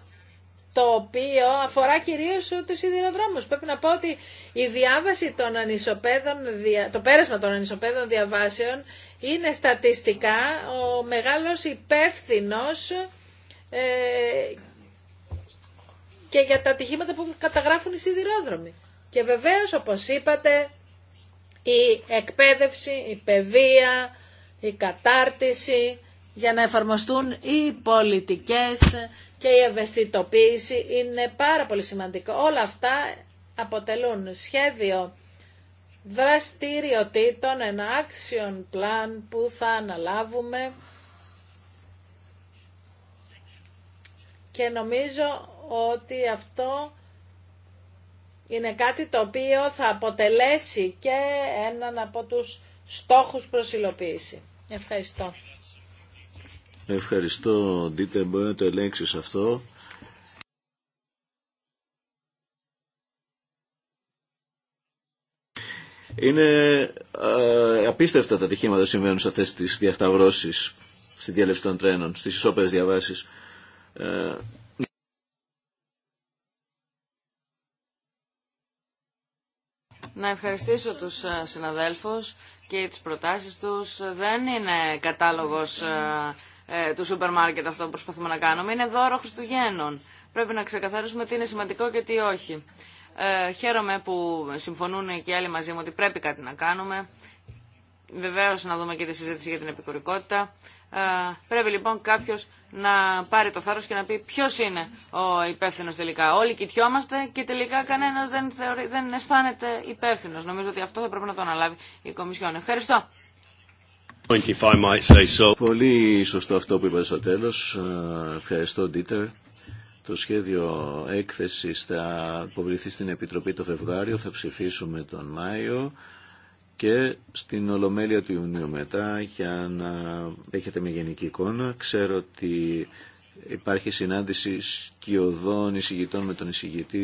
το οποίο αφορά κυρίως τους σιδηροδρόμους. Πρέπει να πω ότι η διάβαση των ανισοπαίδων, το πέρασμα των ανισοπαίδων διαβάσεων είναι στατιστικά ο μεγάλος υπεύθυνο ε, και για τα ατυχήματα που καταγράφουν οι σιδηρόδρομοι. Και βεβαίως, όπως είπατε, η εκπαίδευση, η παιδεία, η κατάρτιση για να εφαρμοστούν οι πολιτικές και η ευαισθητοποίηση είναι πάρα πολύ σημαντικό. Όλα αυτά αποτελούν σχέδιο δραστηριοτήτων, ένα action plan που θα αναλάβουμε και νομίζω ότι αυτό είναι κάτι το οποίο θα αποτελέσει και έναν από τους στόχους προς Ευχαριστώ. Ευχαριστώ, Δίτε μπορεί να το ελέγξεις αυτό. Είναι ε, απίστευτα τα ατυχήματα που συμβαίνουν σε αυτές τις διασταυρώσεις στη διαλευση των τρένων, στις ισόπεδες διαβάσεις. Ε, να ευχαριστήσω τους ε, συναδέλφους και τις προτάσεις τους. Δεν είναι κατάλογος ε, ε, του σούπερ μάρκετ αυτό που προσπαθούμε να κάνουμε. Είναι δώρο Χριστουγέννων. Πρέπει να ξεκαθαρίσουμε τι είναι σημαντικό και τι όχι. Ε, χαίρομαι που συμφωνούν και οι άλλοι μαζί μου ότι πρέπει κάτι να κάνουμε. Βεβαίω να δούμε και τη συζήτηση για την επικουρικότητα. Ε, πρέπει λοιπόν κάποιο να πάρει το θάρρο και να πει ποιο είναι ο υπεύθυνο τελικά. Όλοι κοιτιόμαστε και τελικά κανένα δεν, δεν αισθάνεται υπεύθυνο. Νομίζω ότι αυτό θα πρέπει να το αναλάβει η Κομισιόν. Ευχαριστώ. Πολύ σωστό αυτό που είπατε στο τέλος. Ε, ευχαριστώ, Ντίτερ. Το σχέδιο έκθεσης θα αποβληθεί στην Επιτροπή το Φεβρουάριο, θα ψηφίσουμε τον Μάιο και στην Ολομέλεια του Ιουνίου μετά για να έχετε μια γενική εικόνα. Ξέρω ότι υπάρχει συνάντηση σκιωδών εισηγητών με τον εισηγητή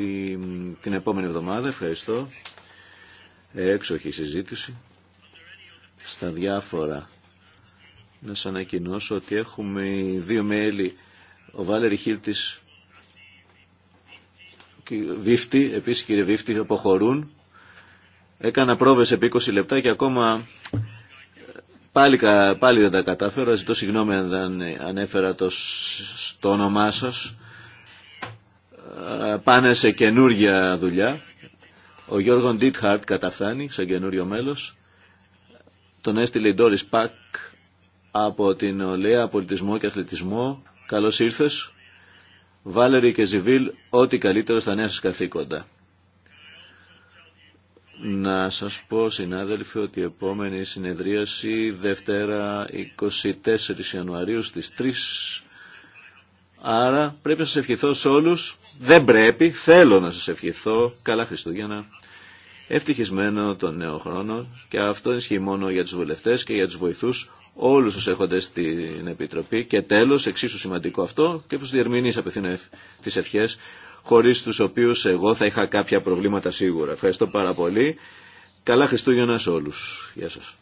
την επόμενη εβδομάδα. Ευχαριστώ. Έξοχη συζήτηση. Στα διάφορα να σας ανακοινώσω ότι έχουμε δύο μέλη, ο Βάλερη Χίλτης Βίφτη, επίσης κύριε Βίφτη, αποχωρούν. Έκανα πρόβες επί 20 λεπτά και ακόμα ε, πάλι, πάλι δεν τα κατάφερα. Ζητώ συγγνώμη αν δεν ανέφερα το, στο όνομά σας. Ε, πάνε σε καινούργια δουλειά. Ο Γιώργο Ντίτχαρτ καταφθάνει σε καινούριο μέλος. Τον έστειλε η Ντόρις Πακ από την Ολέα Πολιτισμό και Αθλητισμό. Καλώ ήρθε. Βάλερη και Ζιβίλ, ό,τι καλύτερο στα νέα σα καθήκοντα. Να σας πω συνάδελφοι ότι η επόμενη συνεδρίαση Δευτέρα 24 Ιανουαρίου στις 3. Άρα πρέπει να σας ευχηθώ σε όλους. Δεν πρέπει, θέλω να σας ευχηθώ. Καλά Χριστούγεννα. Ευτυχισμένο τον νέο χρόνο και αυτό ισχύει μόνο για τους βουλευτές και για τους βοηθούς όλους τους έρχοντες στην Επιτροπή και τέλος, εξίσου σημαντικό αυτό, και τους διερμηνείς απευθύνω τις ευχές, χωρίς τους οποίους εγώ θα είχα κάποια προβλήματα σίγουρα. Ευχαριστώ πάρα πολύ. Καλά Χριστούγεννα σε όλους. Γεια σας.